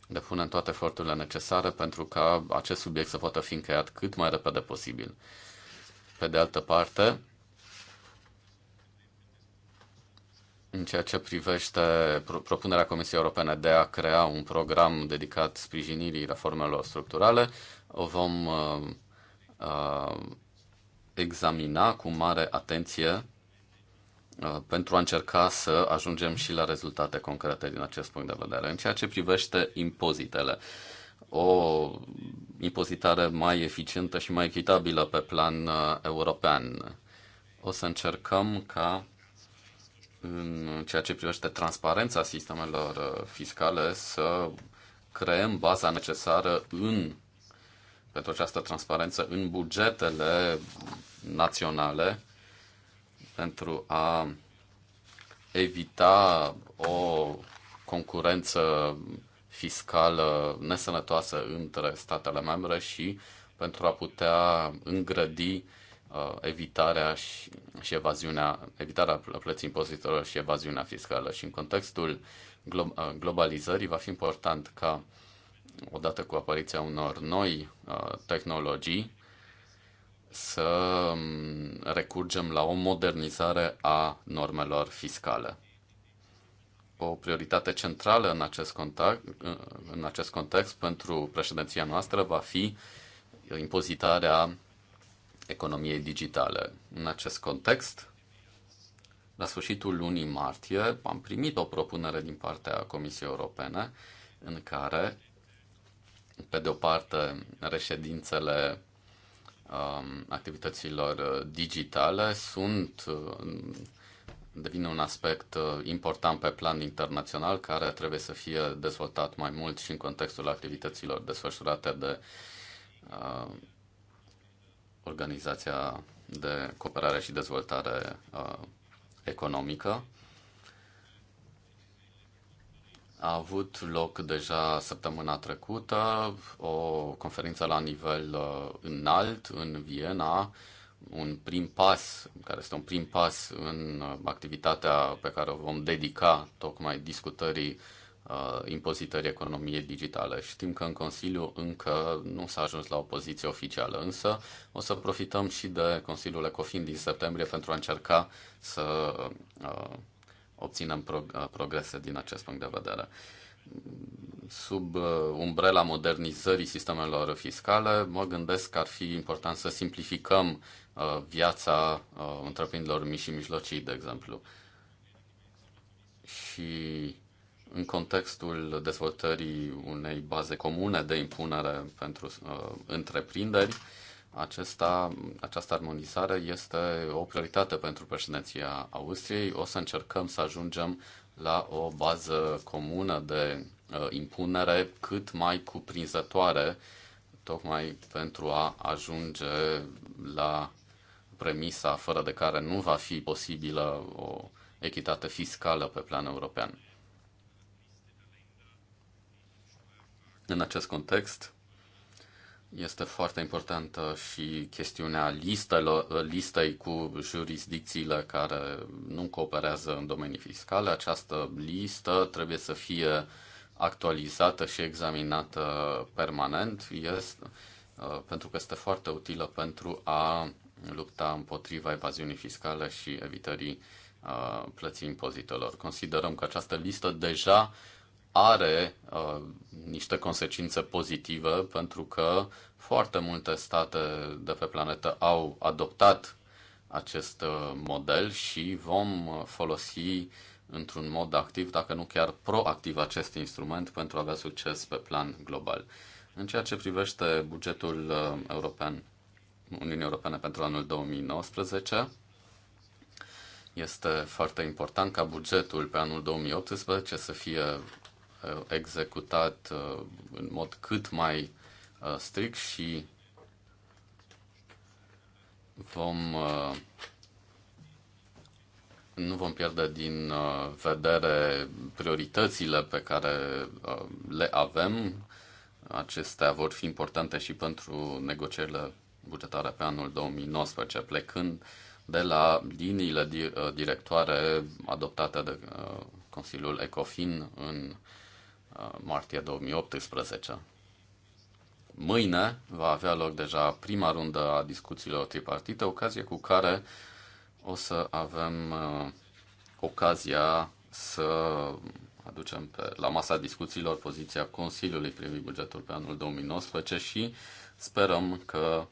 depunem toate eforturile necesare pentru ca acest subiect să poată fi încheiat cât mai repede posibil. Pe de altă parte, în ceea ce privește propunerea Comisiei Europene de a crea un program dedicat sprijinirii reformelor structurale, o vom uh, Uh, examina cu mare atenție uh, pentru a încerca să ajungem și la rezultate concrete din acest punct de vedere. În ceea ce privește impozitele, o impozitare mai eficientă și mai echitabilă pe plan uh, european. O să încercăm ca în ceea ce privește transparența sistemelor fiscale să creăm baza necesară în pentru această transparență în bugetele naționale pentru a evita o concurență fiscală nesănătoasă între statele membre și pentru a putea îngrădi uh, evitarea și, și evaziunea, evitarea plății impozitelor și evaziunea fiscală. Și în contextul glo- uh, globalizării va fi important ca uh, odată cu apariția unor noi uh, tehnologii, să mm, recurgem la o modernizare a normelor fiscale. O prioritate centrală în acest, contact, uh, în acest context pentru președinția noastră va fi impozitarea economiei digitale. În acest context, la sfârșitul lunii martie, am primit o propunere din partea Comisiei Europene în care pe de o parte, reședințele um, activităților uh, digitale sunt uh, devine un aspect uh, important pe plan internațional care trebuie să fie dezvoltat mai mult și în contextul activităților desfășurate de uh, Organizația de Cooperare și Dezvoltare uh, Economică. A avut loc deja săptămâna trecută o conferință la nivel uh, înalt în Viena, un prim pas, care este un prim pas în uh, activitatea pe care o vom dedica tocmai discutării uh, impozitării economiei digitale. Știm că în Consiliu încă nu s-a ajuns la o poziție oficială, însă o să profităm și de Consiliul Ecofin din septembrie pentru a încerca să uh, obținem prog- progrese din acest punct de vedere. Sub umbrela modernizării sistemelor fiscale, mă gândesc că ar fi important să simplificăm viața întreprinderilor mici și mijlocii, de exemplu. Și în contextul dezvoltării unei baze comune de impunere pentru uh, întreprinderi, acesta, această armonizare este o prioritate pentru președinția Austriei. O să încercăm să ajungem la o bază comună de uh, impunere cât mai cuprinzătoare, tocmai pentru a ajunge la premisa fără de care nu va fi posibilă o echitate fiscală pe plan european. În acest context, este foarte importantă și chestiunea listelor, listei cu jurisdicțiile care nu cooperează în domenii fiscale. Această listă trebuie să fie actualizată și examinată permanent, este, uh, pentru că este foarte utilă pentru a lupta împotriva evaziunii fiscale și evitării uh, plății impozitelor. Considerăm că această listă deja uh, are uh, niște consecințe pozitive pentru că foarte multe state de pe planetă au adoptat acest uh, model și vom uh, folosi într-un mod activ, dacă nu chiar proactiv, acest instrument pentru a avea succes pe plan global. În ceea ce privește bugetul uh, european, Uniunii Europene pentru anul 2019, este foarte important ca bugetul pe anul 2018 să fie Uh, executat uh, în mod cât mai uh, strict și vom nu vom pierde din vedere prioritățile pe care le avem. Acestea vor fi importante și pentru negocierile bugetare pe anul 2019, plecând de la liniile directoare adoptate de Consiliul ECOFIN în Uh, martie 2018. Mâine va avea loc deja prima rundă a discuțiilor tripartite, ocazie cu care o să avem uh, ocazia să aducem pe, la masa discuțiilor poziția Consiliului privind bugetul pe anul 2019 și sperăm că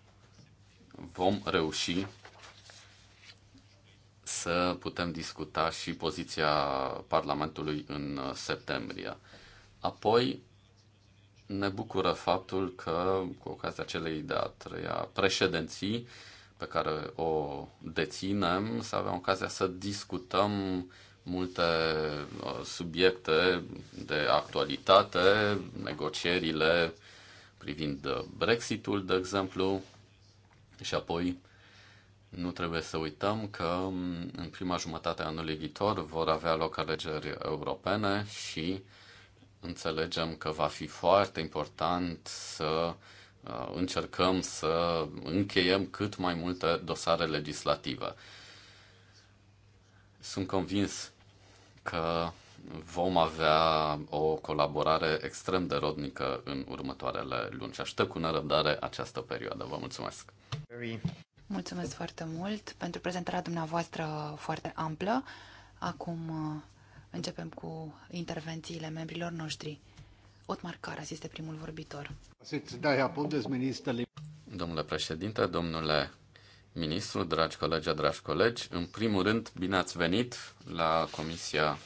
vom reuși să putem discuta și poziția Parlamentului în septembrie. Apoi, ne bucură faptul că, cu ocazia celei de-a treia președinții pe care o deținem, să avem ocazia să discutăm multe uh, subiecte de actualitate, negocierile privind uh, Brexitul, de exemplu, și apoi nu trebuie să uităm că mm, în prima jumătate a anului viitor vor avea loc alegeri europene și uh, înțelegem că va fi foarte important să uh, încercăm să încheiem cât mai multe dosare legislative. Sunt convins că vom avea o colaborare extrem de rodnică în următoarele luni și aștept cu nerăbdare această perioadă. Vă mulțumesc! Mulțumesc foarte mult pentru prezentarea dumneavoastră foarte amplă. Acum uh, Începem cu intervențiile membrilor noștri. Otmar Caras este primul vorbitor. Domnule președinte, domnule ministru, dragi colegi, dragi colegi, în primul rând, bine ați venit la Comisia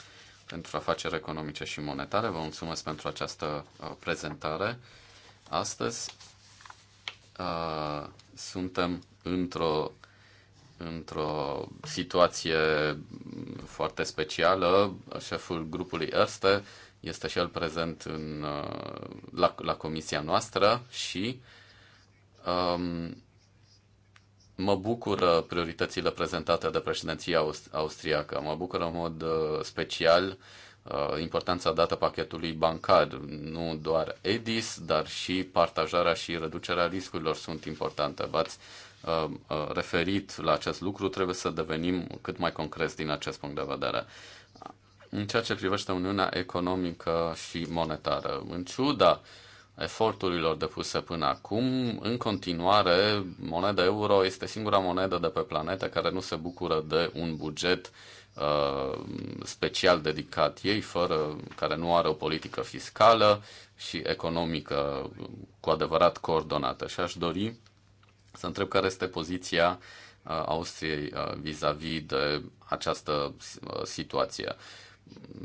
pentru Afaceri Economice și Monetare. Vă mulțumesc pentru această uh, prezentare. Astăzi uh, suntem într-o într-o situație foarte specială. Șeful grupului Erste este și el prezent în, uh, la, la comisia noastră și um, mă bucură prioritățile prezentate de președinția austriacă. Mă bucură în mod uh, special uh, importanța dată pachetului bancar. Nu doar EDIS, dar și partajarea și reducerea riscurilor sunt importante. V-ați Uh, uh, referit la acest lucru, trebuie să devenim cât mai concreți din acest punct de vedere. În ceea ce privește Uniunea Economică și Monetară, în ciuda eforturilor depuse până acum, în continuare, moneda euro este singura monedă de pe planetă care nu se bucură de un buget uh, special dedicat ei, fără care nu are o politică fiscală și economică cu adevărat coordonată. Și aș dori să întreb care este poziția uh, Austriei uh, vis-a-vis -vis de această uh, situație.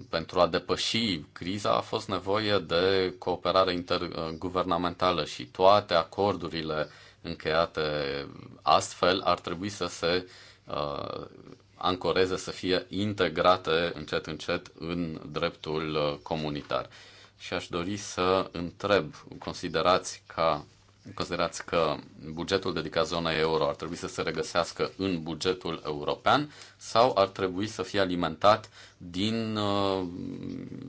Pentru a depăși criza a fost nevoie de cooperare interguvernamentală și toate acordurile încheiate astfel ar trebui să se uh, ancoreze, să fie integrate încet încet în dreptul comunitar. Și aș dori să întreb, considerați ca considerați că bugetul dedicat zonei euro ar trebui să se regăsească în bugetul european sau ar trebui să fie alimentat din uh,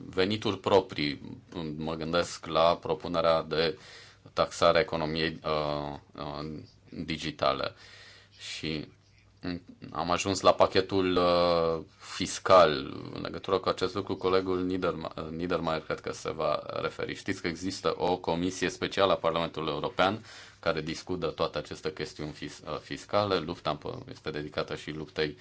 venituri proprii? Mă gândesc la propunerea de taxare a economiei uh, uh, digitale. Și am ajuns la pachetul uh, fiscal. În legătură cu acest lucru, colegul Niedermayer, Niedermayer cred că se va referi. Știți că există o comisie specială a Parlamentului European care discută toate aceste chestiuni fis- uh, fiscale. Lupta este dedicată și luptei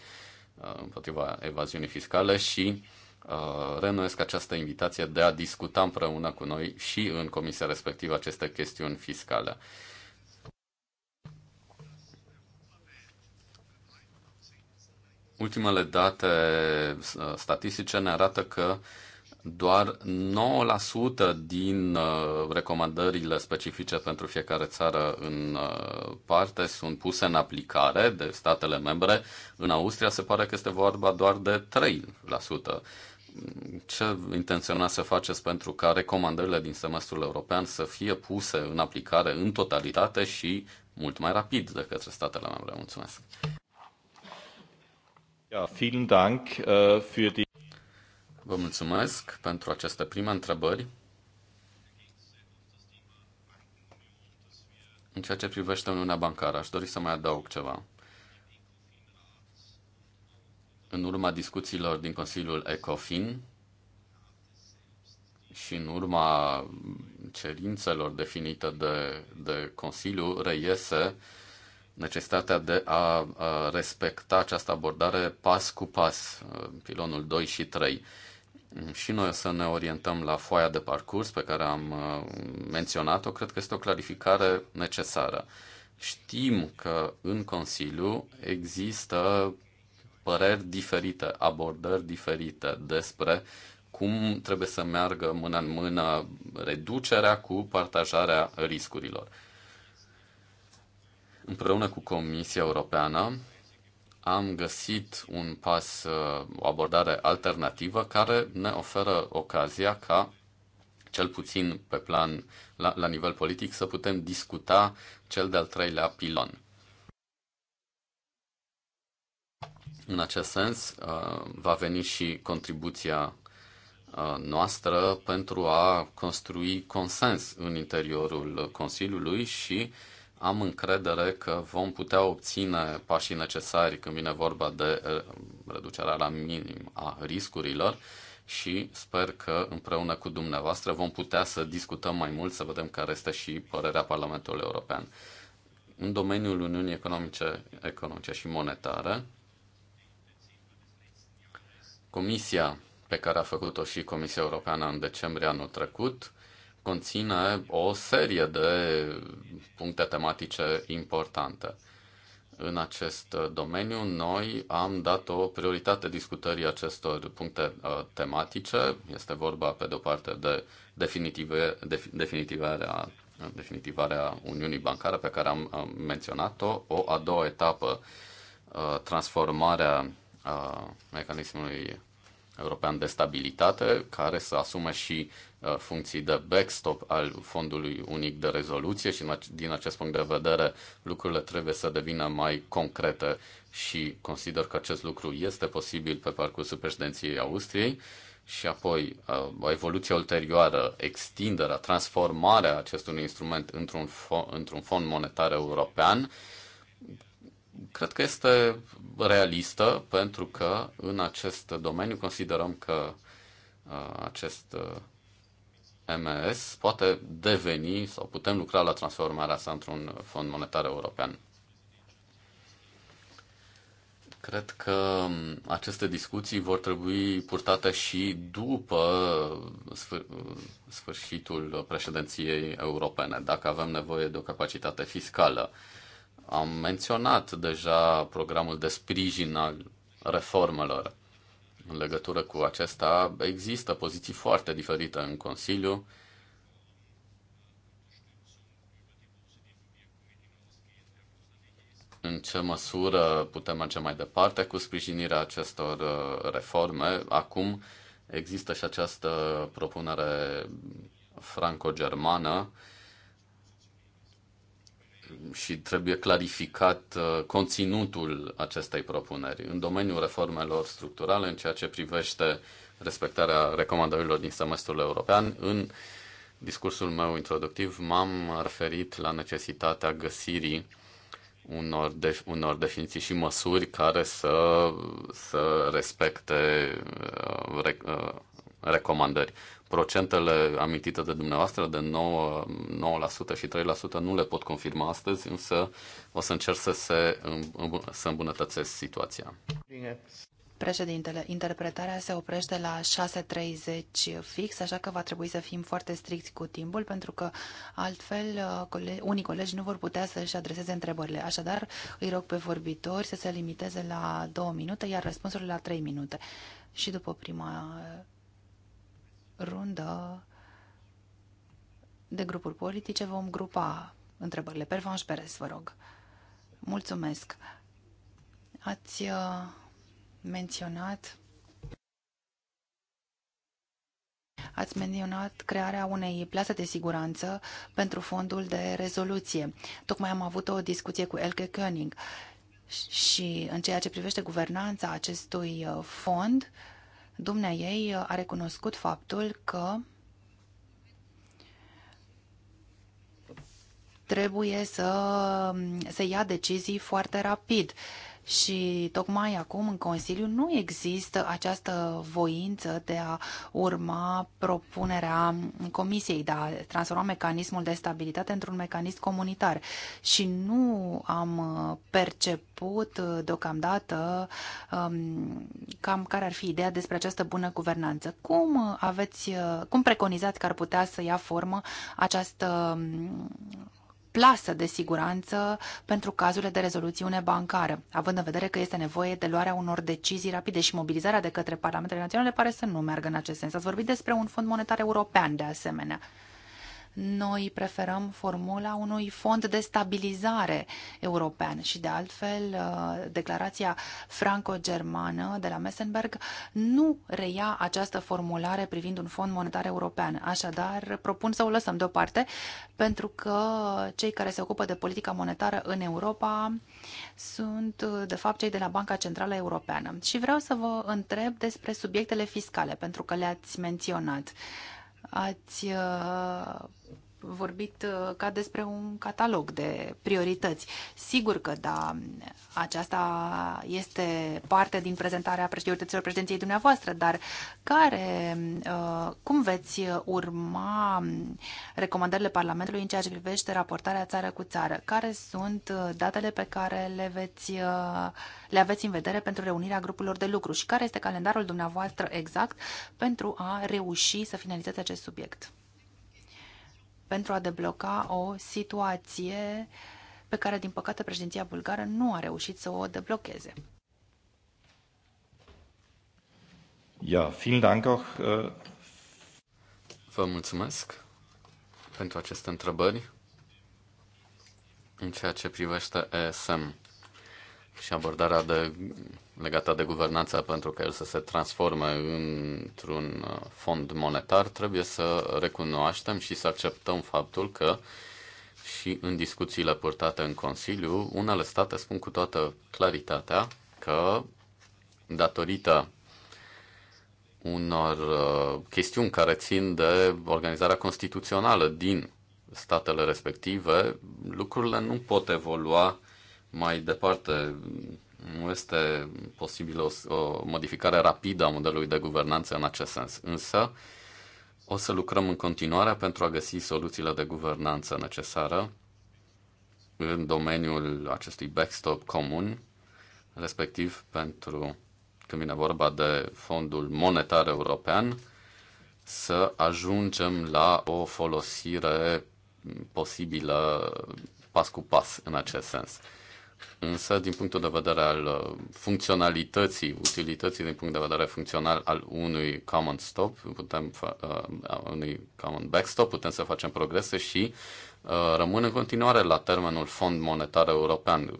uh, împotriva evaziunii fiscale și uh, renuiesc această invitație de a discuta împreună cu noi și în comisia respectivă aceste chestiuni fiscale. Uh, Ultimele date uh, statistice ne arată că doar 9% din uh, recomandările specifice pentru fiecare țară în uh, parte sunt puse în aplicare de statele membre. În Austria se pare că este vorba doar de 3%. Ce intenționați să faceți pentru ca recomandările din semestrul european să fie puse în aplicare în totalitate și mult mai rapid de către statele membre? Mulțumesc! vielen Dank äh, für die... Vă mulțumesc pentru această prima întrebări. În ceea ce privește Uniunea Bancară, aș dori să mai adaug ceva. În urma discuțiilor din Consiliul ECOFIN și în urma cerințelor definite de, de Consiliu, reiese uh, necesitatea de a respecta această abordare pas cu pas, pilonul 2 și 3. Și noi o să ne orientăm la foaia de parcurs pe care am uh, menționat-o, cred că este o clarificare necesară. Știm că în Consiliu există păreri diferite, abordări diferite despre cum trebuie să meargă mână în mână reducerea cu partajarea riscurilor. Împreună cu Comisia Europeană am găsit un pas, uh, o abordare alternativă care ne oferă ocazia ca cel puțin pe plan, la, la nivel politic, să putem discuta cel de-al treilea pilon. În acest sens, uh, va veni și contribuția uh, noastră pentru a construi consens în interiorul Consiliului și am încredere că vom putea obține pașii necesari când vine vorba de eh, reducerea la minim a riscurilor și sper că împreună cu dumneavoastră vom putea să discutăm mai mult, să vedem care este și părerea Parlamentului European. În domeniul Uniunii Economice, Economice și Monetare, Comisia pe care a făcut-o și Comisia Europeană în decembrie anul trecut conține o serie de puncte tematice importante. În acest domeniu, noi am dat o prioritate discutării acestor puncte uh, tematice. Este vorba, pe de-o parte, de definitive, definitivarea, definitivarea Uniunii Bancare, pe care am menționat-o, o a doua etapă, uh, transformarea uh, mecanismului European de Stabilitate, care să asume și uh, funcții de backstop al Fondului Unic de Rezoluție și din acest punct de vedere lucrurile trebuie să devină mai concrete și consider că acest lucru este posibil pe parcursul președinției Austriei și apoi o uh, evoluție ulterioară, extinderea, transformarea acestui instrument într-un, într-un fond monetar european cred că este realistă pentru că în acest domeniu considerăm că uh, acest uh, MS poate deveni sau putem lucra la transformarea sa într-un fond monetar european. Cred că um, aceste discuții vor trebui purtate și după uh, sfârșitul președinției europene, dacă avem nevoie de o capacitate fiscală am menționat deja programul de sprijin al reformelor. În legătură cu acesta există poziții foarte diferite în Consiliu. În ce măsură putem merge mai departe cu sprijinirea acestor uh, reforme? Acum există și această propunere franco-germană și trebuie clarificat uh, conținutul acestei propuneri. În domeniul reformelor structurale, în ceea ce privește respectarea recomandărilor din semestrul european, în discursul meu introductiv m-am referit la necesitatea găsirii unor, de, unor definiții și măsuri care să, să respecte uh, rec, uh, recomandări. Procentele amintite de dumneavoastră de 9, 9% și 3% nu le pot confirma astăzi, însă o să încerc să, se, să îmbunătățesc situația. Președintele, interpretarea se oprește la 6.30 fix, așa că va trebui să fim foarte stricți cu timpul, pentru că altfel uh, cole- unii colegi nu vor putea să-și adreseze întrebările. Așadar, îi rog pe vorbitori să se limiteze la 2 minute, iar răspunsurile la 3 minute. Și după prima uh, rundă de grupuri politice vom grupa întrebările. Pervanș Perez, vă rog. Mulțumesc. Ați uh, menționat ați menționat crearea unei plase de siguranță pentru fondul de rezoluție. Tocmai am avut o discuție cu Elke König și în ceea ce privește guvernanța acestui uh, fond, Dumnea ei uh, a recunoscut faptul că trebuie să um, se ia decizii foarte rapid și tocmai acum în Consiliu nu există această voință de a urma propunerea Comisiei de a transforma mecanismul de stabilitate într-un mecanism comunitar. Și nu am perceput deocamdată um, cam care ar fi ideea despre această bună guvernanță. Cum aveți, cum preconizați că ar putea să ia formă această plasă de siguranță pentru cazurile de rezoluțiune bancară, având în vedere că este nevoie de luarea unor decizii rapide și mobilizarea de către Parlamentele Naționale pare să nu meargă în acest sens. Ați vorbit despre un fond monetar european de asemenea. Noi preferăm formula unui fond de stabilizare european și, de altfel, uh, declarația franco-germană de la Messenberg nu reia această formulare privind un fond monetar european. Așadar, propun să o lăsăm deoparte pentru că cei care se ocupă de politica monetară în Europa sunt, de fapt, cei de la Banca Centrală Europeană. Și vreau să vă întreb despre subiectele fiscale, pentru că le-ați menționat. Ați uh, vorbit uh, ca despre un catalog de priorități. Sigur că da, aceasta este parte din prezentarea priorităților președinției dumneavoastră, dar care, uh, cum veți urma recomandările Parlamentului în ceea ce privește raportarea țară cu țară? Care sunt uh, datele pe care le, veți, le aveți în vedere pentru reunirea grupurilor de lucru și care este calendarul dumneavoastră exact pentru a reuși să finalizeze acest subiect? pentru a debloca o situație pe care, din păcate, președinția bulgară nu a reușit să o deblocheze. Ja, vielen Dank auch. Äh, Vă mulțumesc pentru aceste întrebări în ceea ce privește ESM și abordarea de, legată de guvernanță pentru că el să se transforme într-un uh, fond monetar, trebuie să recunoaștem și să acceptăm faptul că și în discuțiile purtate în Consiliu, unele state spun cu toată claritatea că datorită unor uh, chestiuni care țin de organizarea constituțională din statele respective, lucrurile nu pot evolua mai departe, nu este posibil o, o modificare rapidă a modelului de guvernanță în acest sens. Însă, o să lucrăm în continuare pentru a găsi soluțiile de guvernanță necesară în domeniul acestui backstop comun, respectiv pentru când vine vorba de fondul monetar european, să ajungem la o folosire posibilă pas cu pas în acest sens. Însă, din punctul de vedere al uh, funcționalității, utilității din punct de vedere funcțional al unui common stop, putem uh, unui common backstop, putem să facem progrese și uh, rămân în continuare la termenul Fond Monetar European.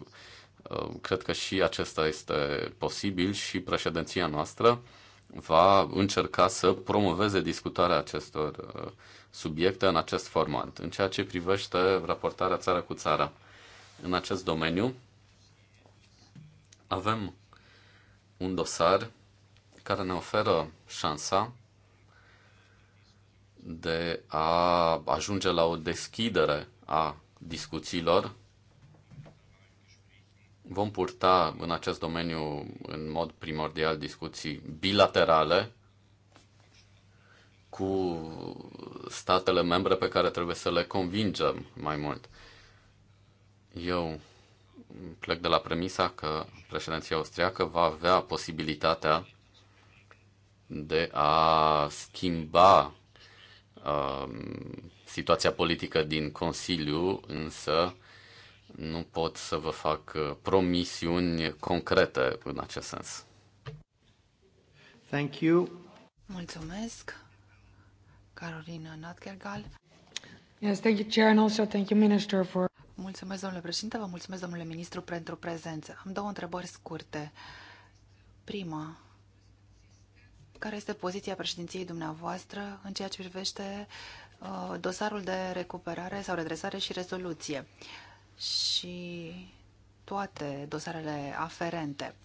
Uh, cred că și acesta este posibil și președinția noastră va încerca să promoveze discutarea acestor uh, subiecte în acest format, în ceea ce privește raportarea țară cu țară. În acest domeniu, avem un dosar care ne oferă șansa de a ajunge la o deschidere a discuțiilor. Vom purta în acest domeniu în mod primordial discuții bilaterale cu statele membre pe care trebuie să le convingem mai mult. Eu plec de la premisa că președinția austriacă va avea posibilitatea de a schimba uh, situația politică din Consiliu, însă nu pot să vă fac uh, promisiuni concrete în acest sens. Thank you. Mulțumesc. Carolina Natkergal. Yes, thank you, Chair, and also thank you, Minister, for... Mulțumesc, domnule președinte, vă mulțumesc, domnule ministru, pentru prezență. Am două întrebări scurte. Prima, care este poziția președinției dumneavoastră în ceea ce privește uh, dosarul de recuperare sau redresare și rezoluție și toate dosarele aferente?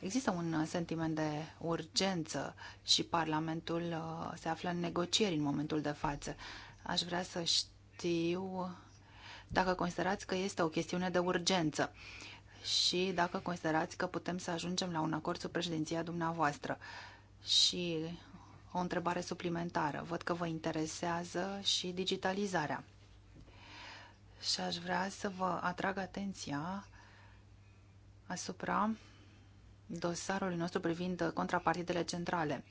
Există un sentiment de urgență și Parlamentul uh, se află în negocieri în momentul de față. Aș vrea să știu dacă considerați că este o chestiune de urgență și dacă considerați că putem să ajungem la un acord sub președinția dumneavoastră. Și o întrebare suplimentară. Văd că vă interesează și digitalizarea. Și aș vrea să vă atrag atenția asupra dosarului nostru privind contrapartidele centrale,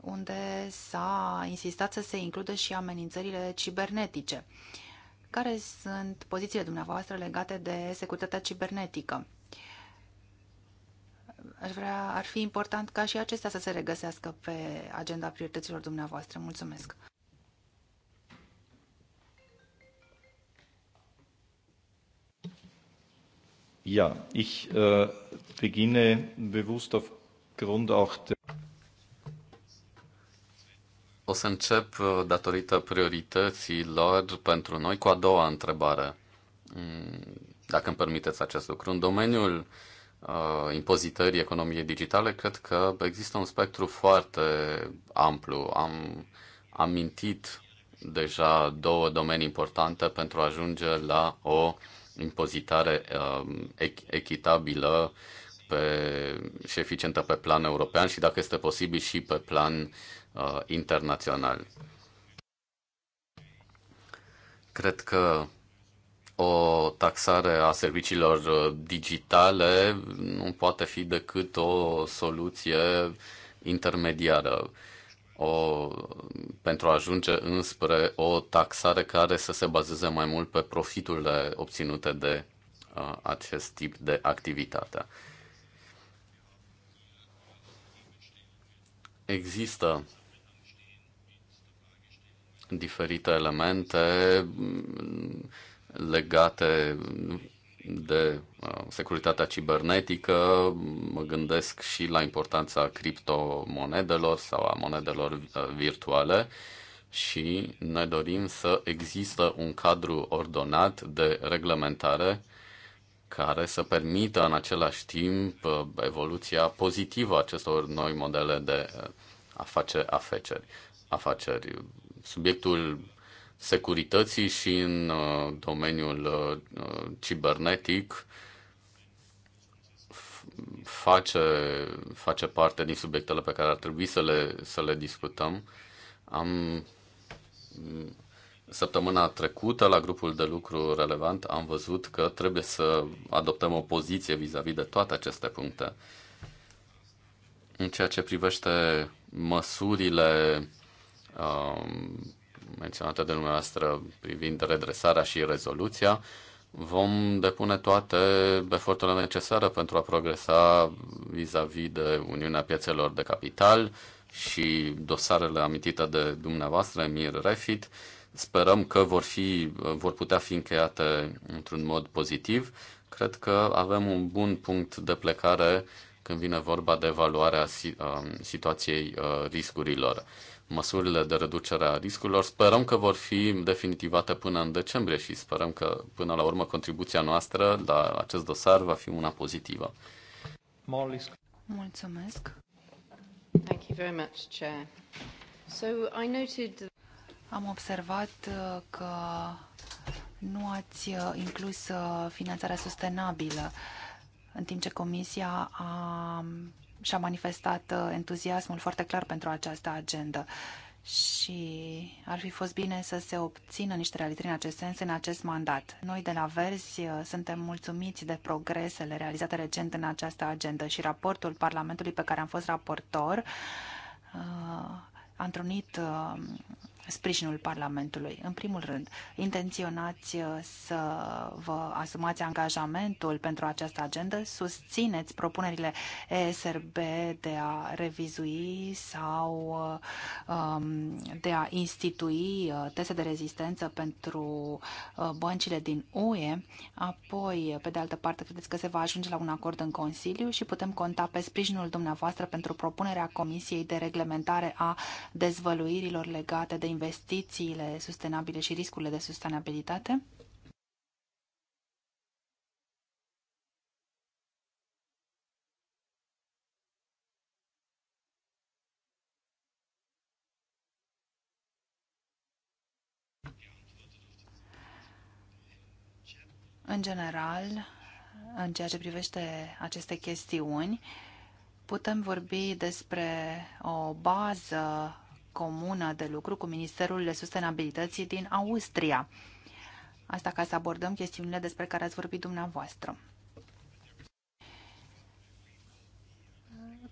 unde s-a insistat să se includă și amenințările cibernetice. Uh, care sunt pozițiile dumneavoastră legate de securitatea cibernetică? Aș vrea, ar fi important ca și acestea să se regăsească pe agenda priorităților dumneavoastră. Mulțumesc! Ja, ich äh, beginne bewusst aufgrund auch der o să încep uh, datorită priorităților pentru noi cu a doua întrebare, mm, dacă îmi permiteți acest lucru. În domeniul uh, impozitării economiei digitale, cred că există un spectru foarte amplu. Am amintit deja două domenii importante pentru a ajunge la o impozitare uh, echitabilă pe, și eficientă pe plan european și, dacă este posibil, și pe plan uh, internaționali. Cred că o taxare a serviciilor uh, digitale nu poate fi decât o soluție intermediară o, pentru a ajunge înspre o taxare care să se bazeze mai mult pe profiturile obținute de uh, acest tip de activitate. Există diferite elemente mm, legate de uh, securitatea cibernetică, mă gândesc și la importanța criptomonedelor sau a monedelor uh, virtuale și ne dorim să există un cadru ordonat de reglementare care să permită în același timp uh, evoluția pozitivă a acestor noi modele de a face afaceri. afaceri subiectul securității și în uh, domeniul uh, uh, cibernetic face, face parte din subiectele pe care ar trebui să le, să le discutăm. Am Săptămâna trecută, la grupul de lucru relevant, am văzut că trebuie să adoptăm o poziție vis-a-vis -vis de toate aceste puncte. În ceea ce privește măsurile Um, menționate de dumneavoastră privind redresarea și rezoluția, vom depune toate eforturile necesare pentru a progresa vis-a-vis -vis de Uniunea Piețelor de Capital și dosarele amintite de dumneavoastră, Emir Refit. Sperăm că vor, fi, vor putea fi încheiate într-un mod pozitiv. Cred că avem un bun punct de plecare când vine vorba de evaluarea um, situației uh, riscurilor măsurile de reducere a riscurilor. Sperăm că vor fi definitivate până în decembrie și sperăm că până la urmă contribuția noastră la acest dosar va fi una pozitivă. Mulțumesc. Thank you very much, Chair. So I noted am observat uh, că nu ați uh, inclus uh, finanțarea sustenabilă, în timp ce Comisia a și-a manifestat uh, entuziasmul foarte clar pentru această agendă și ar fi fost bine să se obțină niște realități în acest sens în acest mandat. Noi de la Verzi uh, suntem mulțumiți de progresele realizate recent în această agendă și raportul Parlamentului pe care am fost raportor uh, a întrunit sprijinul Parlamentului. În primul rând, intenționați uh, să vă asumați angajamentul pentru această agendă, susțineți propunerile ESRB de a revizui sau uh, um, de a institui uh, teste de rezistență pentru băncile din UE, apoi, pe de altă parte, credeți că se va ajunge la un acord în Consiliu și putem conta pe sprijinul dumneavoastră pentru propunerea Comisiei de reglementare a dezvăluirilor legate de investiții investițiile sustenabile și riscurile de sustenabilitate. În general, în ceea ce privește aceste chestiuni, putem vorbi despre o bază comună de lucru cu Ministerul de Sustenabilității din Austria. Asta ca să abordăm chestiunile despre care ați vorbit dumneavoastră.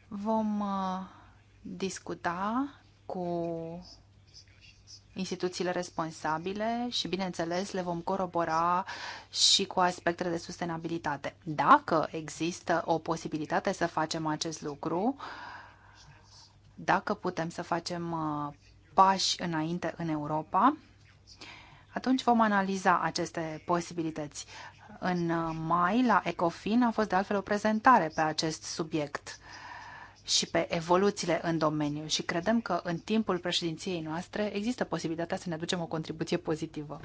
Vom uh, discuta cu instituțiile responsabile și, bineînțeles, le vom corobora și cu aspectele de sustenabilitate. Dacă există o posibilitate să facem acest lucru, uh, dacă putem să facem uh, pași înainte în Europa, atunci vom analiza aceste posibilități. În uh, mai, la Ecofin, a fost de altfel o prezentare pe acest subiect și pe evoluțiile în domeniu și credem că în timpul președinției noastre există posibilitatea să ne aducem o contribuție pozitivă.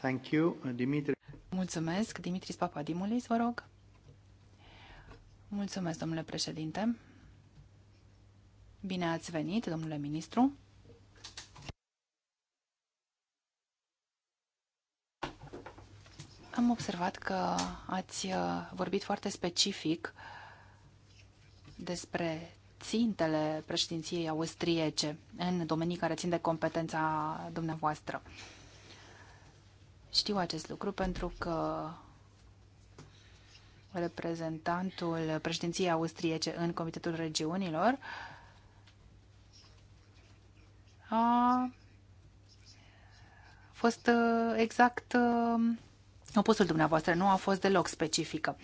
Thank you, Dimitri. Mulțumesc, Dimitris Papadimulis, vă rog. Mulțumesc, domnule președinte. Bine ați venit, domnule ministru. Am observat că ați uh, vorbit foarte specific despre țintele președinției austriece în domenii care țin de competența dumneavoastră. Știu acest lucru pentru că reprezentantul președinției austriece în Comitetul Regiunilor a fost uh, exact uh, opusul dumneavoastră, nu a fost deloc specifică.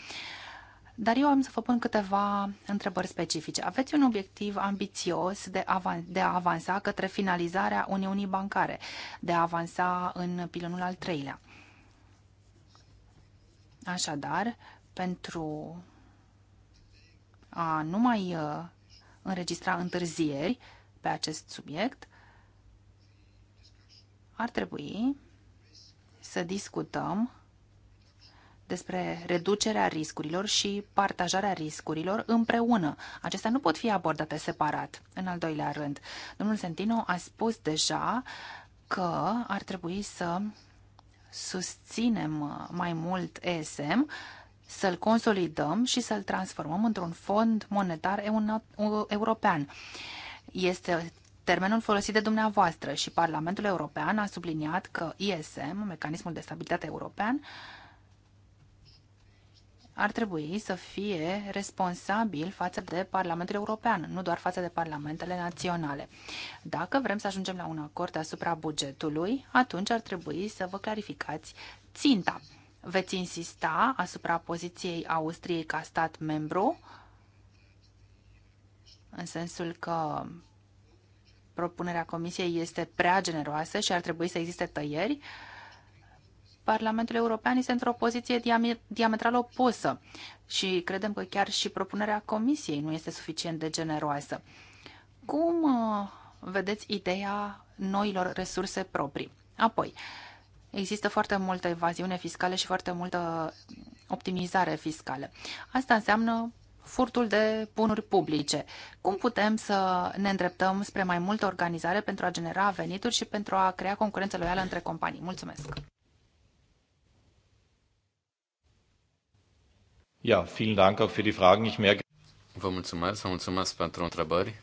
Dar eu am să vă pun câteva întrebări specifice. Aveți un obiectiv ambițios de, avan- de a avansa către finalizarea Uniunii Bancare, de a avansa în pilonul al treilea. Așadar, pentru a nu mai uh, înregistra întârzieri pe acest subiect, ar trebui să discutăm despre reducerea riscurilor și partajarea riscurilor împreună. Acestea nu pot fi abordate separat. În al doilea rând, domnul Sentino a spus deja că ar trebui să susținem mai mult ESM, să-l consolidăm și să-l transformăm într-un fond monetar european. Este termenul folosit de dumneavoastră și Parlamentul European a subliniat că ISM, Mecanismul de Stabilitate European, ar trebui să fie responsabil față de Parlamentul European, nu doar față de parlamentele naționale. Dacă vrem să ajungem la un acord asupra bugetului, atunci ar trebui să vă clarificați ținta. Veți insista asupra poziției Austriei ca stat membru, în sensul că propunerea Comisiei este prea generoasă și ar trebui să existe tăieri, Parlamentul European este într-o poziție diametral opusă și credem că chiar și propunerea Comisiei nu este suficient de generoasă. Cum uh, vedeți ideea noilor resurse proprii? Apoi, există foarte multă evaziune fiscală și foarte multă optimizare fiscală. Asta înseamnă furtul de bunuri publice. Cum putem să ne îndreptăm spre mai multă organizare pentru a genera venituri și pentru a crea concurență loială între companii? Mulțumesc! Ja, vielen Dank auch für die Fragen. Ich merke... Vă mulțumesc, vă mulțumesc pentru întrebări.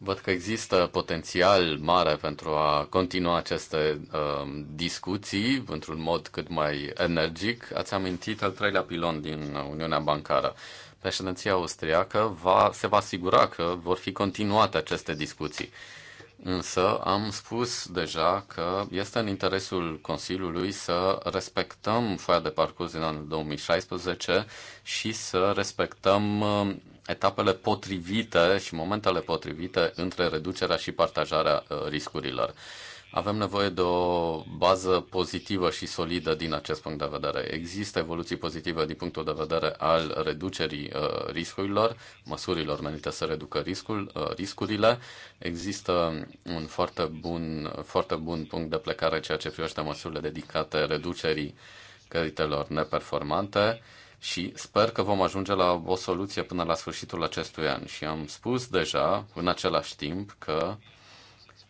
Văd că există potențial mare pentru a continua aceste uh, discuții într-un mod cât mai energic. Ați amintit al treilea pilon din Uniunea Bancară. Președinția austriacă va, se va asigura că vor fi continuate aceste discuții. Însă am spus deja că este în interesul Consiliului să respectăm foaia de parcurs din anul 2016 și să respectăm um, etapele potrivite și momentele potrivite între reducerea și partajarea uh, riscurilor. Avem nevoie de o bază pozitivă și solidă din acest punct de vedere. Există evoluții pozitive din punctul de vedere al reducerii uh, riscurilor, măsurilor menite să reducă riscul, uh, riscurile. Există un foarte bun, foarte bun punct de plecare ceea ce privește măsurile dedicate reducerii creditelor neperformante. Uh, și sper că vom ajunge la o soluție până la sfârșitul acestui an. Și am spus deja, în același timp, că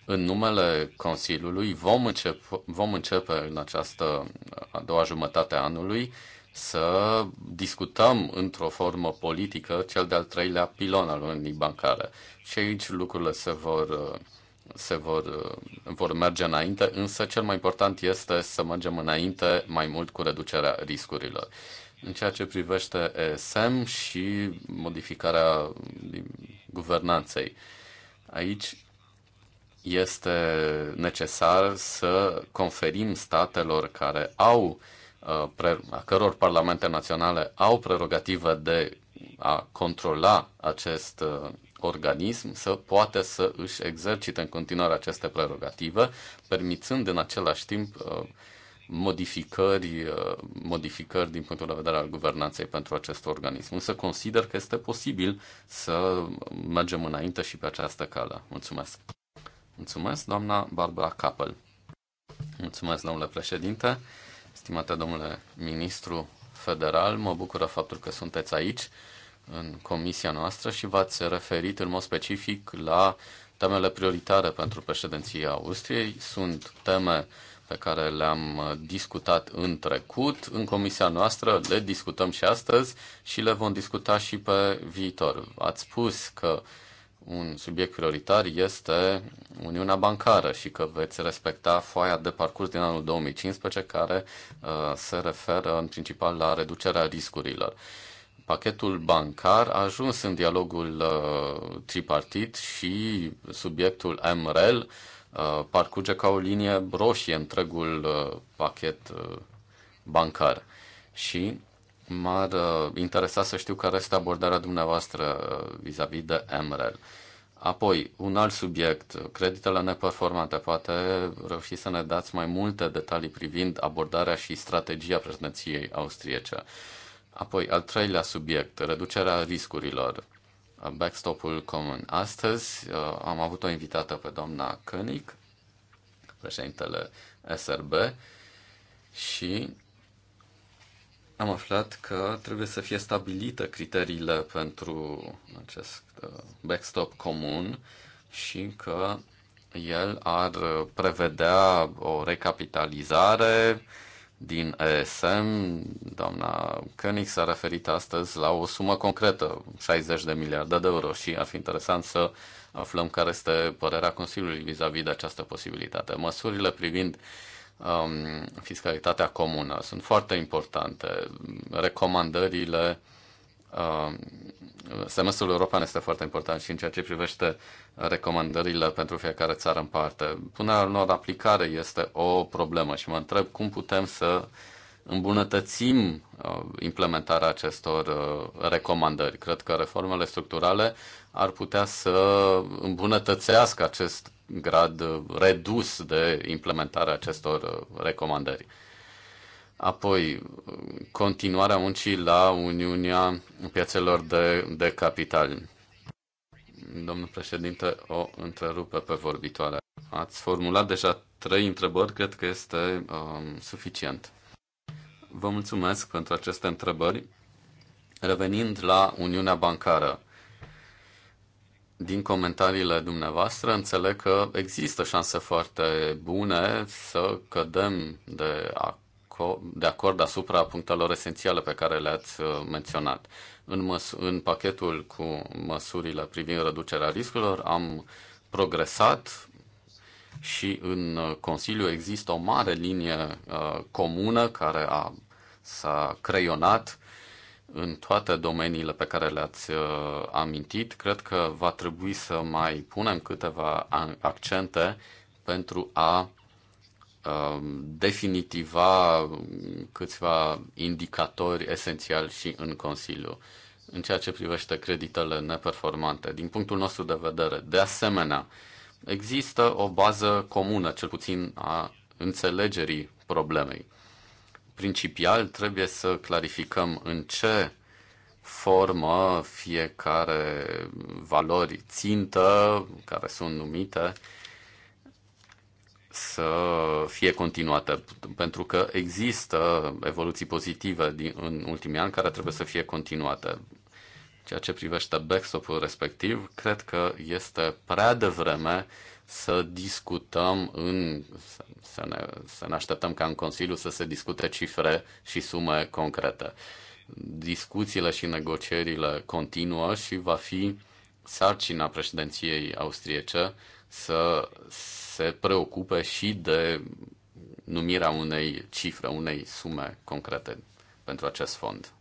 în numele Consiliului vom începe, vom începe în această a doua jumătate a anului să discutăm într-o formă politică cel de-al treilea pilon al Uniunii Bancare. Și aici lucrurile se vor, se vor, vor merge înainte, însă cel mai important este să mergem înainte mai mult cu reducerea riscurilor. În ceea ce privește ESM și modificarea guvernanței, aici este necesar să conferim statelor care au, uh, a căror parlamente naționale au prerogative de a controla acest uh, organism să poată să își exercite în continuare aceste prerogative, permițând în același timp uh, modificări, uh, modificări din punctul de vedere al guvernanței pentru acest organism. Însă consider că este posibil să mergem înainte și pe această cale. Mulțumesc! Mulțumesc, doamna Barbara Capel. Mulțumesc, domnule președinte, stimate domnule ministru federal, mă bucură faptul că sunteți aici în comisia noastră și v-ați referit în mod specific la temele prioritare pentru președinția Austriei. Sunt teme uh, pe care le-am uh, discutat în trecut, în comisia noastră le discutăm și astăzi și le vom discuta și pe viitor. Ați spus că un subiect prioritar este Uniunea Bancară și că veți respecta foaia de parcurs din anul 2015 care uh, se referă în principal la reducerea riscurilor. Pachetul bancar a ajuns în dialogul uh, tripartit și subiectul MREL uh, Uh, parcurge ca o linie roșie întregul uh, pachet uh, bancar. Și m-ar interesa să știu care este abordarea dumneavoastră vis-a-vis -vis de MREL. Apoi, un alt subiect, creditele neperformante. Poate reuși să ne dați mai multe detalii privind abordarea și strategia președinției austriece. Apoi, al treilea subiect, reducerea riscurilor. Uh, backstop-ul comun. Astăzi uh, am avut o invitată pe doamna Cănic, președintele SRB, și am aflat că trebuie să fie stabilită criteriile pentru acest uh, backstop comun și că el ar prevedea o recapitalizare din ESM. Doamna König s-a referit astăzi la o sumă concretă, 60 de miliarde de euro și ar fi interesant să aflăm care este părerea Consiliului vis-a-vis -vis de această posibilitate. Măsurile privind um, fiscalitatea comună sunt foarte importante. Recomandările Um, semestrul european este foarte important și în ceea ce privește recomandările pentru fiecare țară în parte. Punerea unor aplicare este o problemă și mă întreb cum putem să îmbunătățim uh, implementarea acestor uh, recomandări. Cred că reformele structurale ar putea să îmbunătățească acest grad uh, redus de implementare a acestor recomandări. Apoi, continuarea muncii la Uniunea Piațelor de, de Capital. Domnul președinte, o întrerupe pe vorbitoare. Ați formulat deja trei întrebări, cred că este um, suficient. Vă mulțumesc pentru aceste întrebări. Revenind la Uniunea Bancară, din comentariile dumneavoastră înțeleg că există șanse foarte bune să cădem de acolo de acord asupra punctelor esențiale pe care le-ați uh, menționat. În, măs- în pachetul cu măsurile privind reducerea riscurilor am progresat și în uh, Consiliu există o mare linie uh, comună care a, s-a creionat în toate domeniile pe care le-ați uh, amintit. Cred că va trebui să mai punem câteva accente pentru a Um, definitiva câțiva indicatori esențiali și în Consiliu în ceea ce privește creditele neperformante. Din punctul nostru de vedere, de asemenea, există o bază comună, cel puțin a înțelegerii problemei. Principial, trebuie să clarificăm în ce formă fiecare valori țintă, care sunt numite, să fie continuată, pentru că există evoluții pozitive din, în ultimii ani care trebuie să fie continuate. Ceea ce privește backstop-ul respectiv, cred că este prea devreme să discutăm în, să, să, ne, să ne așteptăm ca în Consiliu să se discute cifre și sume concrete. Discuțiile și negocierile continuă și va fi sarcina președinției austriece să se preocupe și de numirea unei cifre, unei sume concrete pentru acest fond.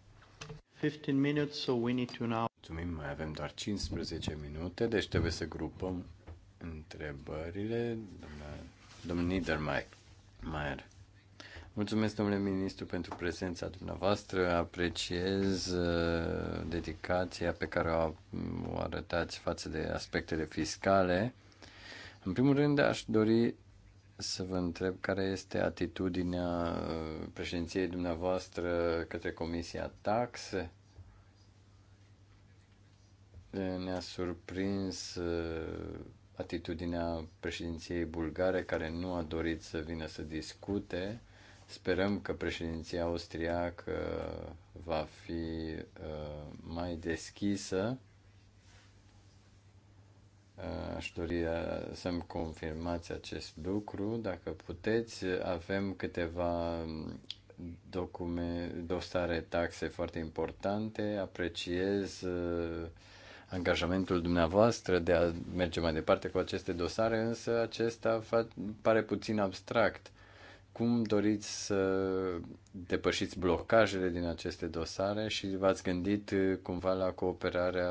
15 minutes, so we need to now... Mulțumim, mai avem doar 15 minute, deci trebuie să grupăm întrebările. Domnul Niedermayer. Mulțumesc, domnule ministru, pentru prezența dumneavoastră. Apreciez uh, dedicația pe care o arătați față de aspectele fiscale în primul rând, aș dori să vă întreb care este atitudinea uh, președinției dumneavoastră către Comisia Taxe. Ne-a surprins uh, atitudinea președinției bulgare care nu a dorit să vină să discute. Sperăm că președinția austriacă va fi uh, mai deschisă Aș dori uh, să-mi confirmați acest lucru. Dacă puteți, avem câteva um, documente dosare taxe foarte importante. Apreciez uh, angajamentul dumneavoastră de a merge mai departe cu aceste dosare, însă acesta pare puțin abstract. Cum doriți să depășiți blocajele din aceste dosare și v-ați gândit uh, cumva la cooperarea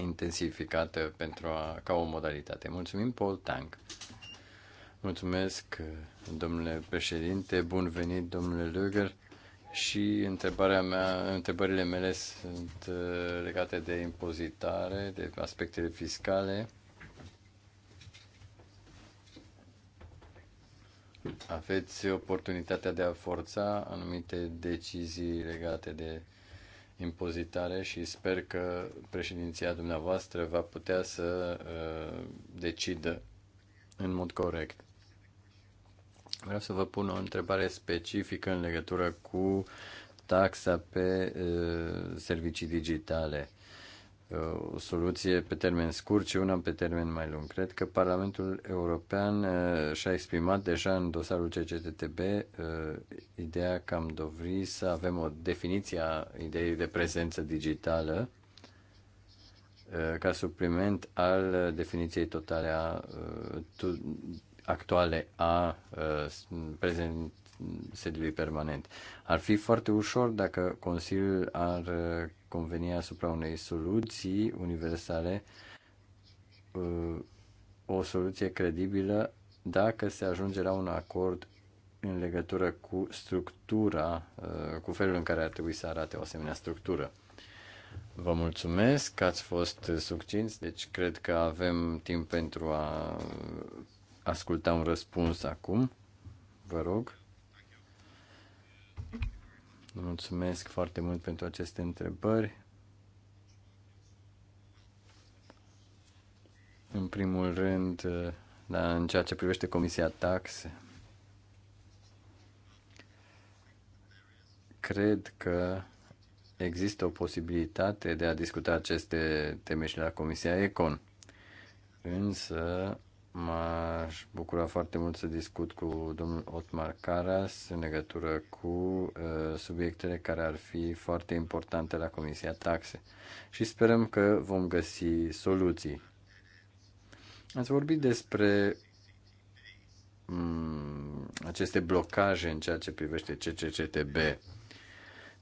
intensificată pentru a, ca o modalitate. Mulțumim, Paul Tank. Mulțumesc, domnule președinte, bun venit, domnule Luger. Și întrebarea mea, întrebările mele sunt uh, legate de impozitare, de aspectele fiscale. Aveți oportunitatea de a forța anumite decizii legate de impozitare și sper că președinția dumneavoastră va putea să uh, decidă în mod corect. Vreau să vă pun o întrebare specifică în legătură cu taxa pe uh, servicii digitale o soluție pe termen scurt și una pe termen mai lung. Cred că Parlamentul European uh, și-a exprimat deja în dosarul CCTB uh, ideea că am dovri să avem o definiție a ideii de prezență digitală uh, ca supliment al definiției totale a, actuale a prezent sediului permanent. Ar fi foarte ușor dacă Consiliul ar conveni asupra unei soluții universale, uh, o soluție credibilă dacă se ajunge la un acord în legătură cu structura, uh, cu felul în care ar trebui să arate o asemenea structură. Vă mulțumesc că ați fost succinți, deci cred că avem timp pentru a asculta un răspuns acum. Vă rog. Vă mulțumesc foarte mult pentru aceste întrebări. În primul rând, da, în ceea ce privește Comisia Taxe, cred că există o posibilitate de a discuta aceste teme și la Comisia Econ. Însă, M-aș bucura foarte mult să discut cu domnul Otmar Caras în legătură cu uh, subiectele care ar fi foarte importante la Comisia Taxe și sperăm că vom găsi soluții. Ați vorbit despre um, aceste blocaje în ceea ce privește CCCTB.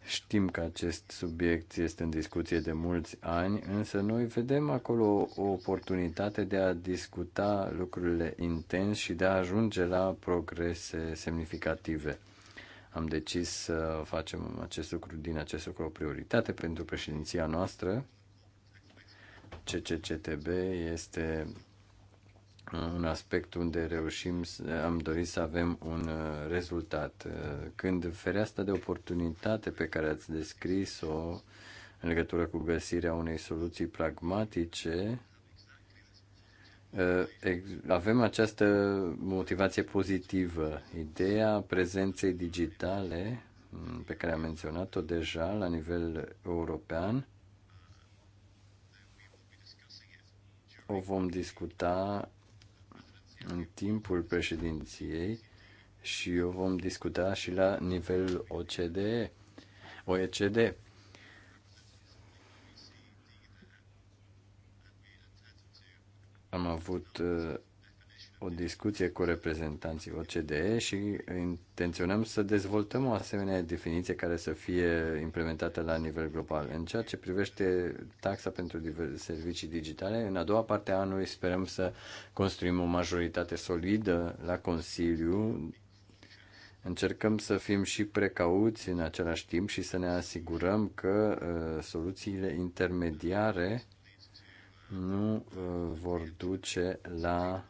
Știm că acest subiect este în discuție de mulți ani, însă noi vedem acolo o oportunitate de a discuta lucrurile intens și de a ajunge la progrese semnificative. Am decis să facem acest lucru din acest lucru o prioritate pentru președinția noastră. CCCTB este un aspect unde reușim, am dorit să avem un uh, rezultat. Uh, când fereastra de oportunitate pe care ați descris-o în legătură cu găsirea unei soluții pragmatice, uh, avem această motivație pozitivă. Ideea prezenței digitale mm, pe care am menționat-o deja la nivel european, o vom discuta în timpul președinției și eu vom discuta și la nivelul OCDE. OECD. Am avut uh, o discuție cu reprezentanții OCDE și intenționăm să dezvoltăm o asemenea definiție care să fie implementată la nivel global. În ceea ce privește taxa pentru servicii digitale, în a doua parte a anului sperăm să construim o majoritate solidă la Consiliu. Încercăm să fim și precauți în același timp și să ne asigurăm că uh, soluțiile intermediare nu uh, vor duce la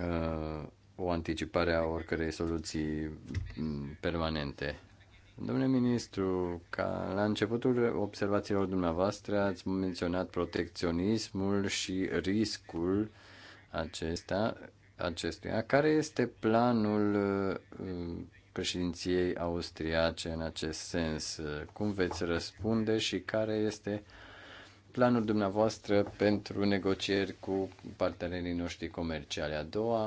Uh, o anticipare a oricărei soluții mm, permanente. Domnule ministru, ca la începutul observațiilor dumneavoastră ați menționat protecționismul și riscul acesta, acestuia. Care este planul uh, președinției austriace în acest sens? Cum veți răspunde și care este planul dumneavoastră pentru negocieri cu partenerii noștri comerciali. A doua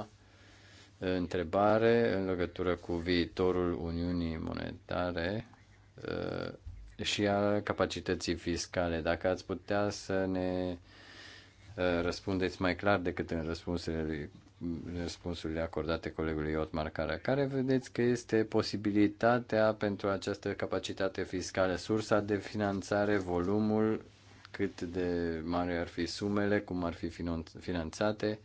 uh, întrebare în legătură cu viitorul Uniunii Monetare uh, și a capacității fiscale. Dacă ați putea să ne uh, răspundeți mai clar decât în răspunsurile, răspunsurile acordate colegului Otmar Cara, care vedeți că este posibilitatea pentru această capacitate fiscală, sursa de finanțare, volumul cât de mari ar fi sumele, cum ar fi finanțate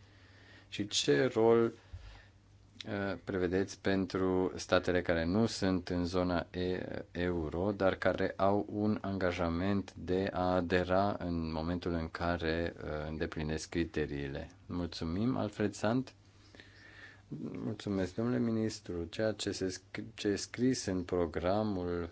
și ce rol uh, prevedeți pentru statele care nu sunt în zona e- euro, dar care au un angajament de a adera în momentul în care uh, îndeplinesc criteriile. Mulțumim, Alfred Sant. Mulțumesc, domnule ministru. Ceea ce, se, ce e scris în programul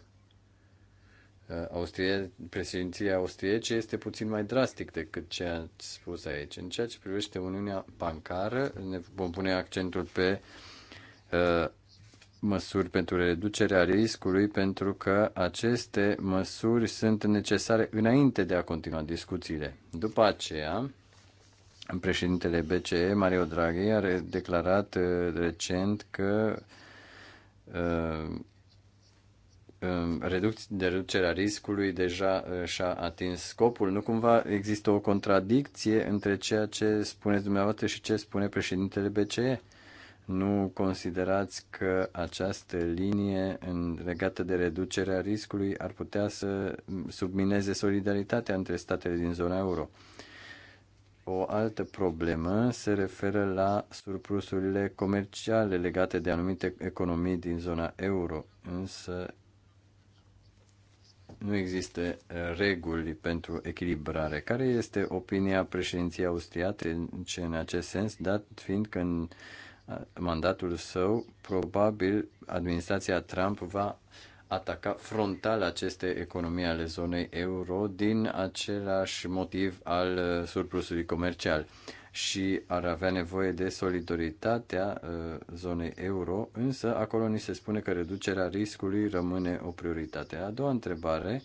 Uh, austrie, președinția austriece este puțin mai drastic decât ce ați spus aici. În ceea ce privește Uniunea Bancară, ne vom pune accentul pe uh, măsuri pentru reducerea riscului, pentru că aceste măsuri sunt necesare înainte de a continua discuțiile. După aceea, președintele BCE, Mario Draghi, a declarat uh, recent că uh, reducerea riscului deja și-a atins scopul. Nu cumva există o contradicție între ceea ce spuneți dumneavoastră și ce spune președintele BCE? Nu considerați că această linie în legată de reducerea riscului ar putea să submineze solidaritatea între statele din zona euro? O altă problemă se referă la surplusurile comerciale legate de anumite economii din zona euro, însă nu există uh, reguli pentru echilibrare. Care este opinia președinției austriate în acest sens, dat fiind că în uh, mandatul său, probabil administrația Trump va ataca frontal aceste economii ale zonei euro din același motiv al uh, surplusului comercial și ar avea nevoie de solidaritatea uh, zonei euro, însă acolo ni se spune că reducerea riscului rămâne o prioritate. A doua întrebare,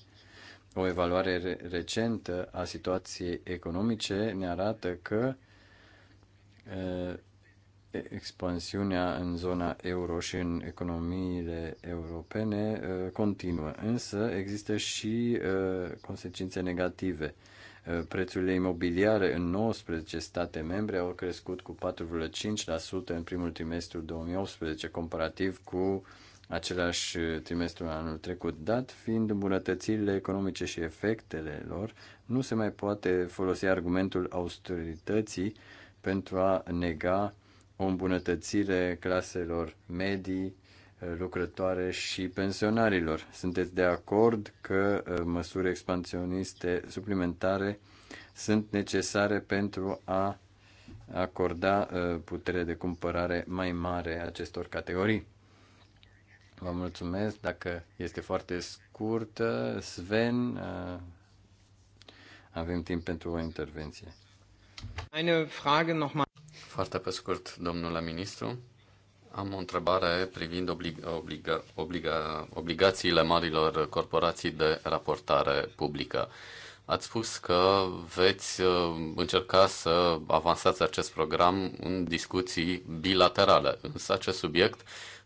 o evaluare recentă a situației economice ne arată că uh, expansiunea în zona euro și în economiile europene uh, continuă, însă există și consecințe negative. Prețurile imobiliare în 19 state membre au crescut cu 4,5% în primul trimestru 2018, comparativ cu același trimestru anul trecut, dat fiind îmbunătățirile economice și efectele lor, nu se mai poate folosi argumentul austerității pentru a nega o îmbunătățire claselor medii lucrătoare și pensionarilor. Sunteți de acord că uh, măsuri expansioniste suplimentare sunt necesare pentru a acorda uh, putere de cumpărare mai mare acestor categorii? Vă mulțumesc. Dacă este foarte scurtă, Sven, uh, avem timp pentru o intervenție. Eine Frage Foarte pe scurt, domnule ministru. Am o întrebare privind obliga, obliga, obliga, obligațiile marilor corporații de raportare publică. Ați spus că veți uh, încerca să avansați acest program în discuții bilaterale, însă acest subiect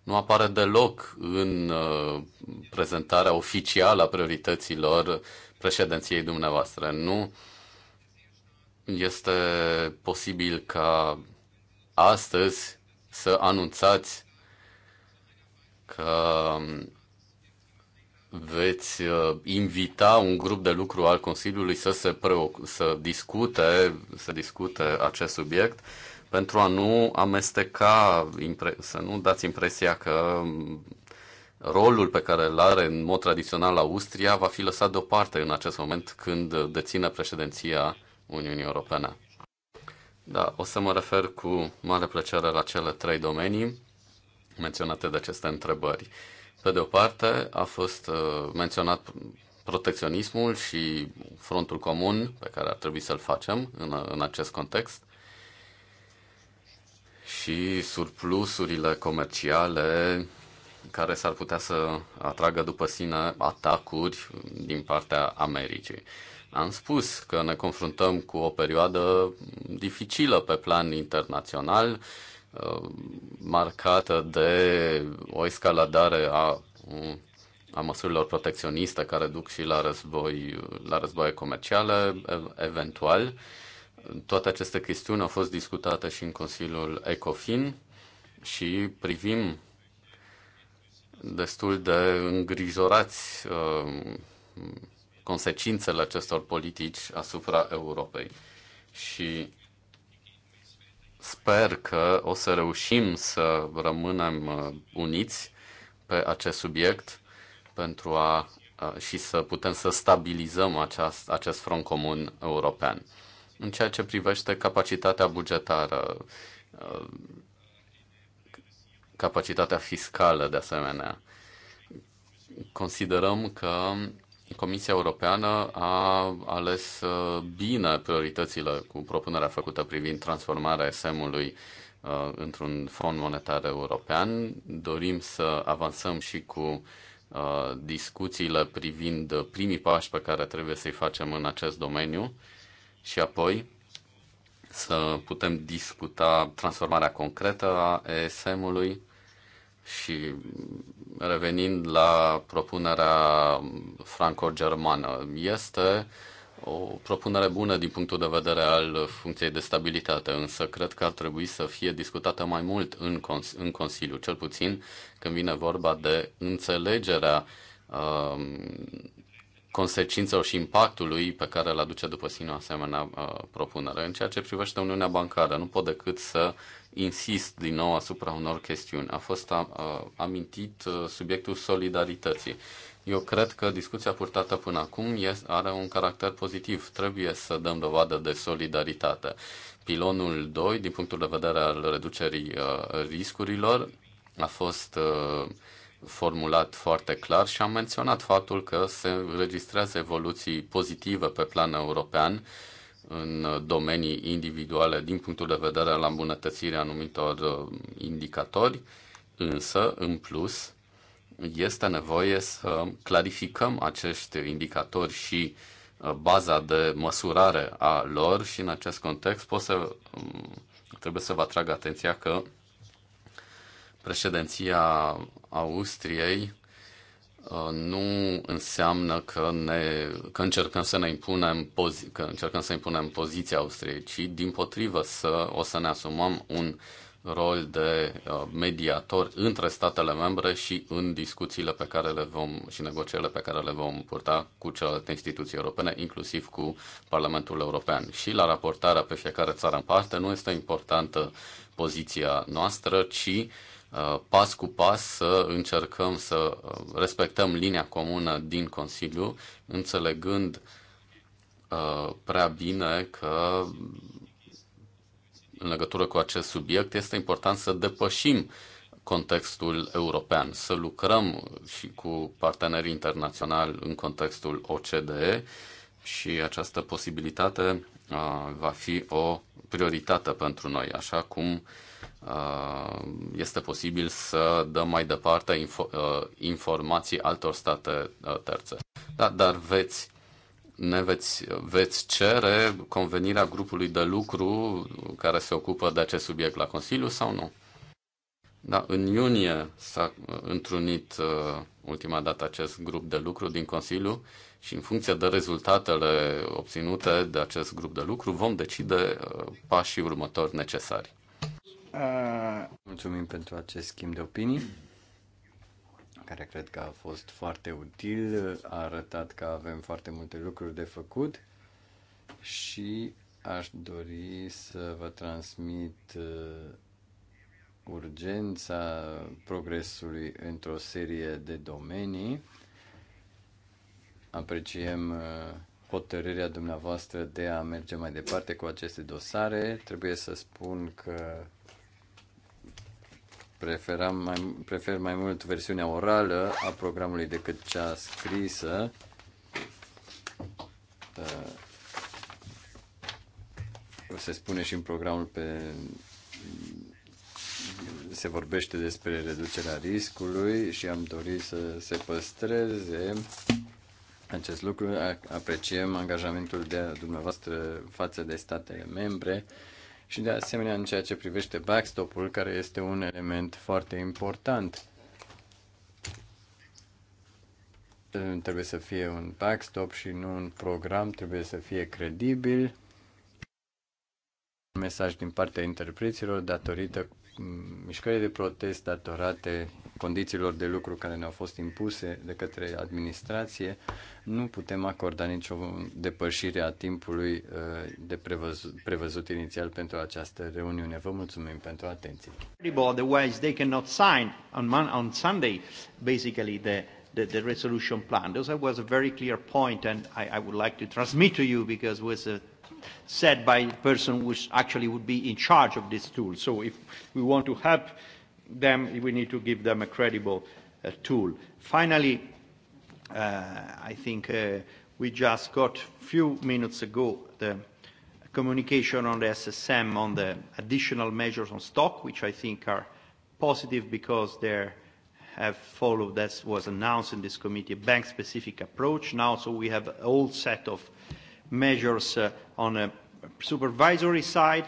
nu apare deloc în uh, prezentarea oficială a priorităților președinției dumneavoastră. Nu este posibil ca astăzi să anunțați că veți uh, invita un grup de lucru al Consiliului să se preoc- să discute, să discute acest subiect pentru a nu amesteca, să nu dați impresia că um, rolul pe care îl are în mod tradițional Austria va fi lăsat deoparte în acest moment când deține președinția Uniunii Europene. Da, o să mă refer cu mare plăcere la cele trei domenii menționate de aceste întrebări. Pe de o parte, a fost uh, menționat protecționismul și frontul comun pe care ar trebui să-l facem în, în acest context și surplusurile comerciale care s-ar putea să atragă după sine atacuri din partea Americii. Am spus că ne confruntăm cu o perioadă dificilă pe plan internațional, uh, marcată de o escaladare a, a măsurilor protecționiste care duc și la război, la războaie comerciale, eventual. Toate aceste chestiuni au fost discutate și în Consiliul ECOFIN și privim destul de îngrijorați uh, consecințele acestor politici asupra Europei. Și sper că o să reușim să rămânem uh, uniți pe acest subiect pentru a și să putem să stabilizăm aceast, acest front comun european. În ceea ce privește capacitatea bugetară, uh, capacitatea fiscală, de asemenea, considerăm că Comisia Europeană a ales uh, bine prioritățile cu propunerea făcută privind transformarea SM-ului uh, într-un fond monetar european. Dorim să avansăm și cu uh, discuțiile privind primii pași pe care trebuie să-i facem în acest domeniu și apoi să putem discuta transformarea concretă a ESM-ului și revenind la propunerea franco-germană, este o propunere bună din punctul de vedere al funcției de stabilitate, însă cred că ar trebui să fie discutată mai mult în, cons- în Consiliu, cel puțin când vine vorba de înțelegerea uh, consecințelor și impactului pe care îl aduce după sine o asemenea uh, propunere. În ceea ce privește Uniunea Bancară, nu pot decât să uh, insist din nou asupra unor chestiuni. A fost a, a, amintit uh, subiectul solidarității. Eu cred că discuția purtată până acum este, are un caracter pozitiv. Trebuie să dăm dovadă de solidaritate. Pilonul 2, din punctul de vedere al reducerii uh, riscurilor, a fost uh, formulat foarte clar și am menționat faptul că se înregistrează evoluții pozitive pe plan european în domenii individuale din punctul de vedere al îmbunătățirii anumitor uh, indicatori, însă, în plus, este nevoie să clarificăm acești indicatori și uh, baza de măsurare a lor și în acest context pot să, um, trebuie să vă atrag atenția că președinția Austriei Uh, nu înseamnă că, ne, că încercăm să ne impunem pozi, că încercăm să impunem poziția Austriei, ci din potrivă să o să ne asumăm un rol de uh, mediator între statele membre și în discuțiile pe care le vom și negocierile pe care le vom purta cu celelalte instituții europene, inclusiv cu Parlamentul European. Și la raportarea pe fiecare țară în parte nu este importantă poziția noastră, ci uh, Uh, pas cu pas să încercăm să uh, respectăm linia comună din Consiliu, înțelegând uh, prea bine că în legătură cu acest subiect este important să depășim contextul european, să lucrăm și cu partenerii internaționali în contextul OCDE și această posibilitate va fi o prioritate pentru noi, așa cum uh, Uh, este posibil să dăm mai departe info, uh, informații altor state uh, terțe. Da, dar veți ne veți, veți cere convenirea grupului de lucru care se ocupă de acest subiect la Consiliu sau nu? Da, în iunie s-a întrunit uh, ultima dată acest grup de lucru din Consiliu și în funcție de rezultatele obținute de acest grup de lucru vom decide uh, pașii următori necesari. Mulțumim pentru acest schimb de opinii, care cred că a fost foarte util, a arătat că avem foarte multe lucruri de făcut și aș dori să vă transmit uh, urgența progresului într-o serie de domenii. Apreciem uh, hotărârea dumneavoastră de a merge mai departe cu aceste dosare. Trebuie să spun că Preferam mai, prefer mai mult versiunea orală a programului decât cea scrisă. Uh, se spune și în programul pe se vorbește despre reducerea riscului și am dorit să se păstreze acest lucru. Apreciem angajamentul de dumneavoastră față de statele membre și de asemenea în ceea ce privește backstop-ul, care este un element foarte important. Uh, trebuie să fie un backstop și nu un program, trebuie să fie credibil. Un mesaj din partea interpreților datorită mișcările de protest datorate condițiilor de lucru care ne-au fost impuse de către administrație, nu putem acorda nicio depășire a timpului uh, de prevăzut, prevăzut inițial pentru această reuniune. Vă mulțumim pentru atenție. Otherwise they cannot sign on, on Sunday basically the the, the resolution plan. Those was a very clear point, and I, I would like to transmit to you because it was a said by the person which actually would be in charge of this tool. So if we want to help them, we need to give them a credible uh, tool. Finally, uh, I think uh, we just got a few minutes ago the communication on the SSM on the additional measures on stock, which I think are positive because they have followed, as was announced in this committee, a bank-specific approach now, so we have a whole set of measures uh, on a supervisory side,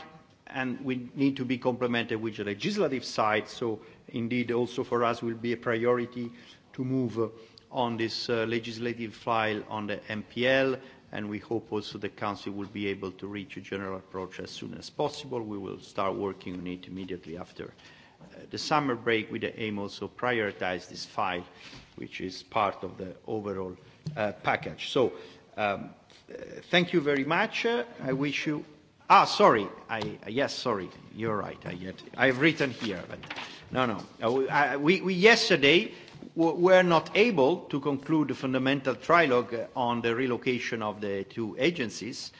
and we need to be complemented with the legislative side. So indeed, also for us will be a priority to move uh, on this uh, legislative file on the MPL, and we hope also the Council will be able to reach a general approach as soon as possible. We will start working on it immediately after uh, the summer break with the aim also prioritize this file, which is part of the overall uh, package. So um, thank you very much. I wish you. Ah, sorry. I, yes, sorry. You're right. I yet, I've written here, but no, no. Uh, we, we yesterday were not able to conclude the fundamental trilogue uh, on the relocation of the two agencies,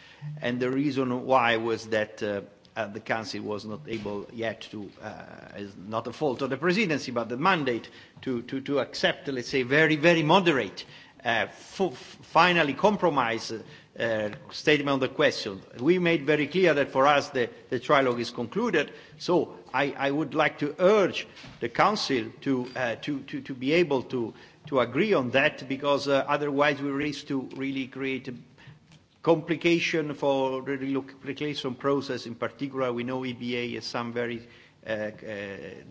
and the reason why was that. Uh, uh, the Council was not able yet to, uh, is not a fault of the presidency, but the mandate to, to, to accept, let's say, very, very moderate, uh, f finally compromise uh, uh, statement on the question. We made very clear that for us the, the trilogue is concluded, so I, I would like to urge the Council to, uh, to, to, to be able to, to agree on that because uh, otherwise we risk to really create a complication for the relocation process. In particular, we know EBA has some very uh, uh,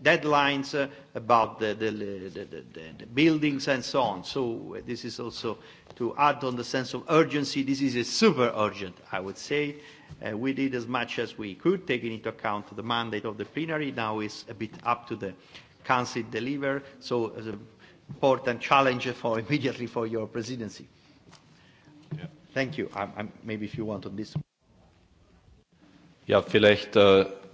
deadlines uh, about the, the, the, the, the, the buildings and so on. So uh, this is also to add on the sense of urgency, this is a super urgent, I would say. Uh, we did as much as we could, taking into account the mandate of the plenary. Now it's a bit up to the Council deliver, so it's an important challenge for immediately for your presidency. Yeah. Thank you. I'm, I'm, maybe if you want on this. Ja, vielleicht uh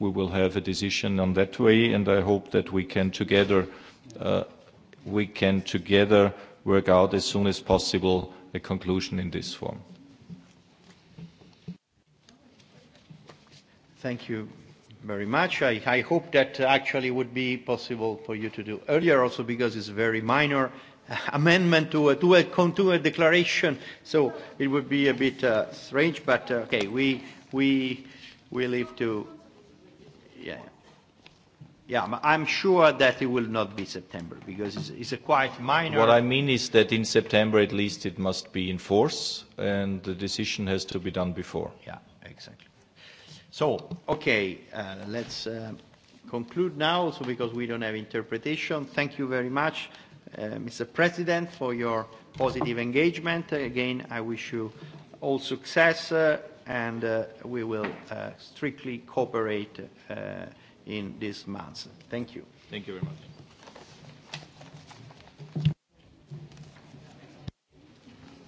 we will have a decision on that way, and I hope that we can together, uh, we can together work out as soon as possible a conclusion in this form. Thank you very much. I, I hope that actually would be possible for you to do earlier also because it's a very minor amendment to a, to a, to a declaration. So it would be a bit uh, strange, but uh, okay, we, we, we leave to yeah. Yeah, I'm sure that it will not be September because it's, it's a quite minor. What I mean is that in September at least it must be in force and the decision has to be done before. Yeah, exactly. So, okay, uh, let's uh, conclude now so because we don't have interpretation. Thank you very much, uh, Mr. President, for your positive engagement. Again, I wish you all success. Uh, and uh, we will uh, strictly cooperate uh, in these months. Thank you. Thank you very much.